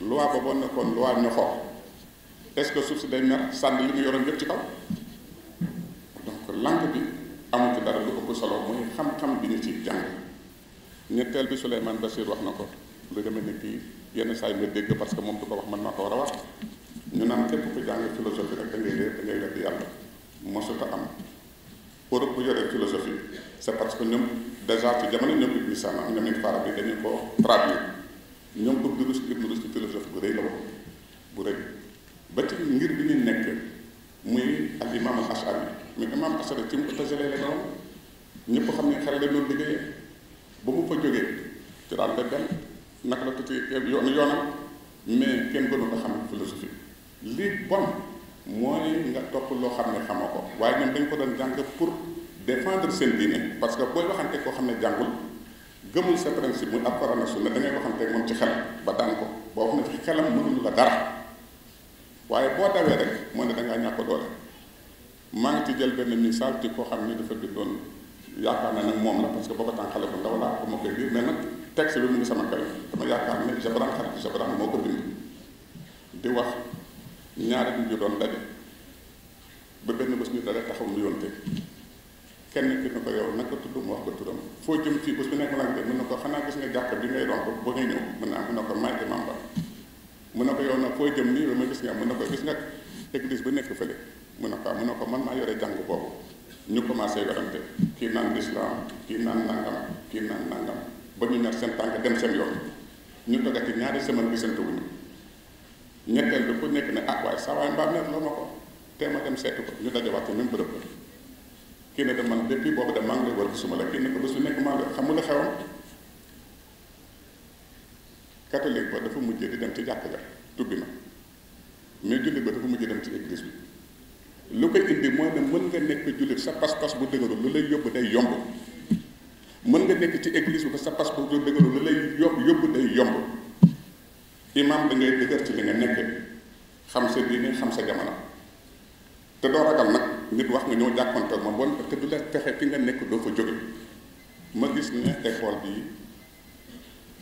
loi ba boo nekkoon loi ñoxor est-ce que suuf si day mer sànni li mu yoroon yëpp ci kaw donc langue bi amatu dara lu ëpp solo mooy xam-xam bi ñu ci jàng. ñetteel bi Souleymane Bachir wax na ko lu demee ni kii yenn saa yi nga dégg parce que moom du ko wax man maa ko war a wax ñu naan képp ku jàng philosophie rek da ngay leer da ngay lekk yàlla mosut a am Europe bu yoree philosophie c'est parce que ñoom déjà ci jamono ñoom Ibn Sina ak ñoom Ibn Farabi dañu ko traduire ñoom Ibn Rushd Ibn Rushd philosophe bu rëy la wax bu rëy ba ci ngir bi ñu nekk muy al imam al Ashari mais imam Ashari ci mu utazalee la ñëpp xam ne xel la doon ba mu fa jógee ci daal la dem naka la tuuti yoon yoonam mais kenn gënu ko xam philosophie li bon mooy nga topp loo xam ne xamoo ko waaye ñoom dañ ko doon jàng pour défendre seen diine parce que booy waxante koo xam ne jàngul gëmul sa principe muy alxuraan ak sunna da ngay waxante moom ci xel ba daan ko boo xam ne ci xelam mënul la dara waaye boo dawee rek moo ne dangaa ñàkk doole maa ngi ci jël benn misaal ci koo xam ne dafa bindoon yaakaar naa ne moom la parce que booba temps xale bu ndaw laa ko ma koy biir mais nag texte bi mu ngi sama kaw dama yaakaar ne Gibran xarit Gibran moo ko bind di wax ñaari nit yu doon daje ba benn bés ñu daje taxaw nu yoonte kenn ki na ko yow nag ko tudd mu wax ko turam foo jëm fii bés bu nekk lan de na ko xanaa gis nga jàkk bi ngay doon ko ba ngay ñëw mën naa ah mën na ko maite mamba mën na ko yow nag foo jëm nii ba ma gis nga mën na ko gis nga église bu nekk fële mën na ko ah mën na ko man maa yore jàng boobu ñu commencé werante kii naan lislaam kii naan nangam kii naan nangam ba ñu ñor seen tànk dem seen yoon ñu togati ñaari semaine gisante wuñu ñetteel bi ku nekk ne ak ah, waaye saa waay mbaam neex la ma ko tee ma dem seeti ko ñu dajawaat ci même bërëb kii ne de man depuis boobu de maa ngi lay war gisuma la kii ne ko bés bu nekk maa ngi lay xamul xewam catholique ba dafa mujjee di dem ci jàkk ja tubbi na mais julli ba dafa mujjee dem ci église bi lu ko indi mooy ne mën nga nekk jullit sa pas-pas bu dëgëru lu lay yóbbu day yomb mën nga nekk ci église bi ko sa pas-pas bu dëgëru lu lay yóbbu yóbbu day yomb imam da ngay dëgër ci li nga nekk xam sa diine xam sa jamono te doo ragal nag nit wax nga ñëw jàkkoonteeg ma bon te du la fexe fi nga nekk doo fa jóge ma gis ne école bi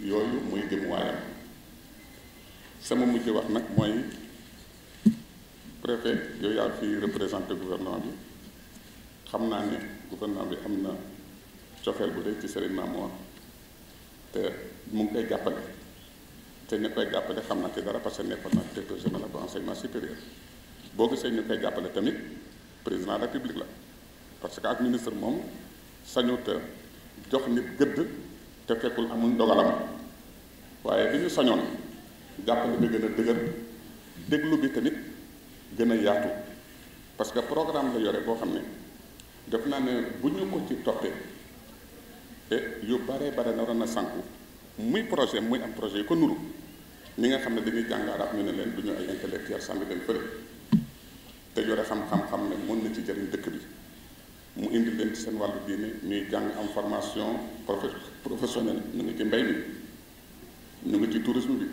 yooyu muy jëm waayam sama mujj wax nag mooy préfet yow yaa fi représenté gouvernement bi xam naa ni gouvernement bi am na cofeel bu rëy ci Serigne Mamour te mu ngi koy jàppale te ñu koy jàppale xam naa ci dara parce que nekkoon naa directeur général bu enseignement supérieur boo gisee ñu koy jàppale tamit président république la parce que ak ministre moom sañut jox nit gëdd te fekkul amul ndogalam waaye bi ñu sañoon jàppale bi gën a dëgër déglu bi tamit. gën a yaatu parce que programme la yore boo xam ne def naa ne bu ñu ko ci toppee te eh, yu bare bare naroon na sànku muy projet muy am projet yu ko nuru ni nga xam ne dañuy jàng arab ñu ne leen du ñu ay intellectuel sànni leen fële te yore xam-xam-xam ne mën na ci jëriñ dëkk bi mu indi leen ci seen wàllu diine ñuy jàng am formation professionnelle ñu ngi ci mbay mi ñu ngi ci tourisme bi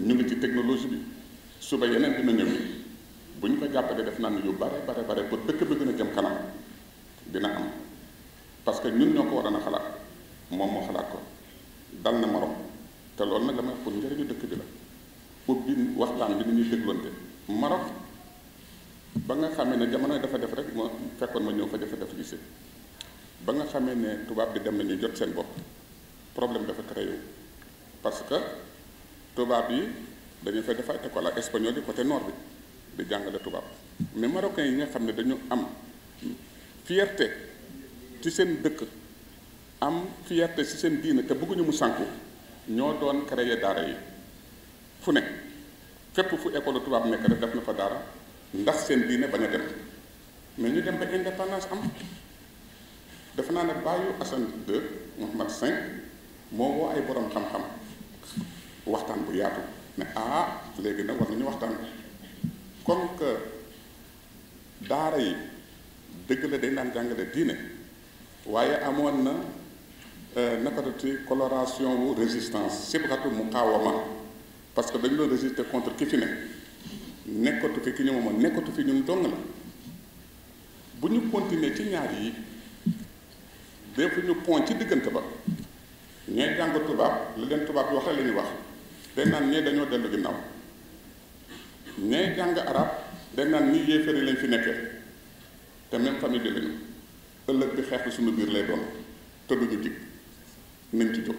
ñu ngi ci technologie bi suba yeneen dina ñëw bu ñu ko jàppalee def nañ yu bare bare bare pour dëkk bi gën a jëm kanam dina am parce que ñun ñoo ko waroon a xalaat moom moo xalaat ko dal na morom te loolu nag dama wax pour njëriñu dëkk bi la pour di waxtaan bi ni ñuy dégloonte Maroc ba nga xamee ne jamono dafa def rek moo fekkoon ma ñëw fa dafa def lycée ba nga xamee ne tubaab bi dem nañu jot seen bopp problème dafa créé parce que tubaab yi dañu fay def ay école espagnol yi côté noor bi. di jàngale tubaab mais marocain yi nga xam ne dañu am fierté ci seen dëkk am fierte ci seen diine te bëgguñu mu sànku ñoo doon créer daara yi fu ne fépp fu école tubaab nekk rek def na fa daara ndax seen diine bañ a dem mais ñu dem ba indépendance am dafa naa ne bàyyu Assane II Mohammed V moo woo ay boroom xam-xam waxtaan bu yaatu ne ah léegi nag war nañu waxtaan comme que daara yi dëgg la dañ daan jàngale diine waaye amoon na euh, naka la tuuti coloration wu résistance sibxatu muqawama parce que dañu doon résister contre ki fi ne nekkatu fi ki ñu moom nekkatu fi ñun dong la bu ñu continuer ci ñaar yi def ñu pont ci diggante ba ñee jàng tubaab li leen tubaab wax la la wax te ñee dañoo dellu ginnaaw ñay jàng arab dañ naan ni yéefari lañ fi nekkee te même famille bi lañu ëllëg bi xeex suñu biir lay doon te ñu jig nañ ci jóg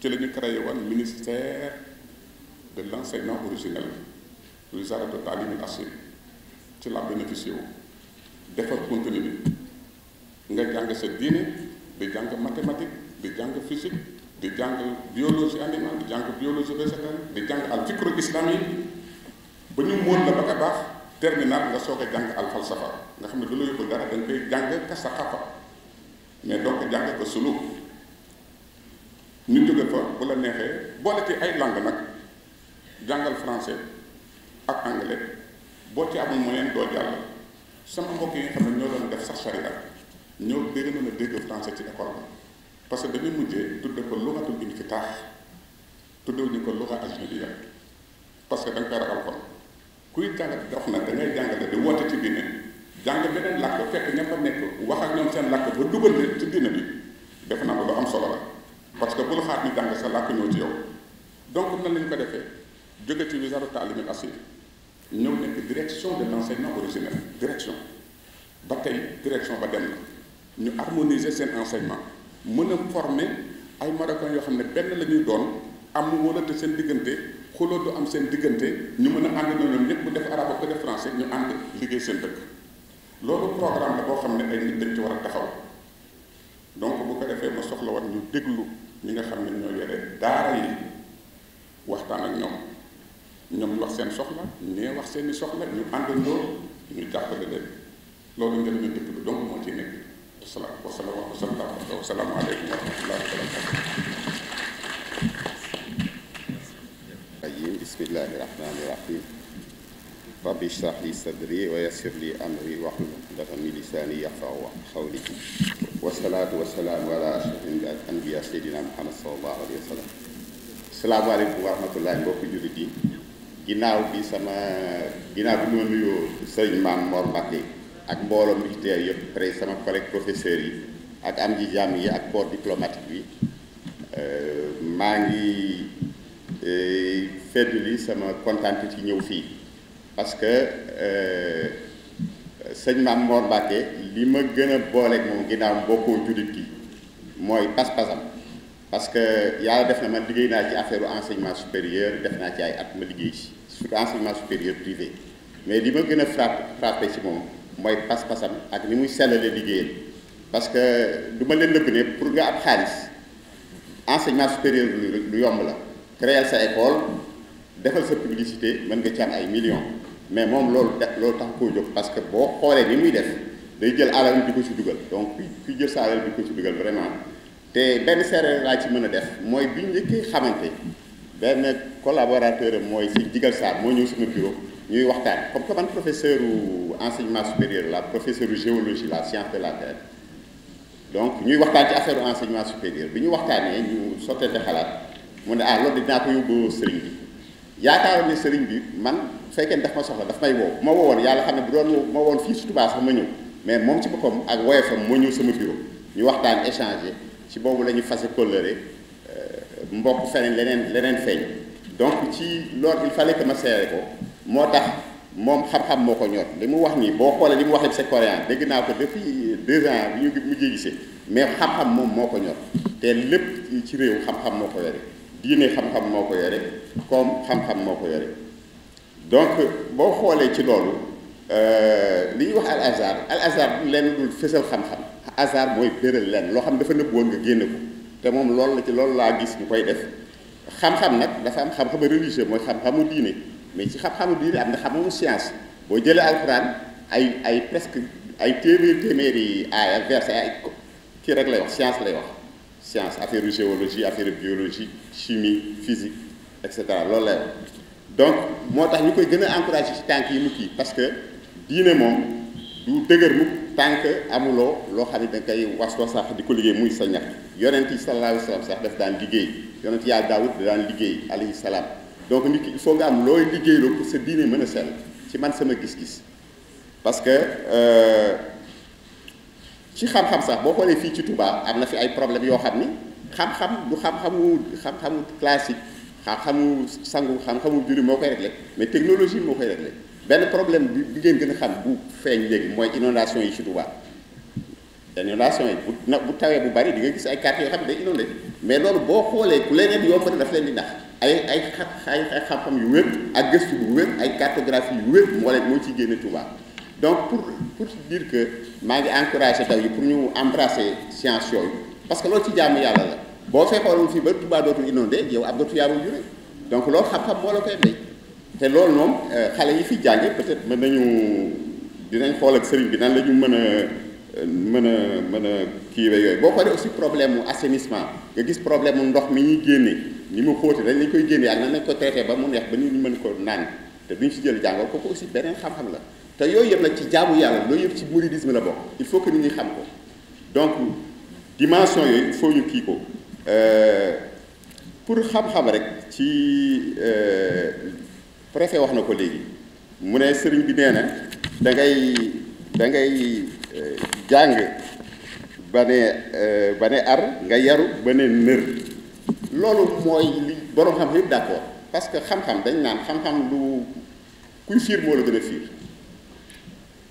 ci la ñu créé woon ministère de l' enseignement originel wizara de taalim al asli ci la bénéficié wu defar contenu bi nga jàng sa diine di jàng mathématique di jàng physique di jàng biologie animale di jàng biologie végétale di jàng al islami ba ñu móol la ba nga baax terminal nga soog a jàng al falsafa nga xam ne du la yóbbul dara da nga koy jàng ka saxafa mais donc jàng ko sulu ñu jóge ko bu la neexee boole ci ay langue nag jàngal français ak anglais boo ci amul moyen doo jàll sama mbokk yi nga xam ne ñoo doon def sax sharia ñoo bëri mën a dégg français ci école bi parce que dañuy mujjee tudde ko lugatul inftitaax tuddewuñu ko luga ajnabiya parce que da nga koy ragal kon kuy jàngat dox nag da ngay jàngale bi woote ci diine jàng beneen làkk fekk ña fa nekk wax ak ñoom seen làkk ba dugal ci diine bi def na ko lu am solo la parce que bul xaar ñu jàng sa làkk ñëw ci yow donc nan lañ ko defee jóge ci wisaru taalimil asir ñëw nekk direction de l'enseignement originel direction ba tey direction ba dem na ñu harmoniser seen enseignement mën a former ay marocains yoo xam ne benn la ñuy doon am wóolante seen diggante xuloo du am seen diggante ñu mën a ànd na ñoom ñëpp ku def arabe ak ku def français ñu ànd liggéey seen dëkk loolu programme la koo xam ne ay nit dañ ci war a taxaw donc bu ko defee ma soxla woon ñu déglu ñi nga xam ne ñoo yore daara yi waxtaan ak ñoom ñoom ñu wax seen soxla ñee wax seeni soxla ñu àndandoo ñu jàppale leen loolu ñu dëkk bi donc moo ci nekk wasalaam wasalaam wasalaam wa rahmatullahi wa barakatuh bismillahi rahmaani rahim rabbi ishrah li sadri wa yassir li amri wahlul uqdatan min lisani yafqahu qawli wasalaatu wasalaamu ala ashrafil anbiya seydina muhammad sallallahu alayhi wa sallam asalaamaaleykum wa rahmatullahi mbokki jullit yi ginnaaw bi sama ginnaaw bi ma nuyoo sëriñ maam Mor Mbacke ak mbooloo mi ci pare sama professeur yi ak am ji yi ak corps diplomatique bi euh, maa ngi fedd li sama kontaante ci ñëw fii parce que euh, sëñ Maam Mor Mbàkke li ma gën a booleeg moom ginnaaw mbokkoo jullit gi mooy pas-pasam parce que yàlla def na man liggéey naa ci affaire enseignement supérieur def naa ci ay at ma liggéey ci surtout enseignement supérieur privé mais li ma gën a frappé frappé ci moom mooy pas-pasam ak ni muy sellale liggéeyam parce que du ma leen nëbb ne pour nga ab xaalis enseignement supérieur lu yomb la créer sa école defal sa publicité mën nga ci am ay millions mais moom loolu de loolu tax koo jóg parce que boo xoolee ni muy def day jël alal di ko si dugal donc ku kuy jël sa alal bi ko ci dugal vraiment te benn seere laa ci mën a def mooy bi njëkkee xamante benn collaborateur mooy si digal saa moo ñëw sama bureau ñuy waxtaan comme que man professeur enseignement supérieur la professeur géologie la science de la terre donc ñuy waxtaan ci affaire enseignement supérieur bi ñu waxtaanee ñu sottante xalaat mu ne ah loolu dinaa ko yóbbu sëriñ bi yaakaaroon ne sëriñ bi man fekkee daf ma soxla daf may woo ma woowoon yàlla xam ne bu doon ma woon fii si Touba sax ma ñëw mais moom ci boppam ak woyofam moo ñëw sama bureau ñu waxtaan échanger ci boobu la ñu fase kóllëre euh, mbokk feneen leneen leneen feeñ donc ci loolu il fallait que ma seere ko moo tax moom xam-xam moo ko ñor li mu wax nii boo xoolee li mu waxee lépp c'est coréen dégg naa ko depuis deux ans bi ñu mujjee gisee mais xam-xam moom moo ko ñor te lépp ci réew xam-xam moo ko yore diine xam-xam moo ko yore koom xam-xam moo ko yore donc boo xoolee ci loolu euh, li ñuy wax al azar al azar lenn dul fësal xam-xam azar mooy béral lenn loo xam dafa nëbb woon nga génne ko te moom loolu la ci loolu laa gis mu koy def xam-xam nag dafa am xam-xamu religieux mooy xam-xamu diine mais ci xam-xamu diine am na xam-xamu science boo jëlee alxuraan ay ay presque ay téeméer téeméeri ay verset ay kii rek lay wax science lay wax science affaire géologie affaire biologie chimie physique et cetera loolu la donc moo tax ñu koy gën a encouragé ci tànk yi mu kii parce que diine moom du dëgër mu tànk amuloo loo xam ne da nga koy was di ko liggéey muy sa ñax yonent yi sallallahu alayhi wa sallam sax daf daan liggéey yonent yaa daawut da daan liggéey alayhi salaam donc nit ki il nga am looy liggéey pour sa diine mën a sell ci man sama gis-gis parce que euh, ci xam-xam sax boo xoolee fii ci Touba am na fi ay problème yoo xam ni xam-xam du xam-xamu xam-xamu xam-xamu sangu xam-xamu juri moo koy réglé mais technologie moo koy réglé benn problème bi bi ngeen gën a xam bu feeñ léegi mooy inondation yi ci Touba inondation yi bu na bu tawee bu bari di nga gis ay quartier yoo xam ne day inondé mais loolu boo xoolee ku leneen yomb daf leen di nax ay ay ay ay xam-xam yu wér ak gëstu bu wér ay cartographie yu wér moo leen moo ciy génne Touba donc pour pour dire que maa ngi encouragé taw yi pour ñu embrasser science yooyu parce que loolu ci jàmm yàlla la boo fekkoon fii ba Touba dootul inondé yow am nga tuyaabu jure donc lool xam-xam moo la koy may te loolu moom euh, xale yi fi jànge peut-être mën nañu dinañ xool ak sëriñ bi nan la ñu mën a mën a mën a kiiwe yooyu boo xoolee aussi problème mu assainissement nga gis problème mu ndox mi ñuy génne ni mu xóote dañ lañ koy génne ak na lañ ko traité ba mu neex ba nit ñi mën ko naan te duñ ci jël jàngoor kooku aussi beneen xam-xam la te yooyu yëpp nag ci jaamu yàlla loolu yëpp ci mouridisme la bokk il faut que nit xam ko dimension yi foo ñu kii ko euh, pour xam-xam rek ci euh, préfet wax na ko léegi mu ne sëriñ bi nee na da ngay da ngay euh, jàng ba ne ba ne ar nga yaru ba ne nër loolu mooy li borom xam yëpp d'accord parce que xam-xam dañ naan xam-xam lu kuy fiir moo la gën a fiir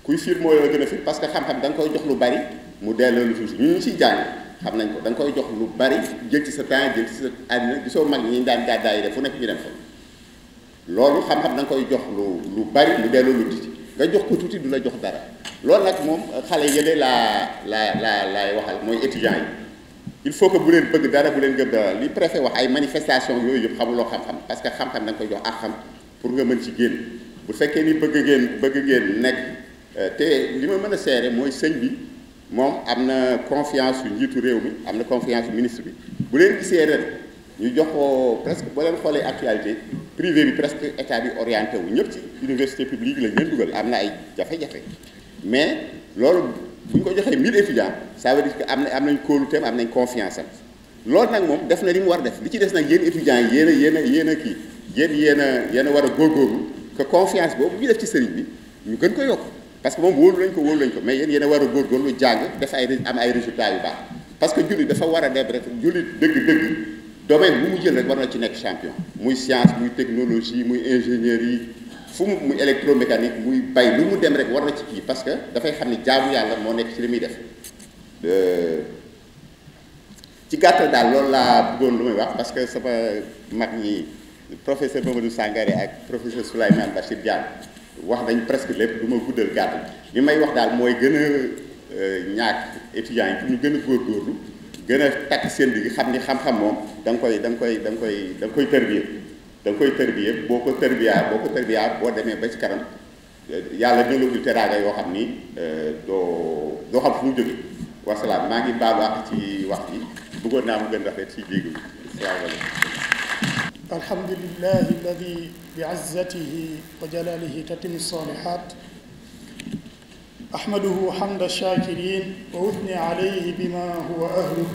kuy fiir moo la gën a fiir parce que xam-xam da nga koy jox lu bari mu delloo lu tuuti ñun ñu siy jàng xam nañ ko da koy jox lu bari jël ci sa temps jël ci sa àddina gisoo mag ñi daan gàddaay yi def fu nekk ñu dem fa loolu xam-xam da koy jox lu bari mu delloo lu tuuti nga jox ko tuuti du la jox dara loolu nag moom xale yële laa laa laa laay waxal mooy étudiants yi il faut que bu leen bëgg dara bu leen gëm dara li préfet wax ay manifestation yooyu yëpp xamuloo xam-xam parce que xam-xam da koy jox ak xam pour nga mën ci génn bu fekkee ni bëgg ngeen bëgg ngeen nekk euh, te li ma mën a seere mooy sëñ bi moom am na confiance yu njiitu réew mi am na confiance yu ministre bi bu leen gisee ren ñu jox ko presque boo leen xoolee actualité privé bi presque état bi orienté wu ñëpp ci université publique lañ leen dugal am na ay jafe-jafe mais loolu bu ñu ko joxee 1000 étudiants ça veut que am na am nañ kóoluteem am nañ confiance am loolu nag moom def na li mu war def li ci des nag yéen étudiants yi yéen a yéen a yéen a kii yéen yéen a yéen war a góorgóorlu que confiance boobu ñu ci sëriñ bi ñu gën ko yokk parce que moom wóolu lañ ko wóolu lañ ko mais yéen yéen a war a góorgóorlu jàng def ay am ay résultats yu baax parce que jullit dafa war a dem rek jullit dëgg-dëgg domaine bi mu jël rek war na ci nekk champion muy science muy technologie muy yi fu mu muy électromécanique muy bay lu mu dem rek war na ci fii parce que dafay xam ni jaamu yàlla moo nekk ci li muy def euh, ci gàttal daal loolu laa bëggoon lu may wax parce que sama mag ñi professeur Mamadou Sangaré ak professeur Souleymane Bachir Diallo wax nañ presque lépp du ma guddal gàtt li may wax daal mooy gën a euh, ñaak étudiants yi pour ñu gën a góorgóorlu gën a takk seen digg xam ni xam-xam moom da nga koy da nga koy danga koy da nga koy tërbiye da nga koy tërbiye boo ko tërbiyaa boo ko tërbiyaa boo demee ba ci kanam euh, yàlla ñëwagul teraanga yoo xam ni euh, doo doo xam fu mu jógee wasalaam maa ngi baalu ci wax bi bëggoon naa mu gën rafet ci jéego bi salaamaaleykum alhamdulilahi alladi biizzatihi wa jalalihi tatimu salihat ahmaduhu hamda shakirin wa uthni alayhi bima huwa ahlu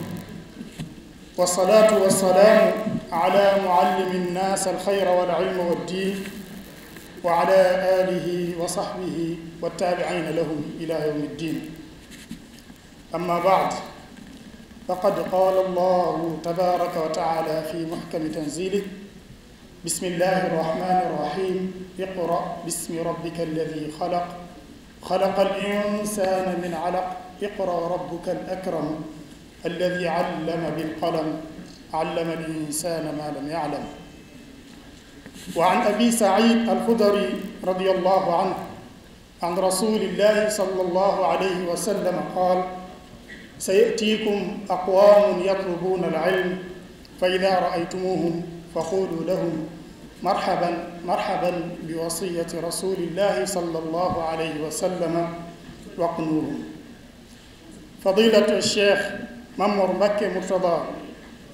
wasalaatu wasalaamu ala muallimi nnaas alxayra walilma waddin wa ala alihi wa sahbihi wattaabiciina lahum ila yawmi ddin amma baad faqad qaala allahu tabaraka wa taala fi muxkami tanzilih bismillahi irrahmani irrahim iqra bismi rabbika alladi xalaq xalaqa al insana min alaq iqra rabbuka al akram alladi allama bilqalam allama al insana ma lam yalam وعن أبي سعيد الخدري رضي الله عنه عن رسول الله صلى الله عليه وسلم قال سيأتيكم أقوام يطلبون العلم فإذا رأيتموهم فقولوا لهم مرحبا مرحبا بوصية رسول الله صلى الله عليه وسلم وقنوه فضيلة الشيخ ممر مكي مرتضى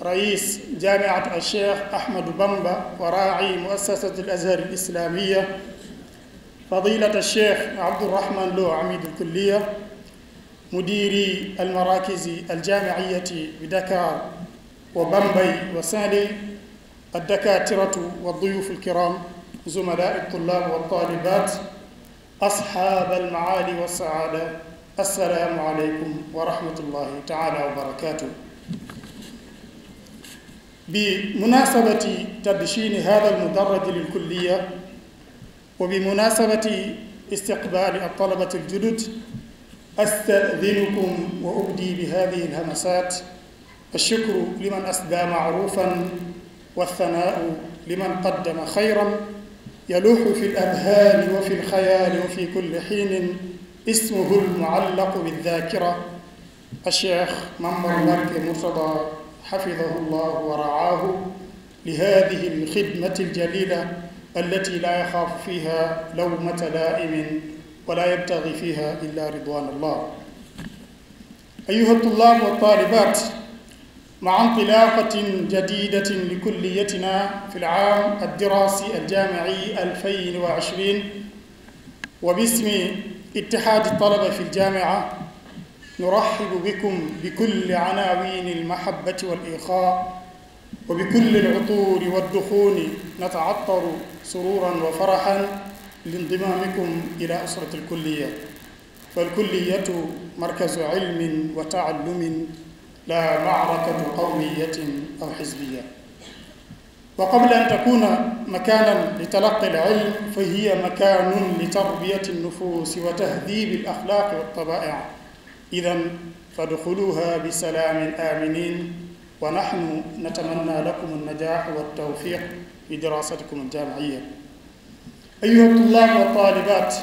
رئيس جامعة الشيخ أحمد بمبا وراعي مؤسسة الأزهر الإسلامية فضيلة الشيخ عبد الرحمن لو عميد الكلية مديري المراكز الجامعية بدكار وبمبي وسالي الدكاترة والضيوف الكرام زملاء الطلاب والطالبات أصحاب المعالي والسعادة السلام عليكم ورحمة الله تعالى وبركاته بمناسبة تدشين هذا المدرج للكلية وبمناسبة استقبال الطلبة الجدد أستأذنكم وأبدي بهذه الهمسات الشكر لمن أسدى معروفا والثناء لمن قدم خيرا يلوح في الأذهان وفي الخيال وفي كل حين اسمه المعلق بالذاكرة الشيخ ممر مكي مرتضى حفظه الله ورعاه لهذه الخدمة الجليلة التي لا يخاف فيها لومة لائم ولا يبتغي فيها إلا رضوان الله أيها الطلاب والطالبات مع انطلاقة جديدة لكليتنا في العام الدراسي الجامعي 2020 وباسم اتحاد الطلبة في الجامعة نرحب بكم بكل عناوين المحبة والإخاء وبكل العطور والدخون نتعطر سرورا وفرحا لانضمامكم إلى أسرة الكلية فالكلية مركز علم وتعلم لها معركة قومية أو حزبية وقبل أن تكون مكانا لتلقي العلم فهي مكان لتربية النفوس وتهذيب الأخلاق والطبائع إذا فادخلوها بسلام آمنين ونحن نتمنى لكم النجاح والتوفيق في دراستكم الجامعية أيها الطلاب والطالبات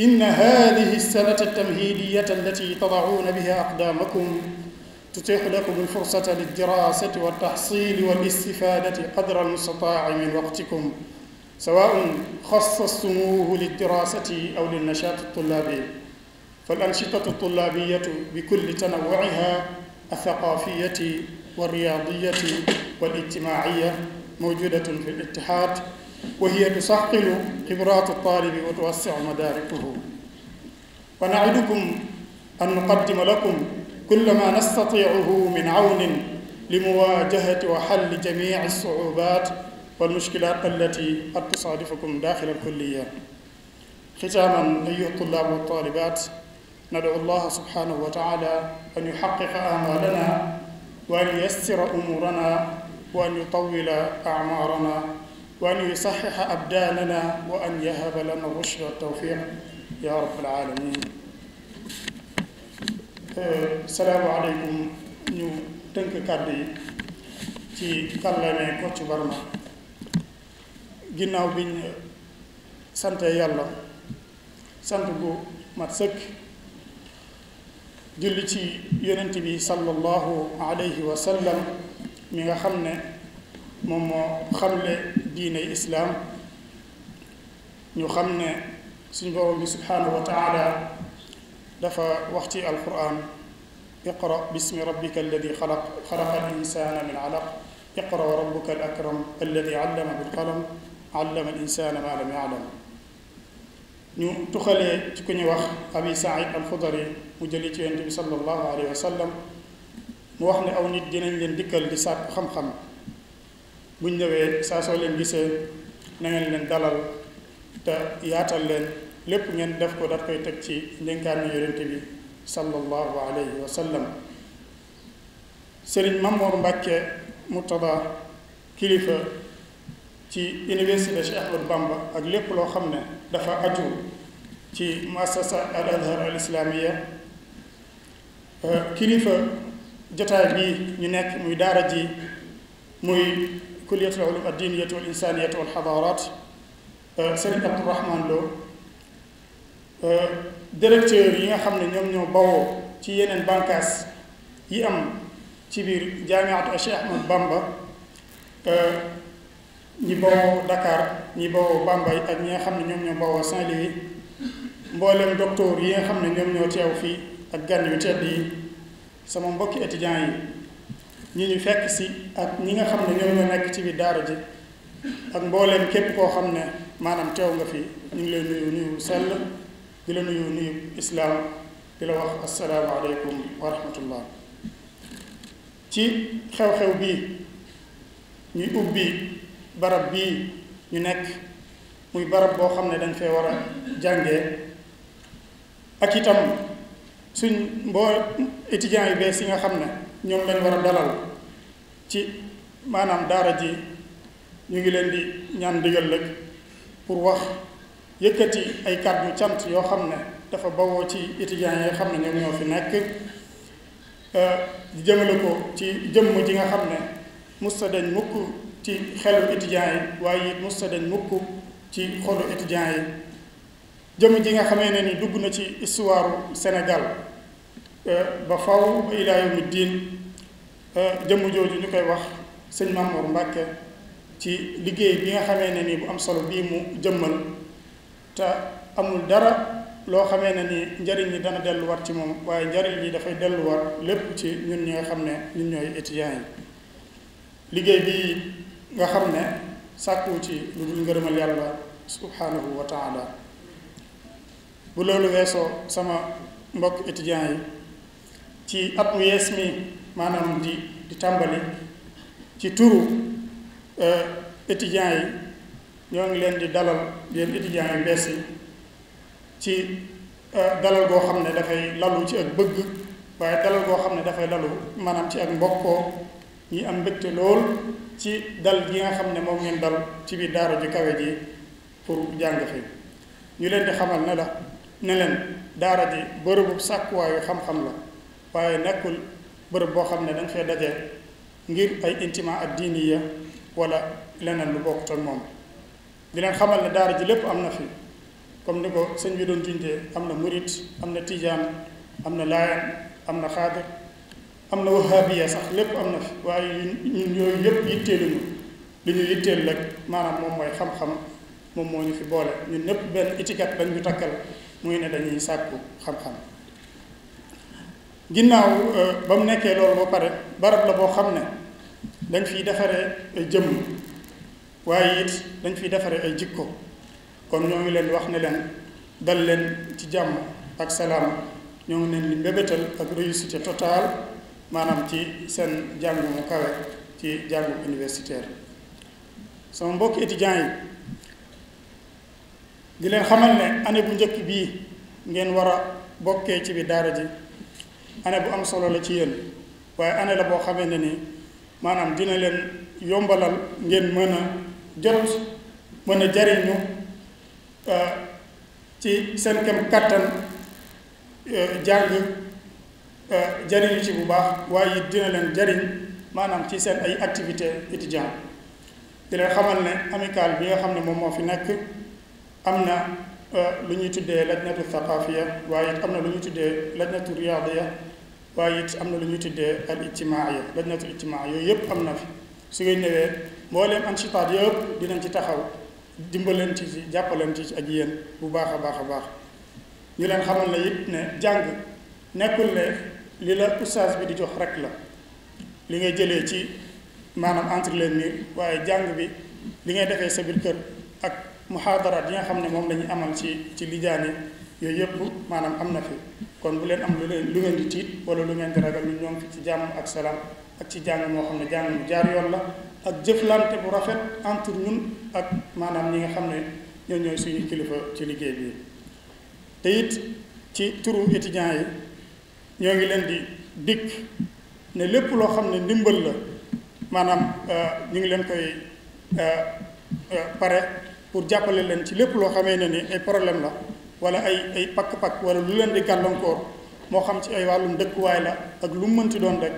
إن هذه السنة التمهيدية التي تضعون بها أقدامكم تتيح لكم الفرصة للدراسة والتحصيل والاستفادة قدر المستطاع من وقتكم سواء خصصتموه للدراسة أو للنشاط الطلابي فالأنشطة الطلابية بكل تنوعها الثقافية والرياضية والاجتماعية موجودة في الاتحاد وهي تثقل خبرات الطالب وتوسع مداركه ونعدكم أن نقدم لكم كل ما نستطيعه من عون لمواجهة وحل جميع الصعوبات والمشكلات التي قد تصادفكم داخل الكلية ختاما أيها الطلاب والطالبات ندعو الله سبحانه وتعالى أن يحقق آمالنا وأن ييسر أمورنا وأن يطول أعمارنا وأن يصحح أبداننا وأن يهب لنا الرشد والتوفيق يا رب العالمين Euh, salaamaaleykum ñu tënk kàddu yi ci kàllame Kocc Barma ginnaaw biñ sante yàlla sant bu mat sëkk julli ci yonent bi sallallahu alayhi wa mi nga xam ne moom moo xamle diine islaam ñu xam ne suñu borom bi subhanahu wa dafa wax ci alquran iqra bismi rabbika alladi xalaq xalaqa al insana min alaq iqra wa rabbuka al akram alladi allama bil qalam ma lam yaalam ñu tuxalee ci ku ñu wax abi said alxudari mu jëli ci yonent bi sallallahu alayhi wa mu wax ne aw nit dinañ leen dikkal di sàkku xam-xam buñ ñëwee saa soo leen gisee na ngeen leen dalal te yaatal leen lépp ngeen def ko daf koy teg ci ndénkaane yonente bi sallallahu alayhi wa sallam sëriñ Mamoor Mbàkke Murtada kilifa ci université Cheikh Ahmadou Bamba ak lépp loo xam ne dafa aju ci muassasa al azhar al islamiya euh, kilifa jotaay bii ñu nekk muy daara ji muy kulliyatul ulum ad diniyati wal insaniyati wal xadarat euh, sëriñ Abdourahman Lo Euh, directeur yi nga xam ne ñoom ñoo bawoo ci yeneen bankaas yi am ci biir jaamiatu Cheikh Ahmad Bamba euh, ñi bawoo Dakar ñi bawoo Bambey ak ñi nga xam ne ñoom ñoo bawoo Saint-Louis mboolem docteur yi nga xam ne ñoom ñoo teew fii ak gan yu tedd yi sama mbokki étudiants yi ñu ñu fekk si ak ñi nga xam ne ñoom ñoo nekk ci biir daara ji ak mbooleem képp koo xam ne maanaam teew nga fii ñu ngi lay nuyu sell di la nuyu nuyu islaam di la wax asalaamaaleykum wa rahmatullah ci xew-xew bii ñuy ubbi barab bii ñu nekk muy barab boo xam ne dañ fee war a jàngee ak itam suñ mboo étudiants yu bees yi nga xam ne ñoom lañ war a dalal ci maanaam daara ji ñu ngi leen di ñaan digal rek pour wax yëkkati ay kàddu cant yoo xam ne dafa bawoo ci étudiants yi nga xam ne ñoom ñoo fi nekk jëmale ko ci jëmm ji nga xam ne musta dañ mukk ci xelu étudiants yi waaye it musta dañ mukk ci xolu étudiants yi jëmm ji nga xamee ne ni dugg na ci histoire Sénégal ba faw ba ilaa yawmi diin jëmm jooju ñu koy wax sëñ Mamour Mbacke ci liggéey bi nga xamee ne ni bu am solo bii mu jëmmal te amul dara loo xamee ne ni njariñ ñi dana delluwaat ci moom waaye njariñ ñi dafay war lépp ci ñun ñi nga xam ne ñun ñooy étudiants yi liggéey bi nga xam ne sàkku ci lu dul ngërëmal yàlla subhanahu wa taala bu loolu weesoo sama mbokk étudiants yi ci at mu mi maanaam di di tàmbali ci turu euh, étudiants yi ñoo ngi leen di dalal yéen étudiants yu bees yi ci euh, dalal goo xam ne dafay lalu ci ak bëgg waaye dalal goo xam ne dafay lalu manam ci ak mbokkoo ñi am mbégte lool ci dal gi nga xam ne moom ngeen dal ci biir daara ju kawe ji pour jàng fi ñu leen di xamal ne la ne leen daara ji bërëbu sàkkuwaayu xam-xam la waaye nekkul bërëb boo xam ne dañ fee daje ngir ay intiment ak diini ya wala leneen lu bokk toog moom di xamal ne daara ji lépp am na fi comme ni ko sëñ bi doon junjee am na murit am na tijaan am na laayaan am na xaadir am na wahaabiya sax lépp am na fi waaye ñun yooyu yëpp yitteeluñu li ñuy yitteel rek maanaam moom mooy xam-xam moom moo ñu fi boole ñun ñëpp benn étiquette dañ ñu takkal muy ne dañuy sàkku xam-xam ginnaaw euh, ba mu nekkee loolu ba pare barab la boo xam ne dañ fii defaree jëmm waaye it dañ fiy defaree ay jikko kon ñoo ngi leen wax ne leen dal leen ci jàmm ak salaam ñoo ngi leen di mbébétal ak réussite totale maanaam ci seen jàng mu kawe ci jàngu universitaire sama mbokki étudiants yi di leen xamal ne année bu njëkk bii ngeen war a bokkee ci bi daara ji année bu am solo la ci yéen waaye année la boo xamee ne nii maanaam dina leen yombalal ngeen mën a jot mën a jariñu euh, ci seen kem kàttan euh, jàng euh, jariñu ci bu baax waaye it dina leen jariñ maanaam ci seen ay activité étudiant di leen xamal ne amicale bi nga xam ne moom moo fi nekk am na lu ñuy tuddee lajnatu thaqafiya waaye it am na lu ñuy tuddee lajnatu riyadiya waaye it am na lu ñuy tuddee al ijtimaaya lajnatu ijtimaaya yooyu yëpp am na fi su ngeen ñëwee mbooleem ansipaat yëpp dinañ ci taxaw dimbaleen ci ci jàppaleen ci ak yéen bu baax a baax a baax ñu leen xamoon ne it ne jàng nekkul ne li la ustaas bi di jox rek la li ngay jëlee ci maanaam entre leen murs waaye jàng bi li ngay defee sa biir kër ak muhaadaraat yi nga xam ne moom lañuy ñu amal ci ci lijaani yooyu yëpp maanaam am na fi kon bu leen am lu leen lu ngeen di tiit wala lu ngeen di ragal ñu ñoom ci jàmm ak salaam ak ci jàng moo xam ne jàng yoon la ak jëflante bu rafet entre ñun ak maanaam ñi nga xam ne ñoo ñooy kilifa ci liggéey bi te it ci turu étudiants yi ñoo ngi leen di dikk ne lépp loo xam ne ndimbal la maanaam euh, ñu ngi leen koy euh, euh, pare pour jàppale leen ci lépp loo xamee ne ni ay problème la wala ay ay pakk-pakk wala lu leen di gàllankoor moo xam ci ay wàllum dëkkuwaay la ak lu mu mënti doon rek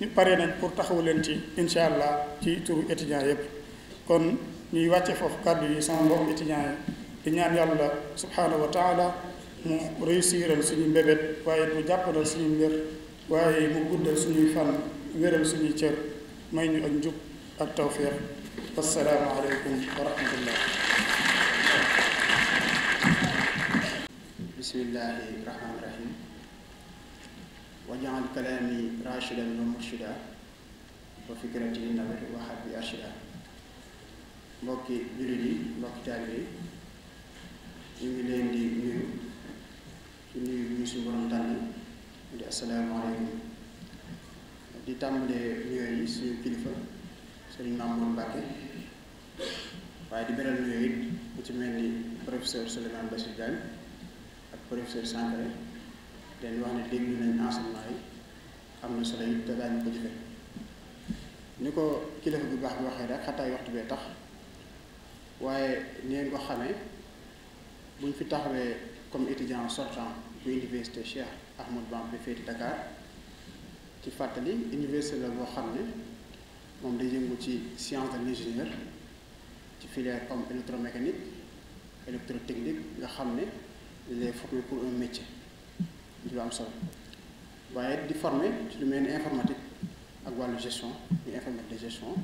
ñu pare nañ pour taxawu leen ci incha allah ci turu étudiants yëpp kon ñuy wàcce foofu kàddu yi sama mbokk étudiants di ñaan yàlla subhaanahu wa taala mu réussiral suñu mbébét waaye mu jàppandal suñu mbir waaye mu guddal suñuy fan wéral suñuy cër may ñu ak njub ak tawfiq wassalaamu aleykum wa rahmatullah wajaal kalaami rashidan wa murshida wa fikrati nawir wa habbi arshida mbokki jullit yi mbokki taalibe yi ñu ngi leen di nuyu ci nuyu bi ñu suñu borom tànn di asalaamaaleykum di tàmbalee nuyoo yi suñu kilifa sëriñ Mamour Mbacke waaye di beral nuyoo it ku mel ni professeur Souleymane Bassir ak professeur Sangaré leen wax ne dégg nañ enseignement yi am na solo it te daañu ko jëfe ni ko kilifa bu baax bi waxee rek xataay waxtu bee tax waaye ni ngeen ko xamee buñ fi taxawee comme étudiant sortant bu université Cheikh Ahmadou Bamba bi féeti Dakar ci fàttali université la boo xam ne moom day yëngu ci science de l'ingénieur ci filière comme électromécanique électrotechnique nga xam ne les formé pour un métier ci lu am solo waaye di former ci lu mel ni informatique ak wàllu gestion ñu informatique de gestion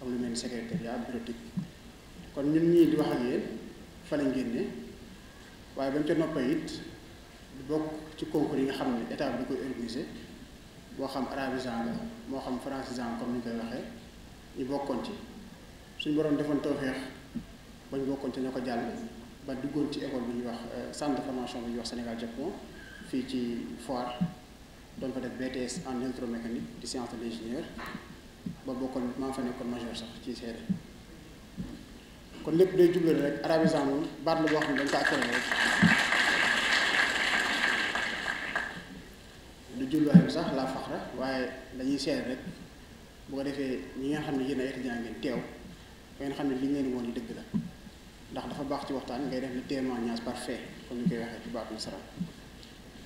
am lu mel ni secrétariat bureautique kon ñun ñii di wax ak yéen fa génne waaye bañ ca noppee it di bokk ci concours yi nga xam ne état bi koy organisé moo xam arabisant la moo xam francisant comme ni ñu koy ñu bokkoon ci suñ borom defoon tawféex bañ bokkoon ci ñoo ko jàll ba duggoon ci école bi ñuy wax euh, centre de formation bi ñuy wax Sénégal Japon fii ci foire doon fa def betes en électromécanique di science de l'ingénieur ba bokkoon maa fa nekkoon majeur sax ci seede kon lépp day jublu rek arabisant moom baat la boo xam ne dañ ko accordé rek du jubluwaay bi sax laa la faxra waaye lañuy seede rek bu ko defee ñi nga xam ne yéen ay étudiant ngeen teew ngeen xam ne li ngeen woon yi dëgg la ndax dafa baax ci waxtaan ngay def le témoignage parfait comme ni koy waxee ci baatu nasaraan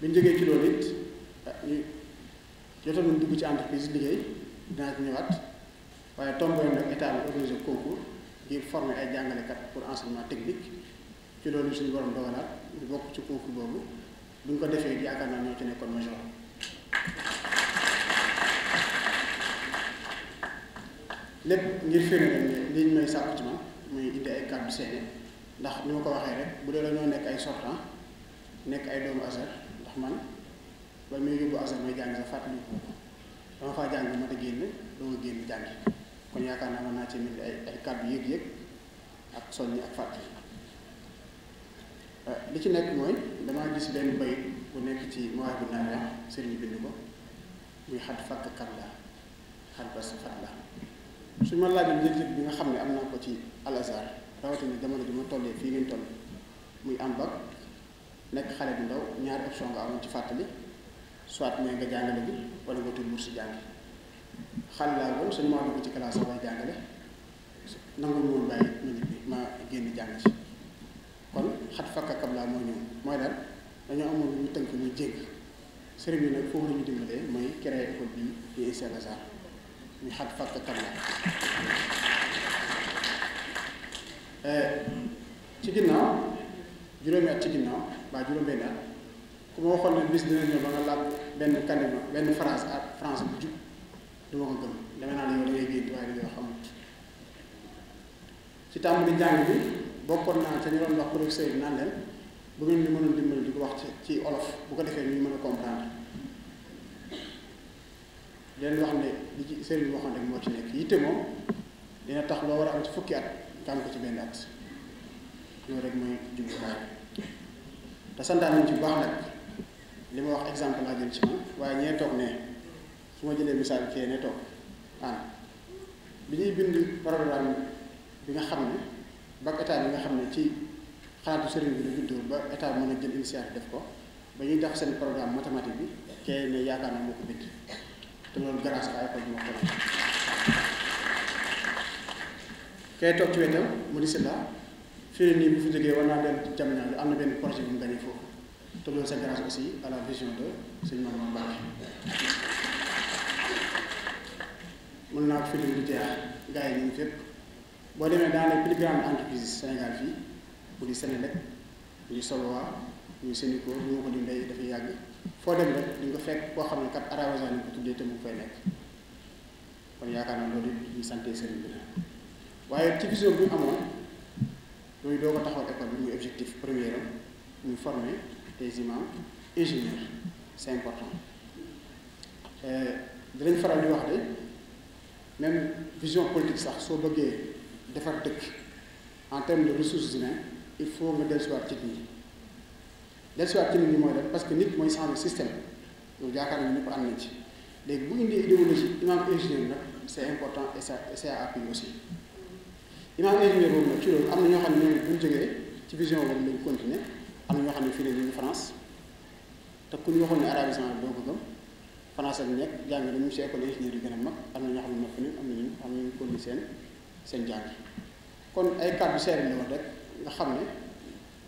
bi ñu jógee ci loolu it ah, ñu jotoon nañu dugg ci entreprise liggéey dinaa ci ñëwaat waaye tomboon nag état bi organisé concours ngir former ay jàngalekat pour enseignement technique ci loolu suñu borom bokk ci concours boobu bu ñu ko defee yaakaar naa ñoo ci nekkoon major lépp ngir firndeel ne li ñu may sàkku ci ma muy indi ay kàddu seene ndax ni ma ko waxee rek bu dee la nekk ay sortant nekk ay doomu asar man ba muy yóbbu asal may jàng sax fàttali ko dama faa jàng ma ta génn doo génn jàngi kon yaakaar na mën naa ci mel ay ay kàddu yëg-yëg ak soññi ak fàttali euh, li ci nekk mooy damaa gis benn bayit bu nekk ci mawaay bu naawee sëriñ bind ko muy xat fàkk kat la xat bas fat la su ma laajoon yëg-yëg bi nga xam ne am naa ko ci Al Azhar rawatina jamono ji ma tollee fii ngeen toll muy am bac nekk xale bu ndaw ñaari option nga amoon ci fàttali soit mooy nga jàngale bi wala nga tudd bourse jàng xale laa woon suñu maa dugg ci classe bay jàngale nanguñ woon bàyyi ma ñibbi ma génn jàng si kon xat fakka kab laa mooy ñëw mooy daal dañoo amoon ñu tënk ñu jégg sëriñ bi nag foofu la ñu dimbalee mooy créé école bi di Hissène Lazare ñu xat fakka kab laa euh, ci ginnaaw juróom juróomi at ci ginnaaw mbaa juróom-benn at ku ma waxoon ne bis dina ñëw ba nga laaj benn kanima benn phrase ak France bu jub duma ko gëm dama naa yow da ngay gént waaye dañoo xamut bokkoon naa te ñu doon wax kuréel naan leen bu ngeen mënoon dimbali di ko wax ci olof bu ko defee ñu mën a comprendre ne li ci sëriñ waxoon rek moo ci nekk yitte moom dina tax loo war a am ci fukki at nga ko ci benn at loolu rek mooy jumtukaay te baax nag li ma wax exemple laa jël ci moom waaye ñee toog ne su ma jëlee misaal kee ne toog aan bi ñuy bind programme bi nga xam ne ba état bi nga xam ne ci xalaatu sëriñ bi la juddoo ba état mën a jël initiative def ko ba ñuy dox seen programme mathématique bi kee ne yaakaar na moo ko bind te loolu grâce à école bi ma ko kee toog ci wetam mu di si la fii nii bu fi jógee war naa dem jamono am na benn projet bu mu gagné foofu te loolu c'est grâce aussi à la vision de sëñ Mamadou Mbacké mën naa ko fi lim di fépp boo demee dans les plus grandes entreprises Sénégal fii bu di Sénélec ñu Solowa ñu Sénico ñu nga ko di ndey dafa yàgg foo dem rek di nga fekk koo xam ne kat Arabes Unis ko tuddee te mu fay nekk kon yaakaar naa loolu ñu sante sëriñ bi la waaye ci vision bi yooyu doo ko taxawal école bi muy objectif premier am ñu former des imams ingénieurs c'est important euh, dinañ faral di wax de même vision politique sax soo bëggee defar dëkk en termes de ressources humaines il faut nga dellusiwaat ci nit ñi dellusiwaat ci nit mooy def parce que nit mooy changer système loolu yaakaar nañu ñëpp am nañ ci léegi bu indee idéologie imam ingénieur nag c'est important et ça c'est à appuyer aussi ginnaaw ingénieur boobu nag ci loolu am na ñoo xam ne ñoom bu ñu jógee ci vision boobu lañ am ñoo xam ne fii la ñu France te ku ñu waxoon ne arabisant doo ko gëm France ak nekk jàng dañu si école ingénieur yu gën am na ñoo xam ne moo fi am na ñu am nañu continuer seen seen jàng kon ay kàddu seere la wax rek nga xam ne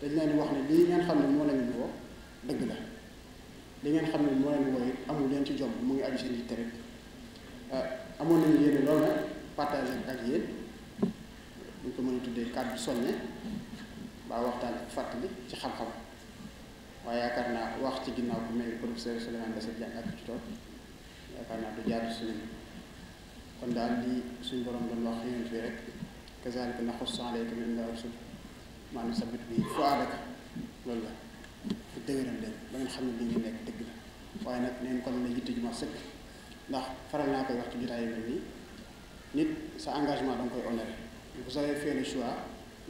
dañ leen di wax ne lii ngeen xam ne moo leen woo dëgg la li ngeen xam ne moo leen wooy amul leen ci jom mu ngi aju seen yitte rek amoon nañu yéene loolu nag partage ak yéen ñu ko mën a tuddee kàddu soññe baa waxtaan ak fàttali ci xam-xam waaye yaakaar naa wax ci ginnaaw bu mel professeur Souleymane Bassel Diagne ak ci toog yaakaar naa du jaadu suñu kon daal di suñu borom doon wax yéen fii rek kazaalika naqussu alayka min naba'il rusul sa sabit bi fu'aadak loolu la fi dëgëral leen ba xam ne li ñu nekk dëgg la waaye nag neen kon la yitte ju ma sëkk ndax faral naa koy wax ci jotaay yu nii nit sa engagement danga koy honoré vous avez fait le choix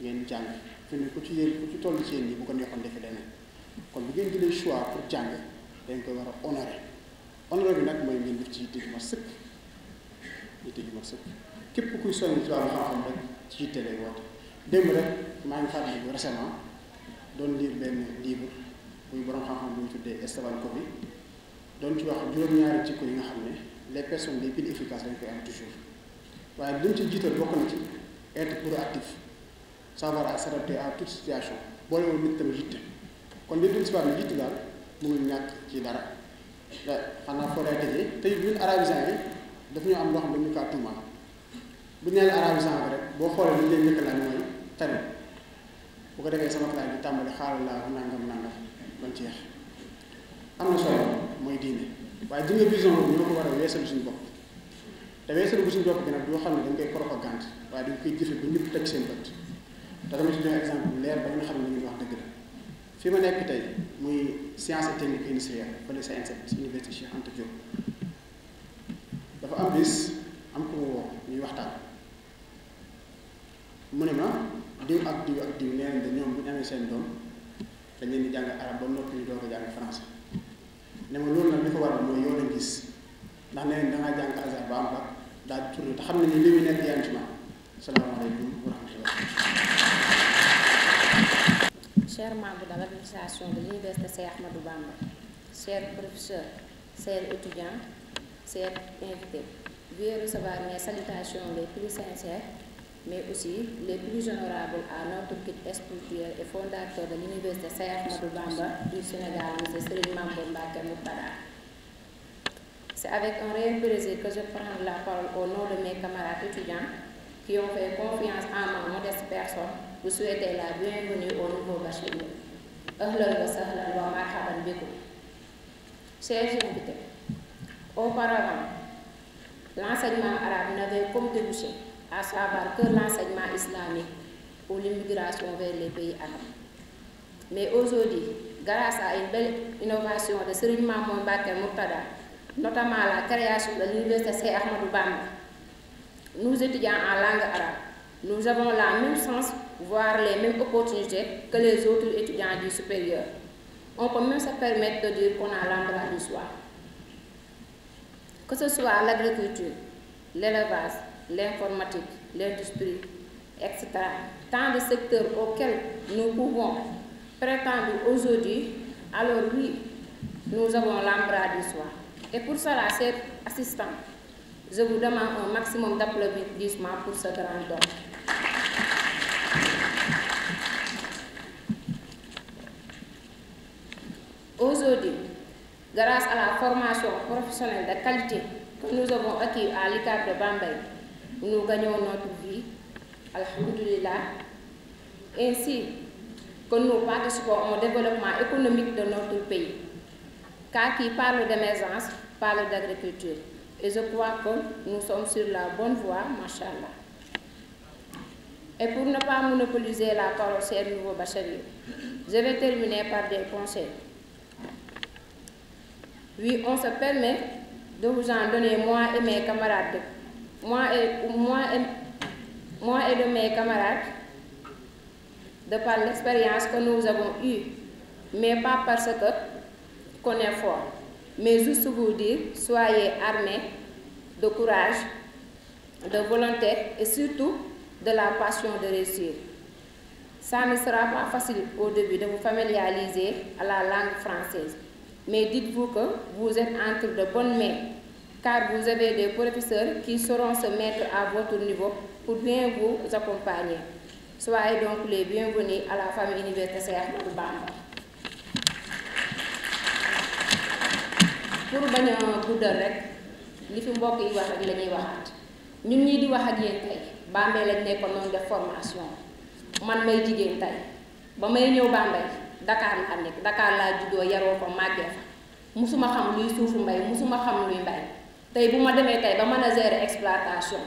ngeen jàng fi ne ku ci yéen ku ci toll ci yéen ñi bu ko neexoon defe leneen kon bu ngeen jëlee choix pour jàng dañ koy war a honoré honoré bi nag mooy ngeen def ci yitte ju ma sëkk yitte ju ma sëkk képp kuy sonn ci wàllu xam-xam rek ci yitte lay woote démb rek maa ngi fàttali bu récemment doon lire benn livre muy borom xam-xam bu ñu tuddee Esteban Covey doon ci wax juróom-ñaari jikko yi nga xam ne les personnes les plus efficaces dañ koy am toujours waaye liñ ci jiital bokk na ci être proactif savoir à s'adapter à toute situation boole woon nit tamit yitte kon li dul sibaar ne yitte daal mënul ñàkk ci dara da eh, xanaa foo lay tëjee tey ñun yi daf ñoo am loo xam ne ñu kaa tuumaal bu ñu nee la arabisant rek boo xoolee li ñu leen njëkk laaj mooy bu ko defee sama classe bi tàmbali xaaral laa nangam nangam bañ ci yeex am na solo mooy diine waaye di nga vision boobu ñoo ko war a weesal suñu bopp te weesalu ko suñu bopp gi nag yoo xam ne dañ koy propagande waaye dañ koy jëfe ba ñëpp teg seen bët te dama xam ne ñuy wax dëgg la fi ma nekk tey muy science et technique industrielle fële CNCF si université Cheikh dafa am bis am ku ñuy waxtaan mu ne ma diw ak diw ak diw nee bu ñu seen doom dañ leen di jàng arab ba noppi ñu doo ko jàng français ne ma loolu nag li ko waral mooy yow lañ gis ndax nee nañ dangaa jàng azar ba am ba daal di tourné te xam ne li muy nekk yaa ngi de l'administration de l'université Cheikh Ahmadou Bamba chers professeurs chers étudiants chers invités veuillez recevoir mes salutations les plus sincères mais aussi les plus honorables à notre guide spirituel et fondateur de l'université Cheikh Ahmadou Bamba du Sénégal monsieur Serigne Mame Mor Mbacké C'est avec un réel plaisir que je prends la parole au nom de mes camarades étudiants qui ont fait confiance en ma modeste personne vous souhaitez la bienvenue au nouveau bachelier. Ahlan wa sahlan wa marhaban bikum. Chers invités, auparavant, l'enseignement arabe n'avait comme débouché à savoir que l'enseignement islamique ou l'immigration vers les pays arabes. Mais aujourd'hui, grâce à une belle innovation de Serigne Mamoun Mbacké Mourtada notamment la création la l'université Cheikh Ahmadou Bamba. Nous étudiants en langue arabe, nous avons la même chance, voire les mêmes opportunités que les autres étudiants du supérieur. On peut même se permettre de dire qu'on a l'endroit du soir. Que ce soit l'agriculture, l'élevage, l'informatique, l'industrie, etc. Tant de secteurs auxquels nous pouvons prétendre aujourd'hui, alors oui, nous avons l'embarras du soir. Et pour cela, chers assistants, je vous demande un maximum d'applaudissements pour ce grand don. Aujourd'hui, grâce à la formation professionnelle de qualité que nous avons acquise à l'ICAP de Bambay, nous gagnons notre vie, Alhamdulillah, ainsi que nous participons au développement économique de notre pays. Car qui parle de parle d'agriculture. Et je crois que nous sommes sur la bonne voie, machallah. Et pour ne pas monopoliser la carrossière nouveau bachelier, je vais terminer par des conseils. Oui, on se permet de vous en donner, moi et mes camarades, moi moi et, de mes camarades, de par l'expérience que nous avons eue, mais pas parce que connaît fort. Mais juste vous dire, soyez armés de courage, de volonté et surtout de la passion de réussir. Ça ne sera pas facile au début de vous familiariser à la langue française. Mais dites-vous que vous êtes entre de bonnes mains car vous avez des professeurs qui sauront se mettre à votre niveau pour bien vous accompagner. Soyez donc les bienvenus à la famille universitaire de Bamba. pour bañ a guddal rek li fi mbokk yi wax rek la waxaat ñun ñii di wax ak yéen tey Bambey lañ nekkoon noonu def formation man may jigéen tey ba may ñëw Bambey Dakar la nekk Dakar laa juddoo yaroo ko màggee fa mosuma xam luy suufu mbay musuma xam luy mbay tey bu ma demee tey ba man a gérer exploitation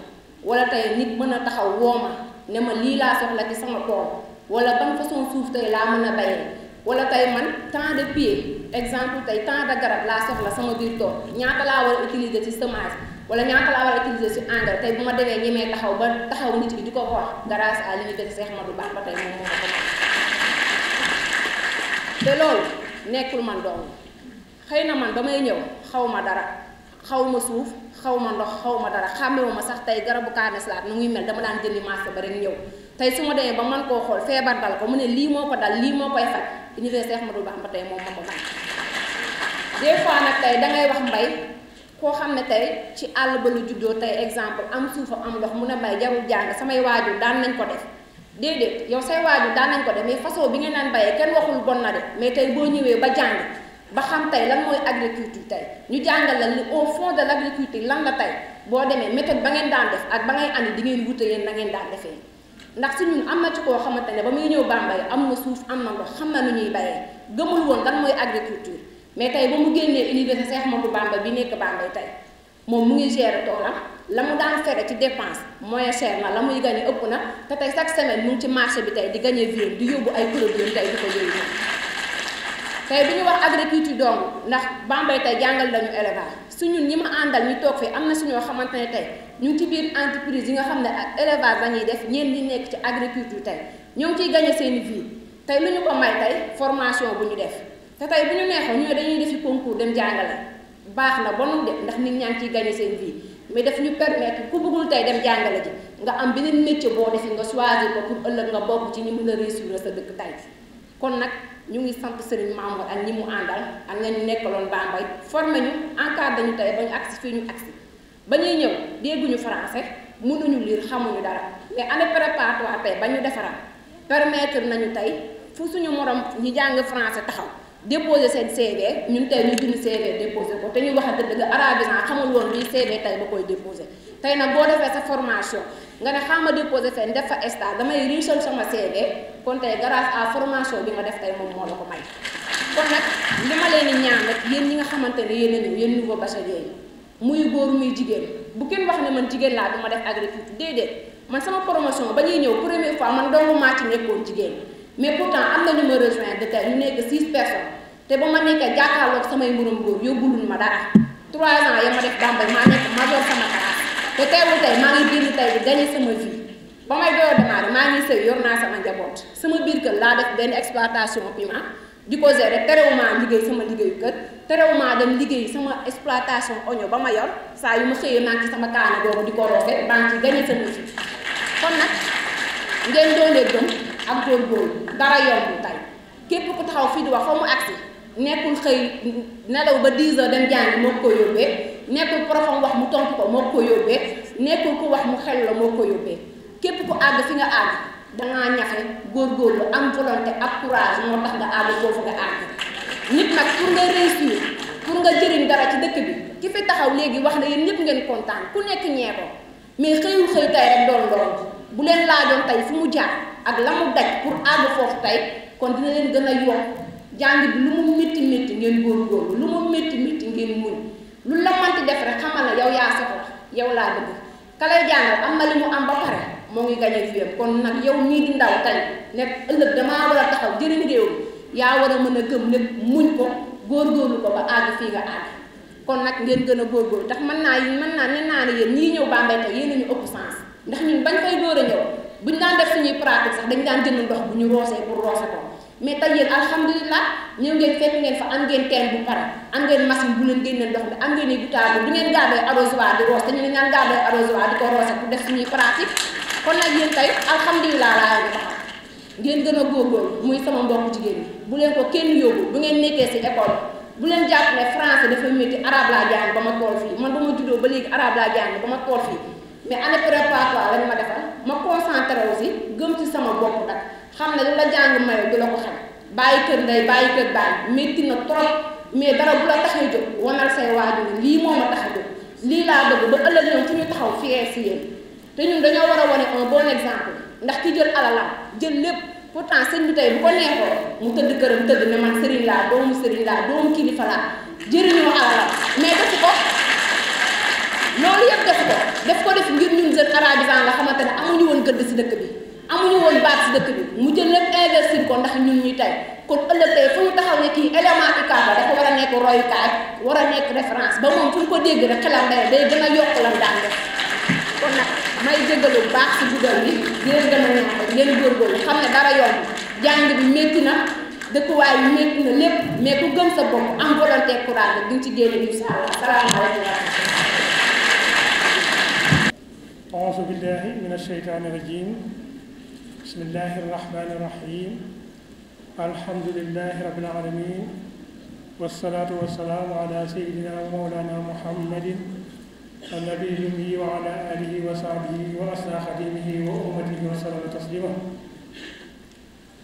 wala tey nit mën a taxaw wooma ne ma lii laa soxla ci sama tool wala ban façon suuf tey laa mën a bayee wala tey man temps de pied exemple tey temps de garab laa soxla sama biir tool ñaata laa war a utiliser ci semence wala ñaata laa war a utiliser ci engrais tey bu ma demee ñemee taxaw ba taxaw nit ki di ko wax grâce à l'université Cheikh Ahmadou Bamba tey moom moo ko te loolu nekkul xëy na man damay ñëw xaw ma dara xaw ma suuf xaw ma ndox xaw ma dara xàmmewu ma sax tey garabu kaanislaat nu muy mel dama daan jëndi marché ba rek ñëw tey su ma demee ba man koo xool feebar dal ko mu ne lii moo ko dal lii moo koy faj université Ahmadou Bamba tey moom man ko man des fois nag tey dangay wax mbay koo xam ne tey ci àll ba lu juddoo tey exemple am suufa am ndox mun a mbay jarul jàng samay waaju daan nañ ko def déedéet yow say waajur daan nañ ko def mais façon bi ngeen naan bayee kenn waxul bon na de mais tey boo ñëwee ba jàng ba xam tey lan mooy agriculture tey ñu jàngal la li au fond de l' agriculture lan la tey boo demee méthode ba ngeen daan def ak ba ngay andi di ngeen wute yéen na ngeen daan defee ndax si ñun am na ci koo xamante ne ba muy ñëw Bambey am na suuf am na ndox xam na nu ñuy bayee gëmul woon lan mooy mais tey ba mu génnee université Cheikh Ahmadou Bamba bi nekk Bambey tey moom mu ngi gérer toolam la mu daan fere dépense moyen cher na la muy gagné ëpp na chaque semaine mu ci marché bi tey di gagné viande di yóbbu ay produits tey di ko yóbbu tey bi ñu wax agriculture dong ndax Bambey tey jàngal dañu élevage su ñun ñi ma àndal ñu toog fi am na suñoo xamante ne tey. ñu ci biir entreprise yi nga xam ne ak élevage la ñuy def ñeen ñi nekk ci agriculture tey ñoo ngi ciy gagné seen vie tey lu ñu ko may tey formation bu ñu def te tey bu ñu neexoon ñu dañuy defi concours dem jàngale baax na bonul def ndax nit ñaa ngi ciy gagné seen vie mais daf ñu permettre ku bëggul tey dem jàngale ji nga am beneen métier boo defi nga choisir ko pour ëllëg nga bokk ci ñi mën a réussir sa dëkk tey kon nag ñu ngi sant Serigne Mamour ak ñi mu àndal ak nga ñu nekkaloon Bambey formé ñu encadré ñu tey ba ñu agsi fii ñu agsi ba ñuy ñëw dégguñu français mënuñu lire xamuñu dara mais année préparatoire tey ba ñu defaraat permettre nañu tey fu suñu morom ñi jàng français taxaw déposer seen CV ñun tey ñu bind CV déposer ko te ñu waxante dëgg arabisant xamul woon luy CV tey ba koy déposer tey nag boo defee sa formation nga ne xaama déposer seen def fa stage damay riisal sama CV kon tey grâce à formation bi nga def tey moom moo la ko may kon nag li ma leen di ñaan ñi nga xamante ne yéen a ñëw yéen muy góor muy jigéen bu kenn wax ne man jigéen laa duma def agriculture déedéet man sama promotion ba ñuy ñëw première fois man dong maa ci nekkoon jigéen mais pourtant am na ñu ma ñu nekk te ba ma nekkee jàkkaarloog samay moroom góor yóbbuluñ ma dara trois ans ya ma def Bambey maa nekk major sama classe te teewul tey maa ngi génn tey di gagné sama vie ba may doyoo démarré maa ngi sëy yor naa sama njaboot sama biir kër laa def benn exploitation piment di ko gérer terewumaa liggéey sama liggéeyu kër terewumaa dem liggéey sama exploitation oignon ba ma yor saa yu ma xëyee maa sama kaana boobu di ko roofe maa ngi ci gagné sama ji kon nag ngeen doolee gëm ak góorgóorlu dara yomb tay képp ku taxaw fii di wax fa mu agsi nekkul xëy nelaw ba 10 heures dem jàngi moo ko yóbbee nekkul profam wax mu tontu ko moo ko yóbbee nekkul ku wax mu xel la moo ko yóbbee képp ku àgg fi nga àgg dangaa ñafe góorgóorlu am volonté ak courage moo tax nga àgg foofu nga àgg nit nag pour nga réussir pour nga jëriñ dara ci dëkk bi ki fi taxaw léegi wax na yéen ñëpp ngeen kontaan ku nekk ñee ko mais xëyul xëy tey doon doon bu leen laajoon tay fu mu jaar ak la mu daj pour àgg foofu tey kon dina leen gën a yomb jàng bi lu mu métti métti ngeen góorgóorlu lu mu métti métti ngeen muñ lu la manti def rek xamal na yow yaa soxla yow laa bëgg ka lay am na li mu am ba pare. moo ngi gañe fii am kon nag yow mii di ndaw tey nekk ëllëg damaa war a taxaw jëriñ a mën a gëm lépp muñ ko góorgóorlu ko ba àgg fii nga àgg nag ngeen gën a góorgóorlu ndax mën naa mën naa ne naa ne yéen ñii ñëw Bambey tey yéen ñu ëpp sens ndax ñun bañ fay door a ñëw buñ daan def bu ñu ko mais tey yéen alhamdulilah ñëw am ngeen teen bu pare am ngeen machine bu leen génneel ndox mi am ngeen i butaal bi du ngeen gardé arrosoir di roose te ñu ne ñaan gardé arrosoir di ko roose pour def suñuy pratique kon nag yéen tey alhamdulilah laa leen taxaw ngeen gën a góorgóorlu muy sama mbokk jigéen bi bu leen ko kenn yóbbu bu ngeen nekkee si école bu leen jàpp ne français dafa métti arabe laa jàng ba ma tool fii man ba ma juddoo ba léegi arabe laa jàng ba mais année préparatoire lañ ma defal ma concentré aussi gëm ci sama bopp nag xam ne la jàng mayo du la ko xam bàyyi kër ndey bàyyi kër bàyyi métti na trop mais dara bu la tax a jóg wanal say waajur lii moo ma tax a jóg lii laa bëgg ba ëllëg ñoom fu ñu te ñun dañoo war a wane un bon exemple ndax ki jël alalam jël lépp pourtant sëñ bi tey bu ko neexoo mu tëdd këram tëdd ne man sëriñ laa doomu sëriñ laa doomu kilifa laa jëriñoo alalam mais def ko loolu yëpp def ko def ngir ñun jeune arabisant nga xamante ne amuñu woon gëdd si dëkk bi amuñu woon baat si dëkk bi mu jël lépp investir ko ndax ñun ñuy tey kon ëllëg tey fu ñu taxaw ne kii élément UCAB dafa war a nekk royukaay war a nekk référence dégg rek xelam day kon may jégalu baax si dugal bi di gën a ñaax ngeen góorgóorlu xam ne dara yomb jàng bi métti na dëkkuwaay bi métti na lépp mais ku gëm sa bopp am volonté courage bi duñ ci génne incha allah salaamaaleykum. أعوذ بالله من الشيطان الرجيم بسم الله الرحمن الرحيم الحمد لله رب العالمين والصلاة والسلام على سيدنا ومولانا محمد ونبيه وعلى آله وصحبه وأصلى خديمه وأمته وسلم تسليما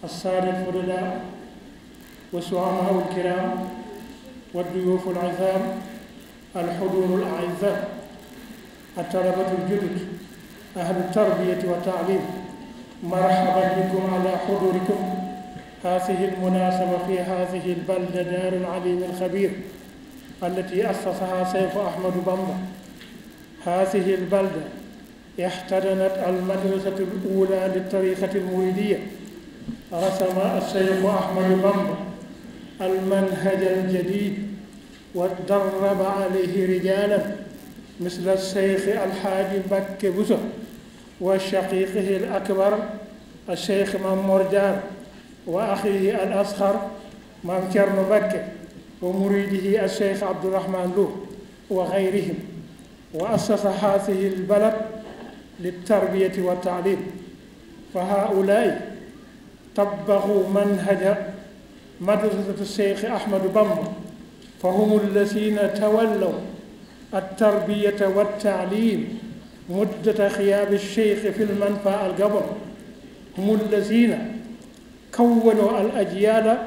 الصالح الفضلاء والسعماء الكرام والضيوف العظام الحضور الأعزاء الطلبة الجدد أهل التربية والتعليم مرحبا بكم على حضوركم هذه المناسبة في هذه البلدة دار العليم الخبير التي أسسها سيف أحمد بمبا هذه البلدة احتضنت المدرسة الأولى للطريقة المريدية رسم الشيخ أحمد بمبا المنهج الجديد ودرب عليه رجالا مثل الشيخ الحاج بك بوسو وشقيقه الأكبر الشيخ مامور جار وأخيه الأصغر مام كرم بك ومريده الشيخ عبد الرحمن لو وغيرهم وأسس هذه البلد للتربية والتعليم فهؤلاء طبقوا منهج مدرسة الشيخ أحمد بامبا فهم الذين تولوا التربية والتعليم مدة غياب الشيخ في المنفى القبر هم الذين كونوا الأجيال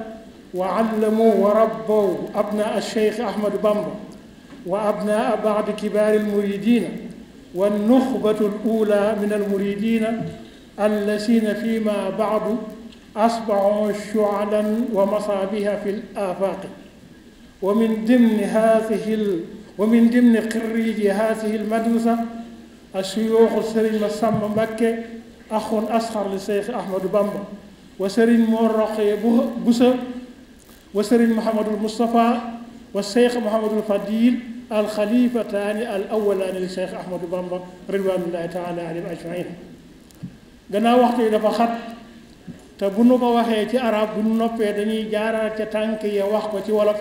وعلموا وربوا أبناء الشيخ أحمد بامبا wa abnaa baadi kibaari almuridina wa nuxbatu alula min almuridina allasina fima baadu asbacu shucalan wa masaabiha fi lafaaqi wa min dimni hadihi wa min dimni xirriji hadihi almadrasa asuyuuxu sëriñ ma sàmm mbakke axun asxar li seex ahmadu bamba wa sëriñ moo roqee busa wa sëriñ muhammadul mustapha wa seex muhammadul fadil alxalifataani al awalaani li Cheikh Ahmadou Bamba ridwanullahi taala alayhim ajmain gannaaw waxtu yi dafa xat te bu nu ko waxee ci arab bu nu noppee dañuy jaaraat ca tànk ya wax ko ci wolof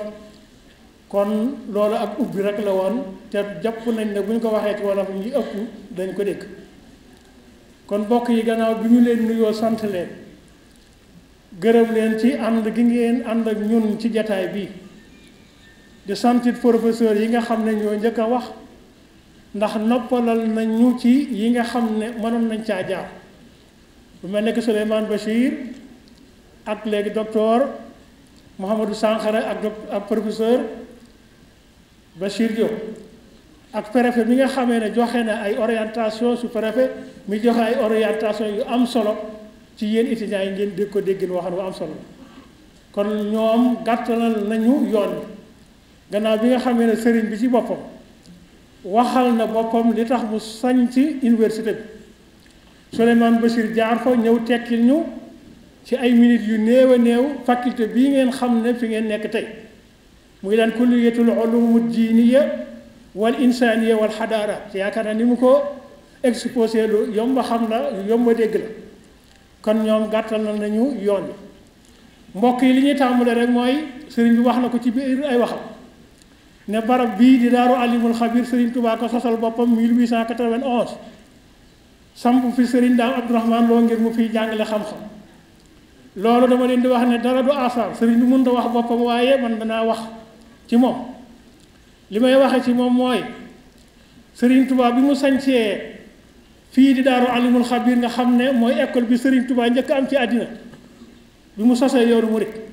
kon loolu ak ubbi rek la woon te jàpp nañ ne bu ñu ko waxee ci wolof ñi ëpp dañ ko dégg kon mbokk yi gannaaw bi ñu leen nuyoo sant leen gërëm leen ci ànd gi ngeen ànd ak ñun ci jataay bi di santit professeur yi nga xam ne ñoo njëkk a wax ndax noppalal na ñu ci yi nga xam ne mënoon nañ caa jaar bu mel nekk Souleymane Bachir ak léegi docteur Mouhamadou Sankhare ak ak professeur Bachir Diop ak préfet mi nga xamee ne joxe na ay orientation su préfet mi joxe ay orientation yu am solo ci yéen étudiants yi ngeen dégg ko déggin waxan wu am solo kon ñoom gàttalal nañu yoon gannaaw bi nga xamee ne sëriñ bi ci boppam waxal na boppam li tax mu ci université bi Souleymane Bachir jaar fa ñëw tekkil ñu ci ay minutes yu néew a néew faculté bii ngeen xam ne fi ngeen nekk tey muy daan kulliyatul ulum diiniya wal insaaniya wal xadaara yaakaar na ni mu ko exposé lu yomb xam na yomb a dégg la kon ñoom gàttal nañu yoon mbokk yi li ñuy tàmbale rek mooy sëriñ bi wax na ko ci biir ay waxam ne barab bii di daaru alimul xabir sëriñ tubaa ko sosal boppam 1891 samp fi sëriñ daam abdourahman loo ngir mu fiy jàngale xam-xam loolu dama leen di wax ne dara du asar sëriñ bi mënut a wax boppam waaye man naa wax ci moom li may waxe ci moom mooy sëriñ tubaab bi mu sañcee fii di daaru alimul xabir nga xam ne mooy école bi sëriñ tubaa njëkk am ci àddina bi mu sosee yoonu murit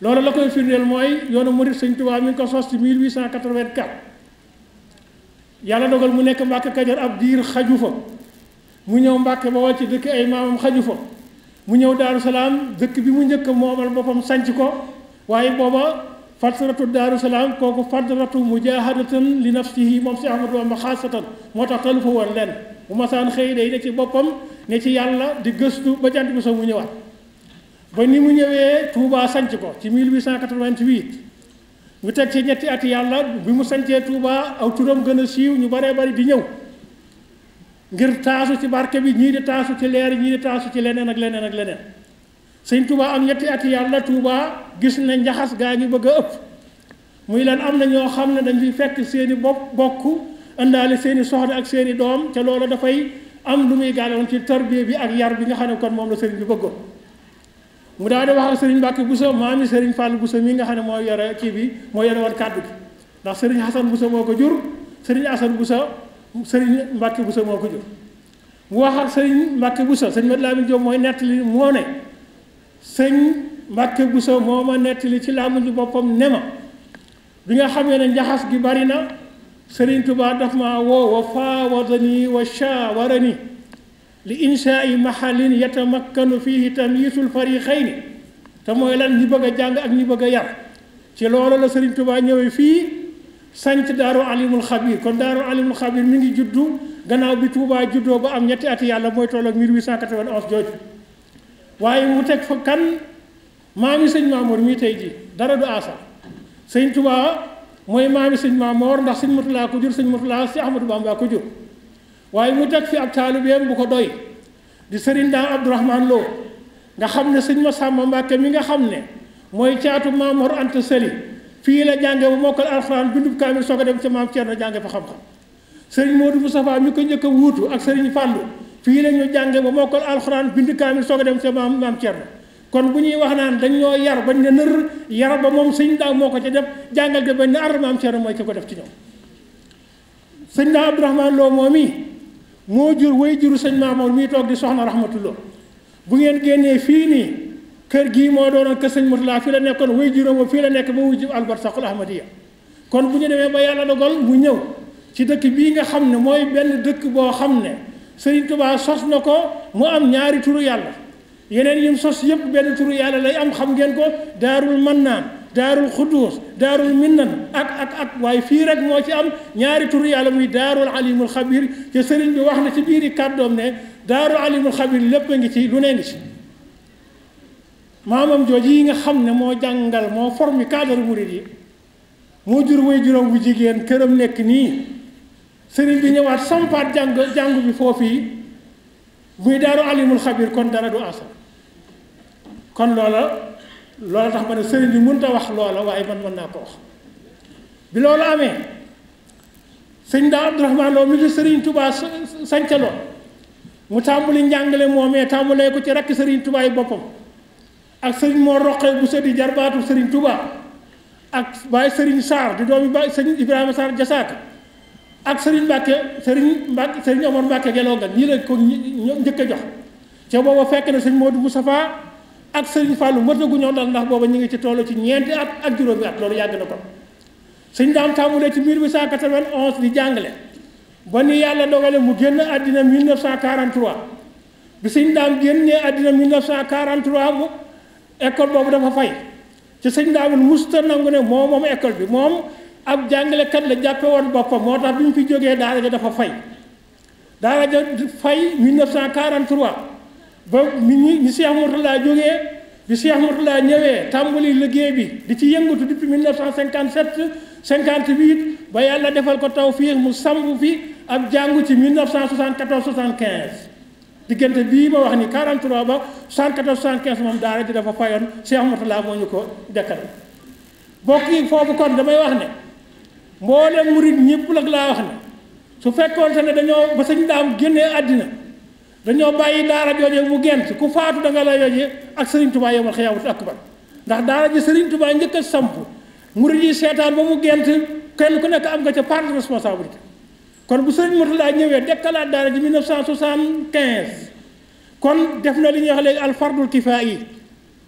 loolu la koy firndeel mooy yoonu murit sëñ Tuubaa mi ngi ko sos ci 1884 yàlla dogal mu nekk Mbàkke Kajoor ab diir xaju fa mu ñëw Mbàkke ba wàcc dëkk ay maamam xaju fa mu ñëw Daaru Salaam dëkk bi mu njëkk moomal boppam sanc ko waaye booba fadratu Daaru Salaam kooku fadratu mujaahadatan li nafsihi moom si Ahmadu Bamba xaasatan moo tax talu fa woon lenn bu masaan xëy day ne ci boppam ne ci yàlla di gëstu ba jant bi so mu ñëwaat ba ni mu ñëwee Touba sanc ko ci 1888 mu teg ci ñetti at yàlla bi mu sancee Touba aw turam gën a siiw ñu baree bari di ñëw ngir taasu ci barke bi ñii di taasu ci leer ñii di taasu ci leneen ak leneen ak leneen sëñ Touba am ñetti at yàlla Touba gis na njaxas gaa ñu bëgg a ëpp muy lan am na ñoo xam ne dañ fi fekk seeni bopp bokk indaale seeni soxna ak seeni doom ca loolu dafay am lu muy gàlloon ci tarbiya bi ak yar bi nga xam ne kon moom la sëriñ bi bëggoon mu daal di wax ak Serigne Mbacke Bousso maami Serigne bu Bousso mii nga xam ne moo yore kii bi moo yore woon kàddu gi ndax Serigne Hassan Bousso moo ko jur Serigne Assane Bousso Serigne Mbacke Bousso moo ko jur. mu wax ak Serigne sëñ Mate Lamine mooy nettili moo ne sëñ bu Bousso moo ma nettali ci laamu ji boppam ne ma bi nga xamee ne njaxas gi bari na Serigne Touba daf ma woo wa faawazani wa shaawarani li inchaai mahalin yatamakkanu fihi tamyisul fariqayni te mooy lan ñi bëgg a jàng ak ñi bëgg a yar ci loolu la Sëriñ Tuubaa ñëwee fii sanc daaru alimul xabir kon daaru alimul xabir mi ngi juddu gannaaw bi Tuubaa juddoo ba am ñetti ati yàlla mooy tolloog 1891 jooju waaye mu teg fa kan maami sëñ Maamoor mii ji dara du aasa sëñ Tuubaa mooy maami sëñ Maamoor ndax sëñ Murtalaa ko jur sëñ Murtalaa si Ahmadu Bamba ko jur waaye mu teg fi ab taalibeem bu ko doy di sëriñ daa Abdourahman Lo nga xam ne sëñ sàmm Mbàkke mi nga xam ne mooy caatu Maamor Anta Sali fii la jànge bu mokkal alxuraan bindub kaamil soo ko dem ca maam Cerno jànge fa xam-xam sëriñ Modou Moustapha mi ko njëkk a wuutu ak sëriñ Fàllu fii la ñu jànge bu mokkal alxuraan bind kaamil soo ko dem ca maam maam Cerno kon bu ñuy wax naan dañ ñoo yar bañ ne nër ba moom sëñ daaw moo ko ca def jàngal ga bañ ne ar mooy ko def ci ñoom sëñ daaw Abdourahman Lo moom i moo jur way juru sëñ Maamoor muy toog di soxna rahmatullah bu ngeen génnee fii nii kër gii moo doonoon kër sëñ Murtala fii la nekkoon way juróom fii la nekk ba wujj albarsaqul ahmadiya kon bu ñu demee ba yàlla dogal mu ñëw ci dëkk bii nga xam ne mooy benn dëkk boo xam ne sëriñ Tuubaa sos na ko mu am ñaari turu yàlla yeneen yim sos yëpp benn turu yàlla lay am xam ngeen ko daarul naan daarul xudduus daarul minnan ak ak ak waaye fii rek moo ci am ñaari tur yàlla muy daarul alimul xabir te sëriñ bi wax na ci biiri kàddoom ne daarul alimul xabir lépp a ngi ci lu ne ngi ci maamam jooju yi nga xam ne moo jàngal moo formi cadre murid yi moo jur muy juróom bu jigéen këram nekk nii sëriñ bi ñëwaat sampaat jàng jàngu bi foofii muy daaru alimul xabir kon dara du asa kon loola loolu tax ma ne sëriñ bi mënut a wax loola waaye man man naa ko wax bi loolu amee sëñ daa Abdourahmane Lo mi ngi sëriñ Touba sancaloon mu tàmbali njàngale moomee tàmbalee ko ci rakk sëriñ Touba yi boppam ak sëriñ moo roqee bu sëddi jarbaatu sëriñ Touba ak waaye sëriñ Sarr di doomi ba sëriñ Ibrahima Sarr jasaaka ak sëriñ Mbàkke sëriñ Mbàkke sëriñ Omar Mbàkke geloo nga nii la ko njëkk a jox ca booba fekk na sëñ Modou Moustapha ak sëriñ Fallou mëtagu ñoo dal ndax booba ñu ngi ci tollu ci ñeenti at ak juróomi at loolu yàgg na ko sëñ daam tàmbulee ci 1891 di jàngale ba ni yàlla dogale mu génn àddina bi 1943 bi sëñ daam génnee àddina 1943 mu école boobu dafa fay ci sëñ daamul musta nangu ne moom moom école bi moom ab jàngalekat la jàppe woon boppam moo tax bi ñu fi jógee daara ja dafa fay daara ja fay 1943 ba mi ñi ñi laa Mourtala jógee bi Cheikh Mourtala ñëwee tàmbali liggéey bi di ci yëngatu depuis 1957 58 ba yàlla defal ko tawfiix mu samb fi ak jàngu ci 1974 75 diggante bii ma wax ni 43 ba 74 75 moom daara di dafa fayoon Cheikh Mourtala moo ñu ko dekkal bokk yi foofu kon damay wax ne mboolem murit ñëpp nag laa wax ne su fekkoon te ne dañoo ba sañ daam génnee àddina dañoo bàyyi daara jooje mu gent ku faatu da nga la yooje ak Serigne Touba yomal xiyaamatu akbar ndax daara ji Serigne Touba njëkk a samp murid yi seetaan ba mu gent kenn ku nekk am nga ca part de responsabilité kon bu Serigne Mourtada ñëwee dekkalaat daara ji 1975 kon def na li ñuy wax léegi alfardul kifaayi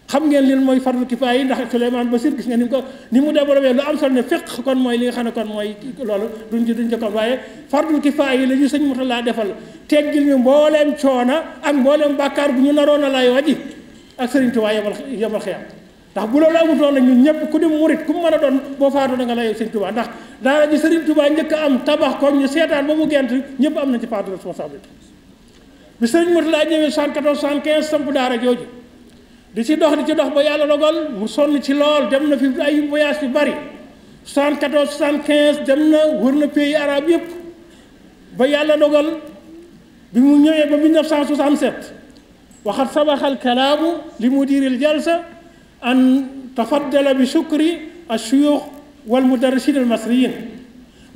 xam ngeen leen mooy fardu kifaay yi ndax Souleymane Bachir gis nga ni mu ko ni lu am solo ne fiq kon mooy li nga xam ne kon mooy loolu duñ ci duñ ci kon waaye fardu kifaay yi la bu ñu naroon a lay waji ak sëriñ Tuubaa ndax bu loolu amutoon nag ñun ñëpp ku di murit ku mu a doon boo faatu da nga layoo sëriñ Tuubaa ndax daara ji sëriñ Tuubaa am tabax ko ñu seetaan ba mu gent ñëpp am nañ ci part de responsabilité bi sëriñ Murtala ñëwee 74 75 samp daara jooju di ci dox di ci dox ba yàlla dogal mu sonn ci lool dem na fi ay voyage yu bari 74 75 dem na wër na pays arabe yëpp ba yàlla dogal bi mu ñëwee ba 1967 waxat sabaxal an tafaddala bi shukri ashuyux wal wa al masriyin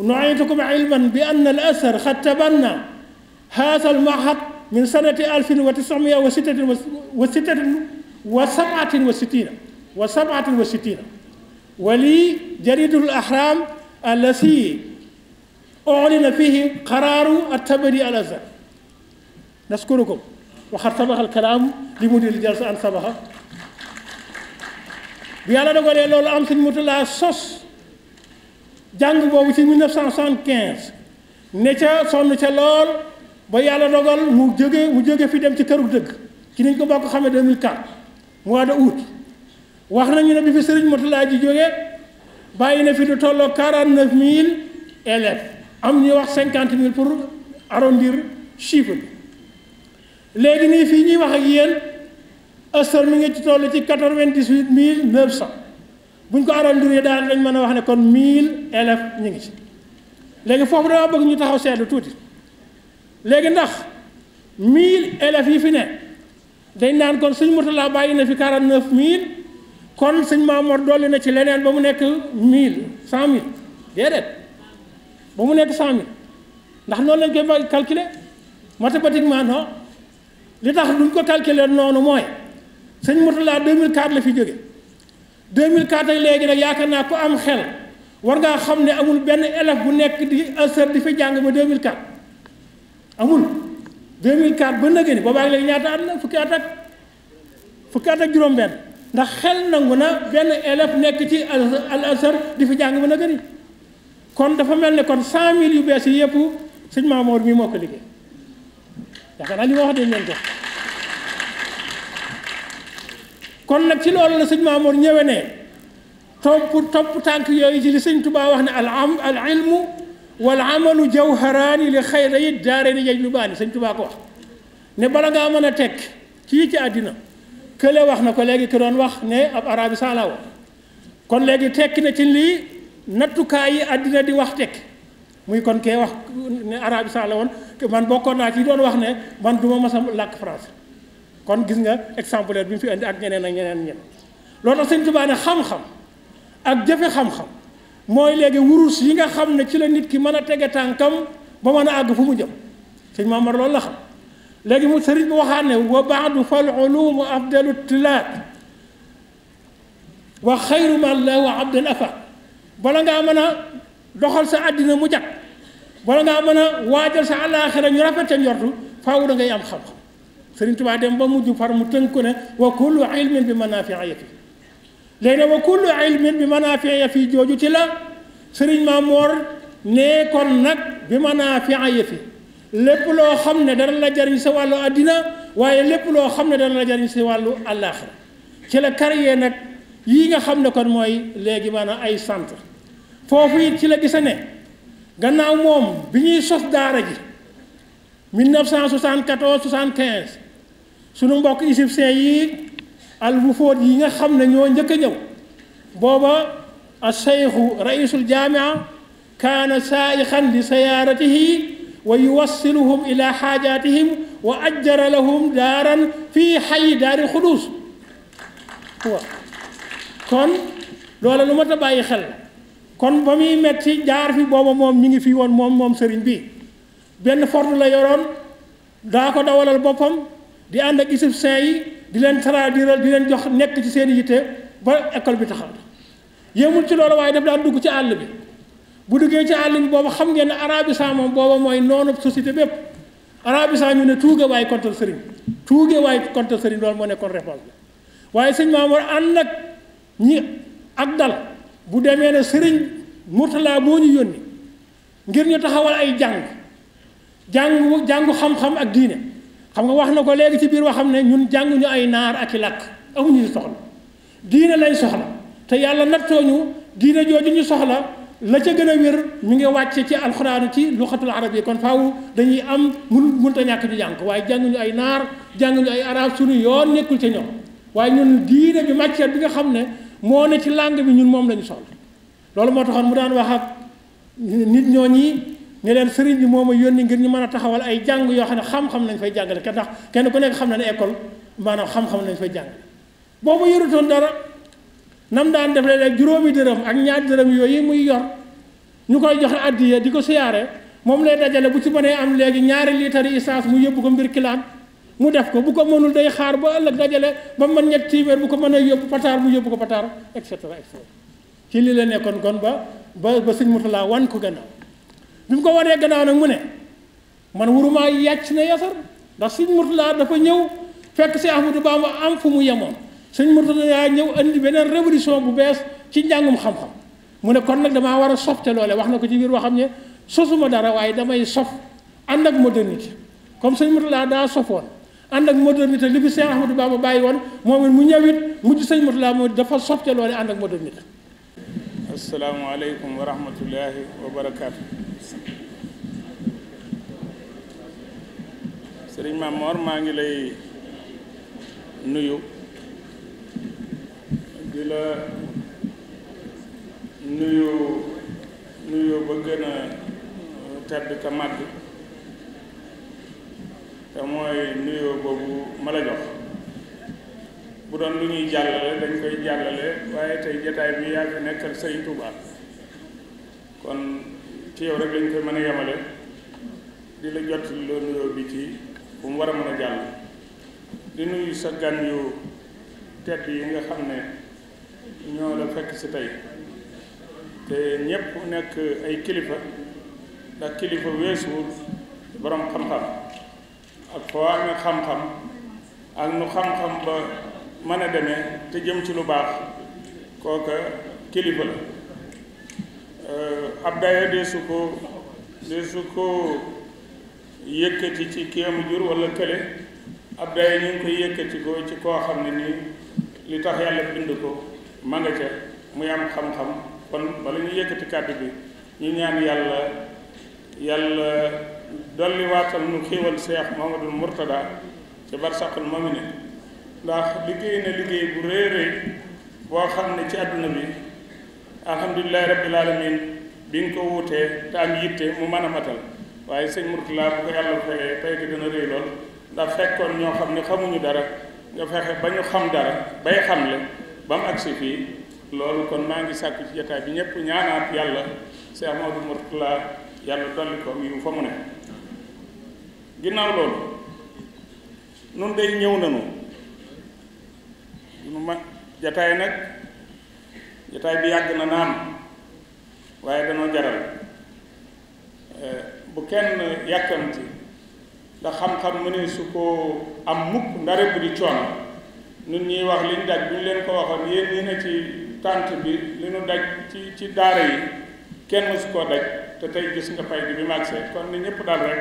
نعيتكم علما بأن الأثر قد تبنى هذا المعهد من سنة 1966 wa sabaatin wa sittiina wa sabaatin wa sittiina wa lii jariidul ahraam allati u'lina fihi qaraaru at-tabari al-azhar nashkurukum waxar sabaxal kalaamu li mu dil jalsa an sabaxa bu yàlla dogalee loolu am sëñ Murtala sos jàng boobu ci 1975 ne ca sonn ca lool ba yàlla dogal mu jóge mu jóge fi dem ci këru dëgg ci niñ ko bokk xamee 2004 mois de août wax nañu ne bi fi Serigne Mourtala ji jógee bàyyi na fi du tolloo quarante neuf mille élèves am ñuy wax cinquante mille pour arrondir chiffre bi léegi nii fii ñuy wax ak yéen astor mi ngi ci toll ci quatre vingt dix huit mil neuf cent bu ñu ko arrondir daal dañ mën a wax ne kon mille élèves mi ngi ci léegi foofu dama bëgg ñu taxaw seetlu tuuti léegi ndax mille élèves yi fi ne. dañ naan kon sëñ Mourtala bàyyi na fi 49000 kon sëñ Maamoor dolli na ci leneen ba mu nekk 1000 100000 déedéet ba mu nekk 100000 ndax noonu lañ koy ba calculer mathématiquement non li tax duñ ko calculer noonu mooy sëñ Mourtala 2004 la fi jóge 2004 ak léegi nag yaakaar naa ko am xel war ngaa xam ne amul benn élève bu nekk di asseur di fi jàng ba 2004 amul. 2004 ba nëgë ni boobaag léegi ñaata at la fukki at ak fukki at ak juróom-benn ndax xel nangu na benn élève nekk ci al azhar di fi jàng ba nëgë kon dafa mel ni kon 100000 yu bees yi yëpp sëñ Maamoor moo ko liggéey kon nag ci lool la sëñ Maamoor ñëwee ne topp topp tànk yooyu li sëñ Tuubaa wax ne al am al ilmu wal amalu jawharaani li xayri daarayni yajlubaani sëñ Tuubaa ko wax ne bala ngaa mën a tekk ci ci àddina kële wax na ko léegi ki doon wax ne ab arabi saala kon léegi tekki na ci lii nattukaay yi àddina di wax tekki muy kon kee wax ne arabi saala woon man bokkoon naa ci doon wax ne man du ma mas a làkk français kon gis nga exemplaire bi mu fi indi ak ñeneen ak ñeneen ñeneen loolu tax sëñ ne xam-xam ak jëfe xam-xam mooy léegi wurus yi nga xam ne ci la nit ki mën a tege tànkam ba mën a àgg fu mu jëm sëñ Maamar loolu la xam léegi mu sëriñ bi waxaat ne wa baadu fal ulumu afdalu tilaat wa xayru ma llahu abdan afa bala ngaa mën a doxal sa àddina mu jag bala ngaa mën a waajal sa àllaaxira ñu rafet ca njortu faaw da ngay am xam-xam sëriñ Tuubaa dem ba mujj far mu tënk ko ne wa kullu ilmin bi manaafiati léegi nag wa kullu ilmin bi manaafi'a fii jooju ci la sëriñ Maamoor nee kon nag bi manaafi'a fi lépp loo xam ne dana la jariñ sa wàllu àddina waaye lépp loo xam ne dana la jariñ si wàllu àllaaxira ci la kariyee nag yii nga xam ne kon mooy léegi maanaam ay sant foofu it ci la gisa gannaaw moom bi ñuy sos daara ji 1974 75 sunu mbokk égyptien yi al wufoot yi nga xam ne ñoo njëkk a ñëw booba a seyxu raisul jaamia kaana saayixan li sayaratihi wa yuwassiluhum ila xaajaatihim wa ajjara lahum daaran fii xayi daari xudus kon loola lu mat a bàyyi xel kon ba muy metti jaar fi booba moom ñu ngi fi woon moom moom sëriñ bi benn ford la yoroon daa ko dawalal boppam di ànd ak isib yi di leen traduire di leen jox nekk ci seeni yitte ba école bi taxaw yéemul ci loolu waaye daf daan dugg ci àll bi bu duggee ci àll bi booba xam ngeen ne arabistan moom booba mooy noonu société bépp arabistan ñu ne tuuge waaye contre sëriñ tuuge waaye contre sëriñ loolu moo nekkoon réponse bi waaye sëñ Maamoor ànd nag ñi ak dal bu demee ne sëriñ Murtala moo ñu yónni ngir ñu taxawal ay jàng jàngu jàngu xam-xam ak diine xam nga wax na ko léegi ci biir waxam ne ñun jànguñu ay naar ak i làkk amuñu si soxla diine lañ soxla te yàlla nattoo ñu diine jooju ñu soxla la ca gën a wér ñu ngi wàcce ci alxuraanu ci luxatul arab yi kon faaw dañuy am mun munta ñàkk ñu jàng waaye jànguñu ay naar jàng ñu ay arab suñu yoon nekkul ca ñoom waaye ñun diine bi matière bi nga xam ne moo ne ci langue bi ñun moom lañu ñu soxla loolu moo taxoon mu daan wax ak nit ñooñi ne leen sëriñ bi moom ma yónni ngir ñu mën a taxawal ay jàng yoo xam ne xam-xam lañ fay jàngale kenn ndax kenn ku nekk xam na ne école maanaam xam-xam lañ fay jàng boobu yorutoon dara nam daan def léeg-léeg juróomi dërëm ak ñaari dërëm yooyu muy yor ñu koy joxe addiya di ko siyaaree moom lay dajale bu ci mënee am léegi ñaari liitari essence mu yóbbu ko mbir kilaan mu def ko bu ko mënul day xaar ba ëllëg dajale ba mën ñett tiimeer bu ko mën a yóbbu pataar mu yóbbu ko pataar et cetera et lii la nekkoon kon ba ba ba sëñ Murtala wan ko gannaaw bi mu ko wanee gannaaw nag mu ne man wurumaa yàcc na yasar ndax sëñ laa dafa ñëw fekk si Ahmadou ma am fu mu yemoon sëñ Murtala yaa ñëw andi beneen révolution bu bees ci njàngum xam-xam mu ne kon nag damaa war a sof wax na ko ci biir waxam ne sosuma dara waaye damay sof ànd ak modernité comme sëñ Murtala daa sofoon ànd ak modernité li fi sëñ Ahmadou Bamba bàyyi woon moom it mu ñëwit mujj sëñ Murtala mooy dafa sof te loole ànd ak modernité asalaamaaleykum wa rahmatullahi wa barakaatu sëriñ Mamor maa ngi lay nuyu di la nuyu nuyu ba gën a euh, tedd ka màgg te mooy nuyu boobu ma la jox bu doon lu ñuy jàllale dañ koy jàllale waaye tey jataay bi yaa fi nekkal sëriñ Touba kon ci yow rek lañ koy mën a yemale di la jot loo nuyoo bi ci bu mu war a mën a jàll di nuyu sa gan yu tedd yi nga xam ne ñoo la fekk si tey te ñépp nekk ay kilifa ndax kilifa weesuwul borom xam-xam ak foo amee xam-xam ak nu xam-xam ba mën a demee te jëm ci lu baax kooka kilifa la euh, ab daya deesu ko deesu ko yëkkati ci kéemu jur wala kële ab day ñu ngi koy yëkkati ko ci koo xam ne nii li tax yàlla bind ko ma nga ca muy am xam-xam kon bala ñu yëkkati kàddu bi ñu ñaan yàlla yàlla dolli waatal nu xiiwal seex Mamadul Murtada ci barsaqul mamine ndax liggéey na liggéey bu rëy rëy boo xam ne ci àdduna bi alhamdulilahi rabbil alamin bi nga ko wutee te am yitte mu mën a matal waaye sëñ Murtala bu ko yàlla fayee pay gi dana rëy lool ndax fekkoon ñoo xam ne xamuñu dara nga fexe ba ñu xam dara bay xamle ba mu agsi fii loolu kon maa ngi sàkku ci jotaay bi ñëpp ñaanaat yàlla Cheikh Maodo Murtala yàlla dolli ko yu fa mu ne ginnaaw loolu nun day ñëw nañu nu ma jataay nag jataay bi yàgg na naam waaye danoo jaral eh, bu kenn yàkkamti ndax xam-xam mu ne su ko am mukk ndare bu di coono nun ñuy wax liñ daj bu leen ko waxoon yéen ñi ne ci tànt bi li ñu daj ci ci daara yi kenn su ko daj te tey gis nga pay bi bi màgse kon ni ñëpp dal rek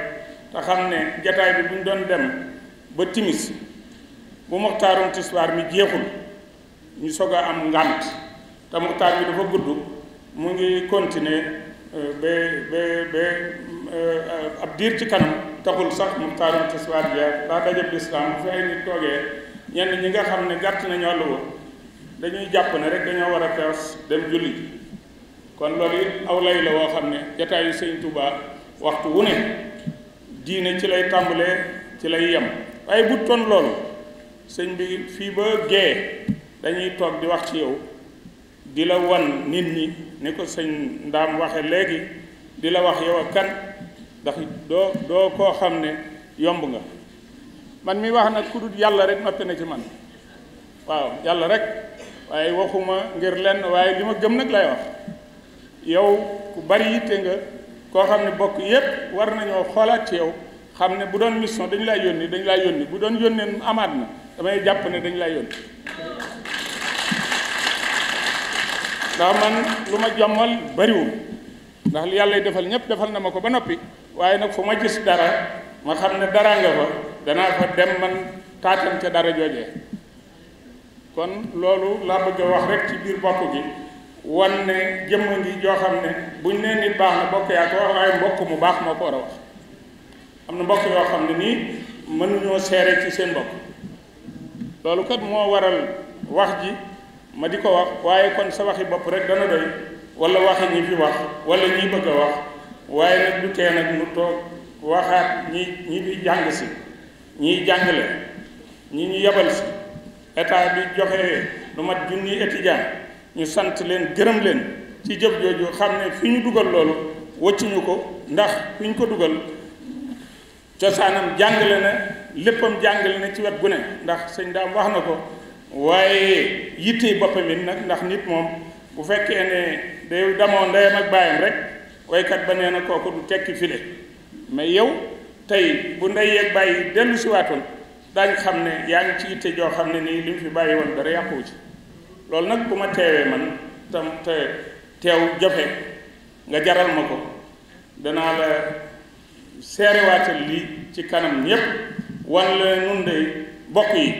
te xam ne jataay bi bu ñu doon dem ba timis bu muxtaarum tisbaar mi jeexul ñu soog a am ngànt te muxtaar bi dafa gudd mu ngi continuer euh, ba ba ba Euh, ab diir ci kanam taxul sax muxtaarum tiswaat ya daa dajab lislaam bu fi nit toogee ñenn ñi nga xam ne gàtt nañu àll ba dañuy jàpp ne rek dañoo war a tees dem julli kon loolu la woo xam ne jataayu sëñ Tuubaa waxtu wu ci lay tàmbalee ci lay yem waaye bu ton sëñ bi fii ba gee dañuy toog di wax ci yow di la wan nit ñi ni ko sëñ ndaam waxe léegi di la wax yow a kan ndax doo doo koo xam ne yomb nga man mi wax nag ku dul yàlla rek noppi na ci man waaw yàlla rek waaye waxuma ngir lenn waaye li ma gëm nag lay wax yow ku bari yitte nga koo xam ne bokk yépp war nañoo xoolaat ci yow xam ne bu doon mission dañu lay yónni dañu lay yónni bu doon yónnee amaat na damay jàpp ne dañu lay yónni ndax man lu ma jommal bariwul ndax li yàlla defal ñépp defal na ma ko ba noppi waaye nag fu ma gis dara ma xam ne dara nga ko danaa fa dem man taatam ca dara jooje kon loolu laa bëgg wax rek ci biir bopp bi wan ne jëmm ngi joo xam ne buñ ne nit baax na bokk yaa ko wax waaye mbokk mu baax moo ko war a wax am na mbokk yoo xam ne nii mënuñoo seere ci seen mbokk loolu kat moo waral wax ji ma di ko wax waaye kon sa waxi bopp rek dana doy wala waxi ñi fi wax wala ñi bëgg wax waaye nag du tee nag mu toog waxaat ñi ñi di jàng si ñiy jàngale ñi ñu yabal si état bi joxe lu mat junniy étudiant ñu sant leen gërëm leen ci jëf jooju xam ne fi ñu dugal loolu wëccuñu ko ndax fi ñu ko dugal cosaanam jàngale na léppam jàngale na ci wet gune ndax sëñ daam wax na ko waaye yittey boppam it nag ndax nit moom bu fekkee ne day damoo ndeyam ak baayam rek waykat ba nee na kooku du tekki file mais yow tey bu ndey yeeg bàyyi dellu si waatoon daañ xam ne yaa ngi ci itte joo xam ne nii li mu fi bàyyi woon dara yàquwu ci loolu nag bu ma teewee man tam te teew jafe nga jaral ma ko danaa la seerewaatal lii ci kanam ñépp wan la nun de mbokk yi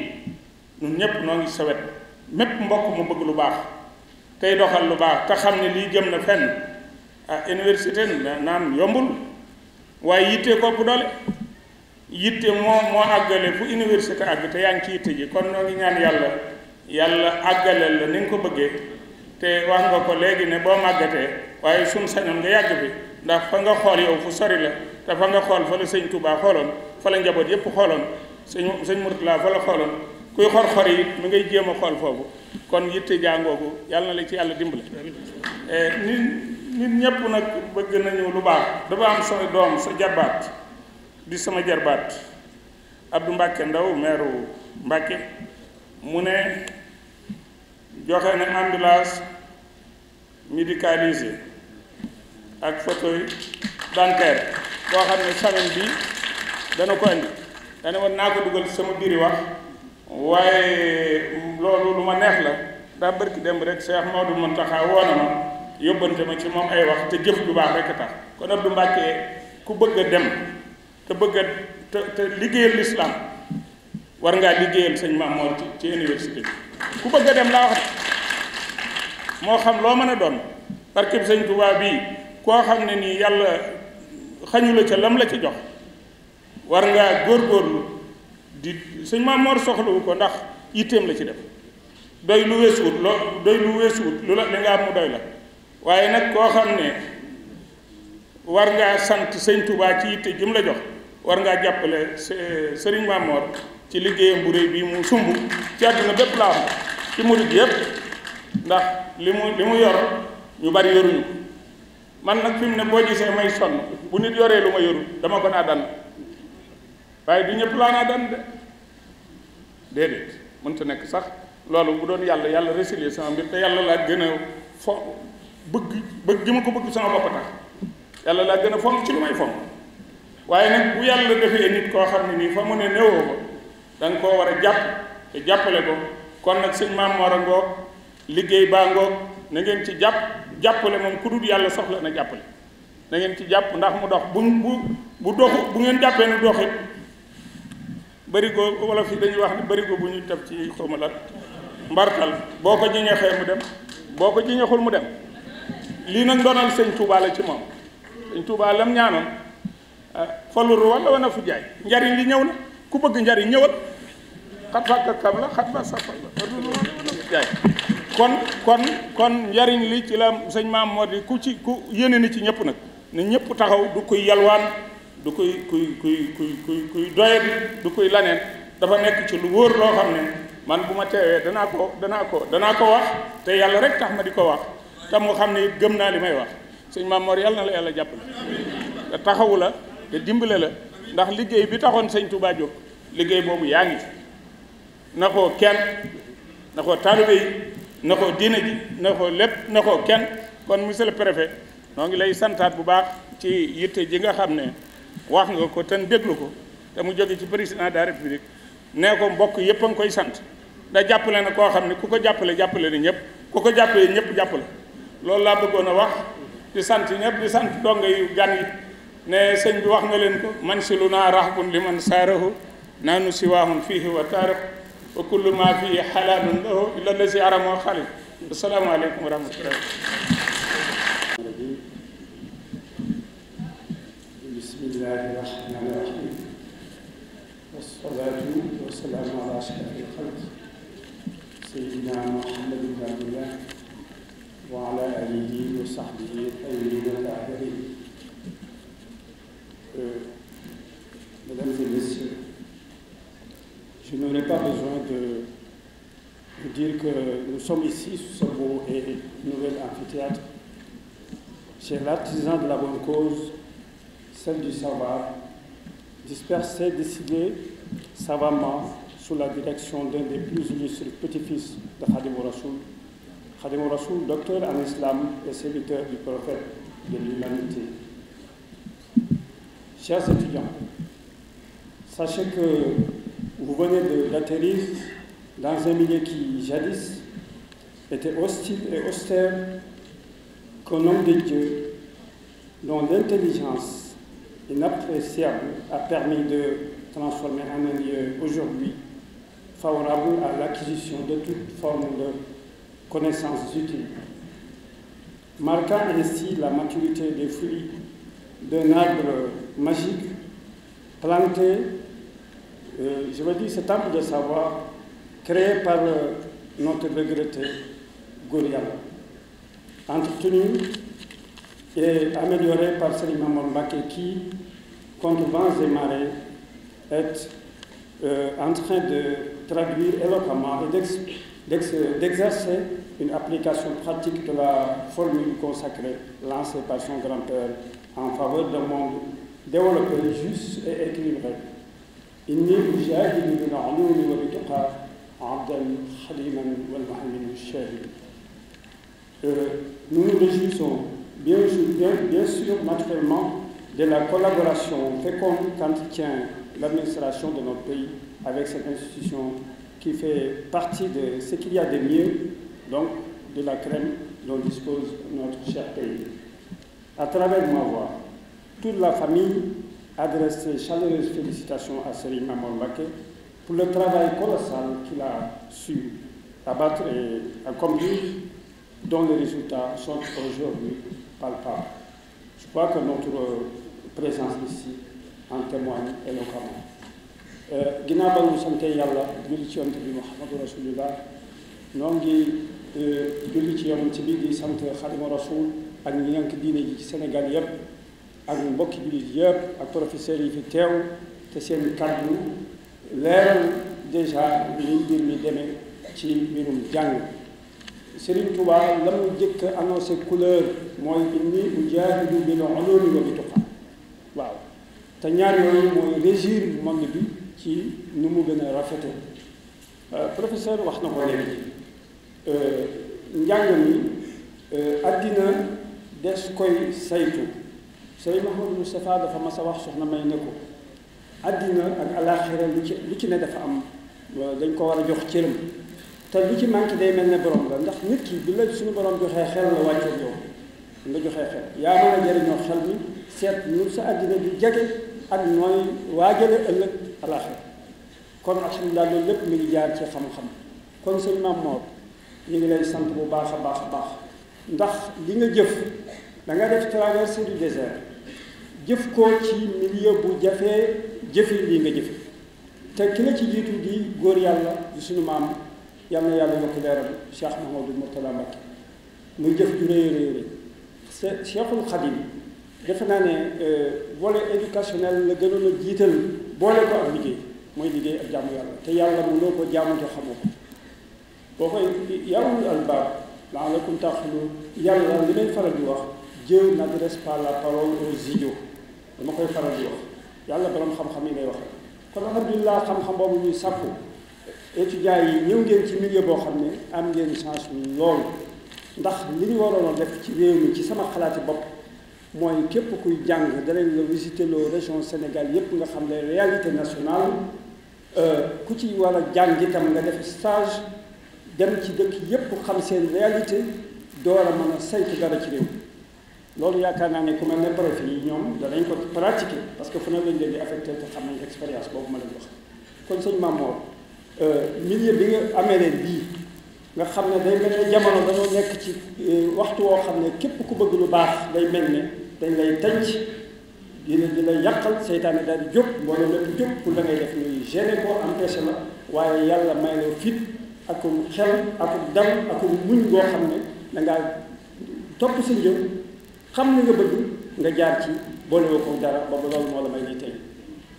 nun ñépp noo ngi sawet mépp mbokk mu bëgg lu baax tey doxal lu baax te xam ne lii jëm na fenn ah université naan yombul waaye yitte ko ëpp doole yitte moo moo àggale fu université àgg te yaa ngi ci yitte ji kon noo ngi ñaan yàlla yàlla àggaleel la ni nga ko bëggee te wax nga ko léegi ne boo màggatee waaye sum sañoon nga yàgg bi ndax fa nga xool yow fu sori la te fa nga xool fa la sëñ Touba xooloon fa la njaboot yépp xooloon sëñ sëñ Murtala fa la xooloon kuy xor-xor yi mu ngay jéem a xool foofu kon yitte jàngoogu yàlla na la ci yàlla dimbale eh, nit ñëpp nag bëgg nañu lu baax dafa am sama doom sa jarbaat di sama jarbaat Abdou Mbacke Ndaw meeru Mbacke mu ne joxe na ambulance médicalisée ak fauteuil dentaire boo xam ne semaine bi dana ko andi dana woon naa ko dugal sama biiri wax waaye loolu lu ma neex la daa bërki dem rek Cheikh Maodo Mountakha woona ma yóbbante ma ci moom ay wax te jëf lu baax rekk tax kon Abdou Mbàkke ku bëgg a dem te bëgg a te te liggéeyal lislaam war ngaa liggéeyal sëñ Mamoor ci ci université bi ku bëgg a dem laa wax moo xam loo mën a doon parce que sëñ Tuubaa bii koo xam ne nii yàlla xañu la ca lam la ci jox war ngaa góor góorgóorlu di sëñ Mamoor soxlawu ko ndax yitteem la ci def doy lu weesuwut loo doy lu weesuwut lu la li nga mu doy la waaye nag koo xam ne war ngaa sant sëñ tubaa ci yitte jëm la jox war ngaa jàppale sëriñ Mamor ci liggéeyam bu réy bi mu sumb ci àdduna bépp la am ci murid yépp ndax li mu li mu yor ñu bari yoruñu man nag fi mu ne boo gisee may sonn bu nit yoree lu ma yoru dama ko naa dànn waaye du ñëpp laa naa dànn de déedéet mënta nekk sax loolu bu doon yàlla yàlla résilier sama mbir te yàlla laa gën a fo bëgg bëgg gi ma ko bëgg sama bopp tax yàlla laa gën a fonk ci lu may fonk waaye nag bu yàlla defee nit koo xam ne nii fa mu ne newoo ko da koo war a jàpp te jàppale ko kon nag sëñ maam war a ngoog liggéey baa ngoog na ngeen ci jàpp jàppale moom ku dul yàlla soxla na jàppale na ngeen ci jàpp ndax mu dox bu bu bu doxu bu ngeen jàppee ne doxit barigo wala fii dañuy wax ne barigo bu ñuy taf ci xawma lan mbartal boo ko jiñaxee mu dem boo ko jiñaxul mu dem lii nag ndonal sëñ Touba la ci moom sëñ Touba lam ñaanoon ah, falur wala wana fu jaay njariñ li ñëw na ku bëgg njariñ ñëwat xat fa kon kon kon njariñ li ci la sëñ maam moo di ku ci ku yéene ni ci ñëpp nag ne ñëpp taxaw du koy yalwaan du koy kuy kuy kuy kuy kuy doyet du koy laneen dafa nekk ci lu wóor loo xam ne man bu ma teewee danaa ko danaa ko danaa ko wax te yàlla rek tax ma di ko wax te mu xam ne gëm naa li may wax sëñ Maam Mor yàlla na la yàlla jàppale te taxawu la te dimbale la ndax liggéey bi taxoon sëñ Touba liggéey boobu yaa ngi ci na kenn na koo taalibe yi na koo diine ji lépp na koo kenn kon monsieur le préfet noo ngi lay santaat bu baax ci yitte ji nga xam ne wax nga ko te déglu ko te mu jóge ci président de la république nee ko mbokk yëpp a nga koy sant da jàppale na koo xam ne ku ko jàppale jàppale na ñëpp ku ko jàppale ñëpp jàppale loolu laa bëggoon a wax di sant ñëpp di sant gan yi ne sëñ bi wax na leen ko man si lu naa rahbun li man saarahu naanu siwaahun fiihi wa taaraf wa kullu ma fii xalaalun lahu illa lazi aramoo xali asalaamaaleykum wa rahmatullah bismillahi rahmani rahim wasalaatu wasalaamu ala ashrafil xalq sayidina muhammadin abdillah wa ala alihi wa sahbihi tayyibin tahirin Mesdames messieurs, je n'aurais pas besoin de dire que nous sommes ici sous ce et nouvel amphithéâtre chez l'artisan de la bonne cause, celle du savoir, dispersé, décidé savamment sous la direction d'un des plus illustres petits-fils de Khadimou Rassoul Khadim Rasoul, docteur en islam et serviteur du prophète de l'humanité. Chers étudiants, sachez que vous venez d'atterrir dans un milieu qui, jadis, était hostile et austère, qu'un homme de Dieu, dont l'intelligence inappréciable a permis de transformer en un aujourd'hui favorable à l'acquisition de toute forme de connaissances utiles, marquant ainsi la maturité des fruits d'un arbre magique planté, euh, je veux dire, cet arbre de savoir créé par euh, notre regretté Gouriala, entretenu et amélioré par Selim Mbake qui, contre vents et marées, est euh, en train de traduire éloquemment et d'exercer une application pratique de la formule consacrée lancée par son grand-père en faveur d'un monde développé, juste et équilibré. إني أجاهد بالعلوم والتقى عبدا حليما والمحمد الشاهد. Nous nous réjouissons bien, sûr naturellement de la collaboration féconde qu'entretient l'administration de notre pays avec cette institution qui fait partie de ce qu'il y a de mieux donc de la crème dont dispose notre cher pays. À travers ma voix, toute la famille adresse ses chaleureuses félicitations à Serine Maman pour le travail colossal qu'il a su abattre et accomplir, dont les résultats sont aujourd'hui palpables. Je crois que notre présence ici en témoigne éloquemment. Euh, ginnaaw ba ñu sant yàlla julli ci yonent bi Muhammadu Rasulullah ñoo ngi e, julli ci yonent bi di sant Xaadimu Rasuul ak ñi nank diine ji ci Sénégal yépp ak mbokki jullit yépp ak professeurs yi fi teew te seen kàddu leeral déjà li mbir mi deme ci mbirum jàng Serigne Touba la mu jëkk annoncé couleur mooy inni ujaahidu bil ulumi wa bi tuqaa waaw te ñaar yooyu mooy régir monde bi ci nu mu gën a rafete euh, professeur wax na ko léegi Euh, njàng mi euh, àddina des koy saytu sëriñ Mouhamadou Moustapha dafa mas a wax soxna may ne ko àddina ak alaaxira lu ci lu ci ne dafa am dañ ko war a jox cëram te lu ci manqué day mel ne borom la ndax nit ki bi la suñu borom joxee xel la wàcce yow nga joxe xel yaa mën a jëriñoo xel mi seet nu sa àddina di jege ak nooy waajale ëllëg alaaxira kon alhamdulilah loolu lépp mi ngi jaar ci xam-xam kon sëñ Maam Mor ñu ngi lay sant bu baax a baax a baax ndax li nga jëf da def traversée du désert jëf ko ci milieu bu jafee jëfi lii nga jëf te ki la ci jiitu di góor yàlla di suñu maam yal na yàlla yokk leeram Cheikh du Mourtala Mbacké muy jëf ju rëy rëy rëy Cheikhul Khadim defe naa ne euh, volet éducationnel la gënoon a jiital boole ko ak liggéey mooy liggéey ak jaamu yàlla te yàlla mu loo ko jaamu te xamoo ko boo koy yaa ulul albaab la'allakum ta'qiluun yàlla li may faral di wax Dieu n'adresse pas la parole aux idiots dama koy faral di wax yàlla borom xam-xam yi ngay wax kon alhamdulilah xam-xam ñuy sàkku étudiants yi ñëw ngeen ci milieu boo xam ne am ngeen ndax li ñu waroon a def ci réew mi ci sama xalaati bopp mooy képp kuy jàng danañ la visiter région Sénégal yépp nga xam ne réalité national euh, ku ci war a jàng itam nga def stage dem ci dëkk yépp xam seen réalité door a mën a saytu dara ci réew loolu yaakaar naa ne ku mel ne profil yi ñoom danañ ko pratiquer parce que fu ne lañ leen di affecté te xam nañ expérience ma leen wax kon sëñ euh, bi nga amee leen bii nga xam ne day mel ne jamono dañoo nekk ci euh, waxtu woo xam ne képp ku bëgg lu baax day mel ne dañ lay tënc di la di lay yàqal seytaane daal di jóg mbooloo lépp jóg pour da ngay def ñuy gêner ko empêcher la waaye yàlla may la fit akum xel akum dal akum muñ goo xam ne da ngaa topp sa njëm xam li nga bëgg nga jaar ci boole woo dara ba loolu moo la may lii tey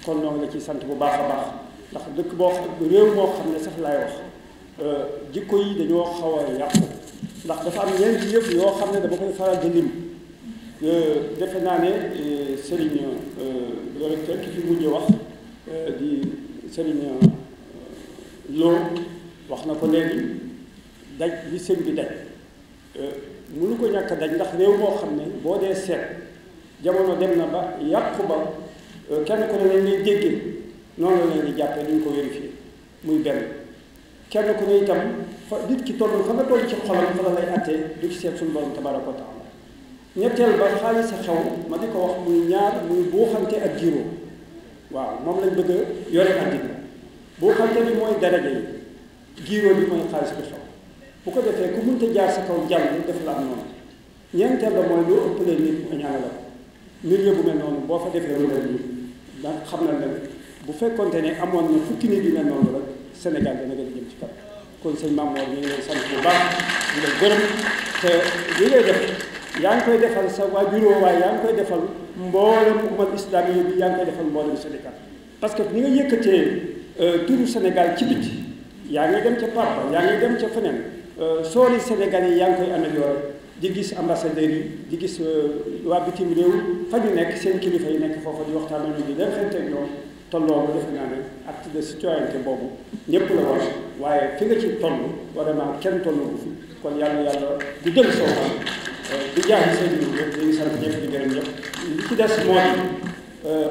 kon noo ngi la ciy sant bu baax a baax ndax dëkk boo xam réew moo xam ne sax wax euh, jikko yi dañoo xaw a yàqu ndax dafa am ñeenti yëpp yoo xam ne dama koy faral di lim euh, defe naa ne euh, sëriñ loolu ki fi mujj wax di sëriñ loo wax na ko léegi daj li sëñ bi daj euh, mënu ko ñàkk daj ndax réew moo xam ne boo dee seet jamono dem na ba yàqu ba euh, kenn ku ne lañ lay déggee noonu la leen di jàppee duñ ko vérifié muy benn kenn ku ne itam fa nit ki toll fa nga toll ci xolam fa la lay attee du ci seet suñu borom tabaraka wa taala ñetteel ba xaalis sa xew ma di ko wax muy ñaar muy buuxante ak jiróo waaw moom lañ bëgg a yore àddina buuxante bi mooy daraja yi giiroo bi mooy xaalis bu soxla bu ko defee ku mënta jaar sa kaw jàng def la am ñeenteel ba mooy loo ëppalee nit mu la milieu bu mel noonu boo fa defee lu mel nii xam na ne bu fekkonte ne amoon na fukki nit yu mel noonu rek Sénégal dana gën a jëm ci kaw kon sëñ Mame Mor ñu ngi lay sant bu baax di la gërëm te li ngay def yaa ngi koy defal sa waajuroo waaye yaa ngi koy defal mboolem umal islam yi yaa ngi koy defal mboolem senegal parce que ni yëkkatee euh, turu Sénégal ci biti yaa ngi dem ca Parpa yaa ngi dem ca feneen euh, soori Sénégal yi yaa ngi koy améliorer di gis ambassadeurs yi di gis euh, waa bitim réew fa ñu nekk seen kilifa yi nekk foofa di waxtaan ak ñoom di dem fenteeg ñoom te loolu defe naa ne acte de citoyenneté ñëpp la war waaye fi nga ci toll vraiment kenn tollu fi kon yàlla yàlla di dem soo xam euh, di jaaxle seen i ñu ngi sant des moo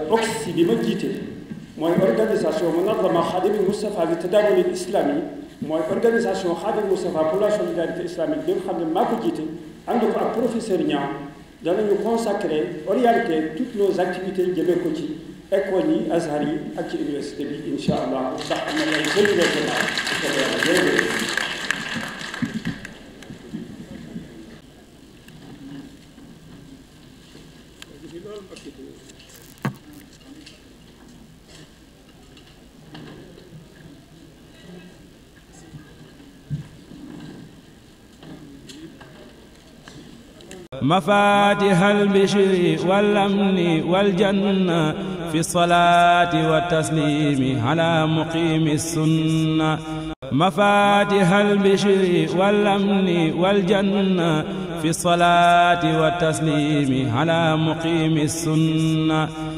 oxy bi ma jiite. mooy organisation munazama xaadimil Moustapha bi tadaawunil islami mooy organisation xaadimil Moustapha pour la solidarité islamique bi nga xam ne maa ko jiite ànd ko ak professeur Niang danañu consacrer orienter toutes nos activités jëmee ko ci école yi Azhar yi ak ci université bi incha allah ndax am na yeneen mafatihal bishri wal amni wal janna fi salaati wa taslimi ala muqimi sunna mafatihal bishri wal amni wal janna fi salaati wa taslimi ala muqimi sunna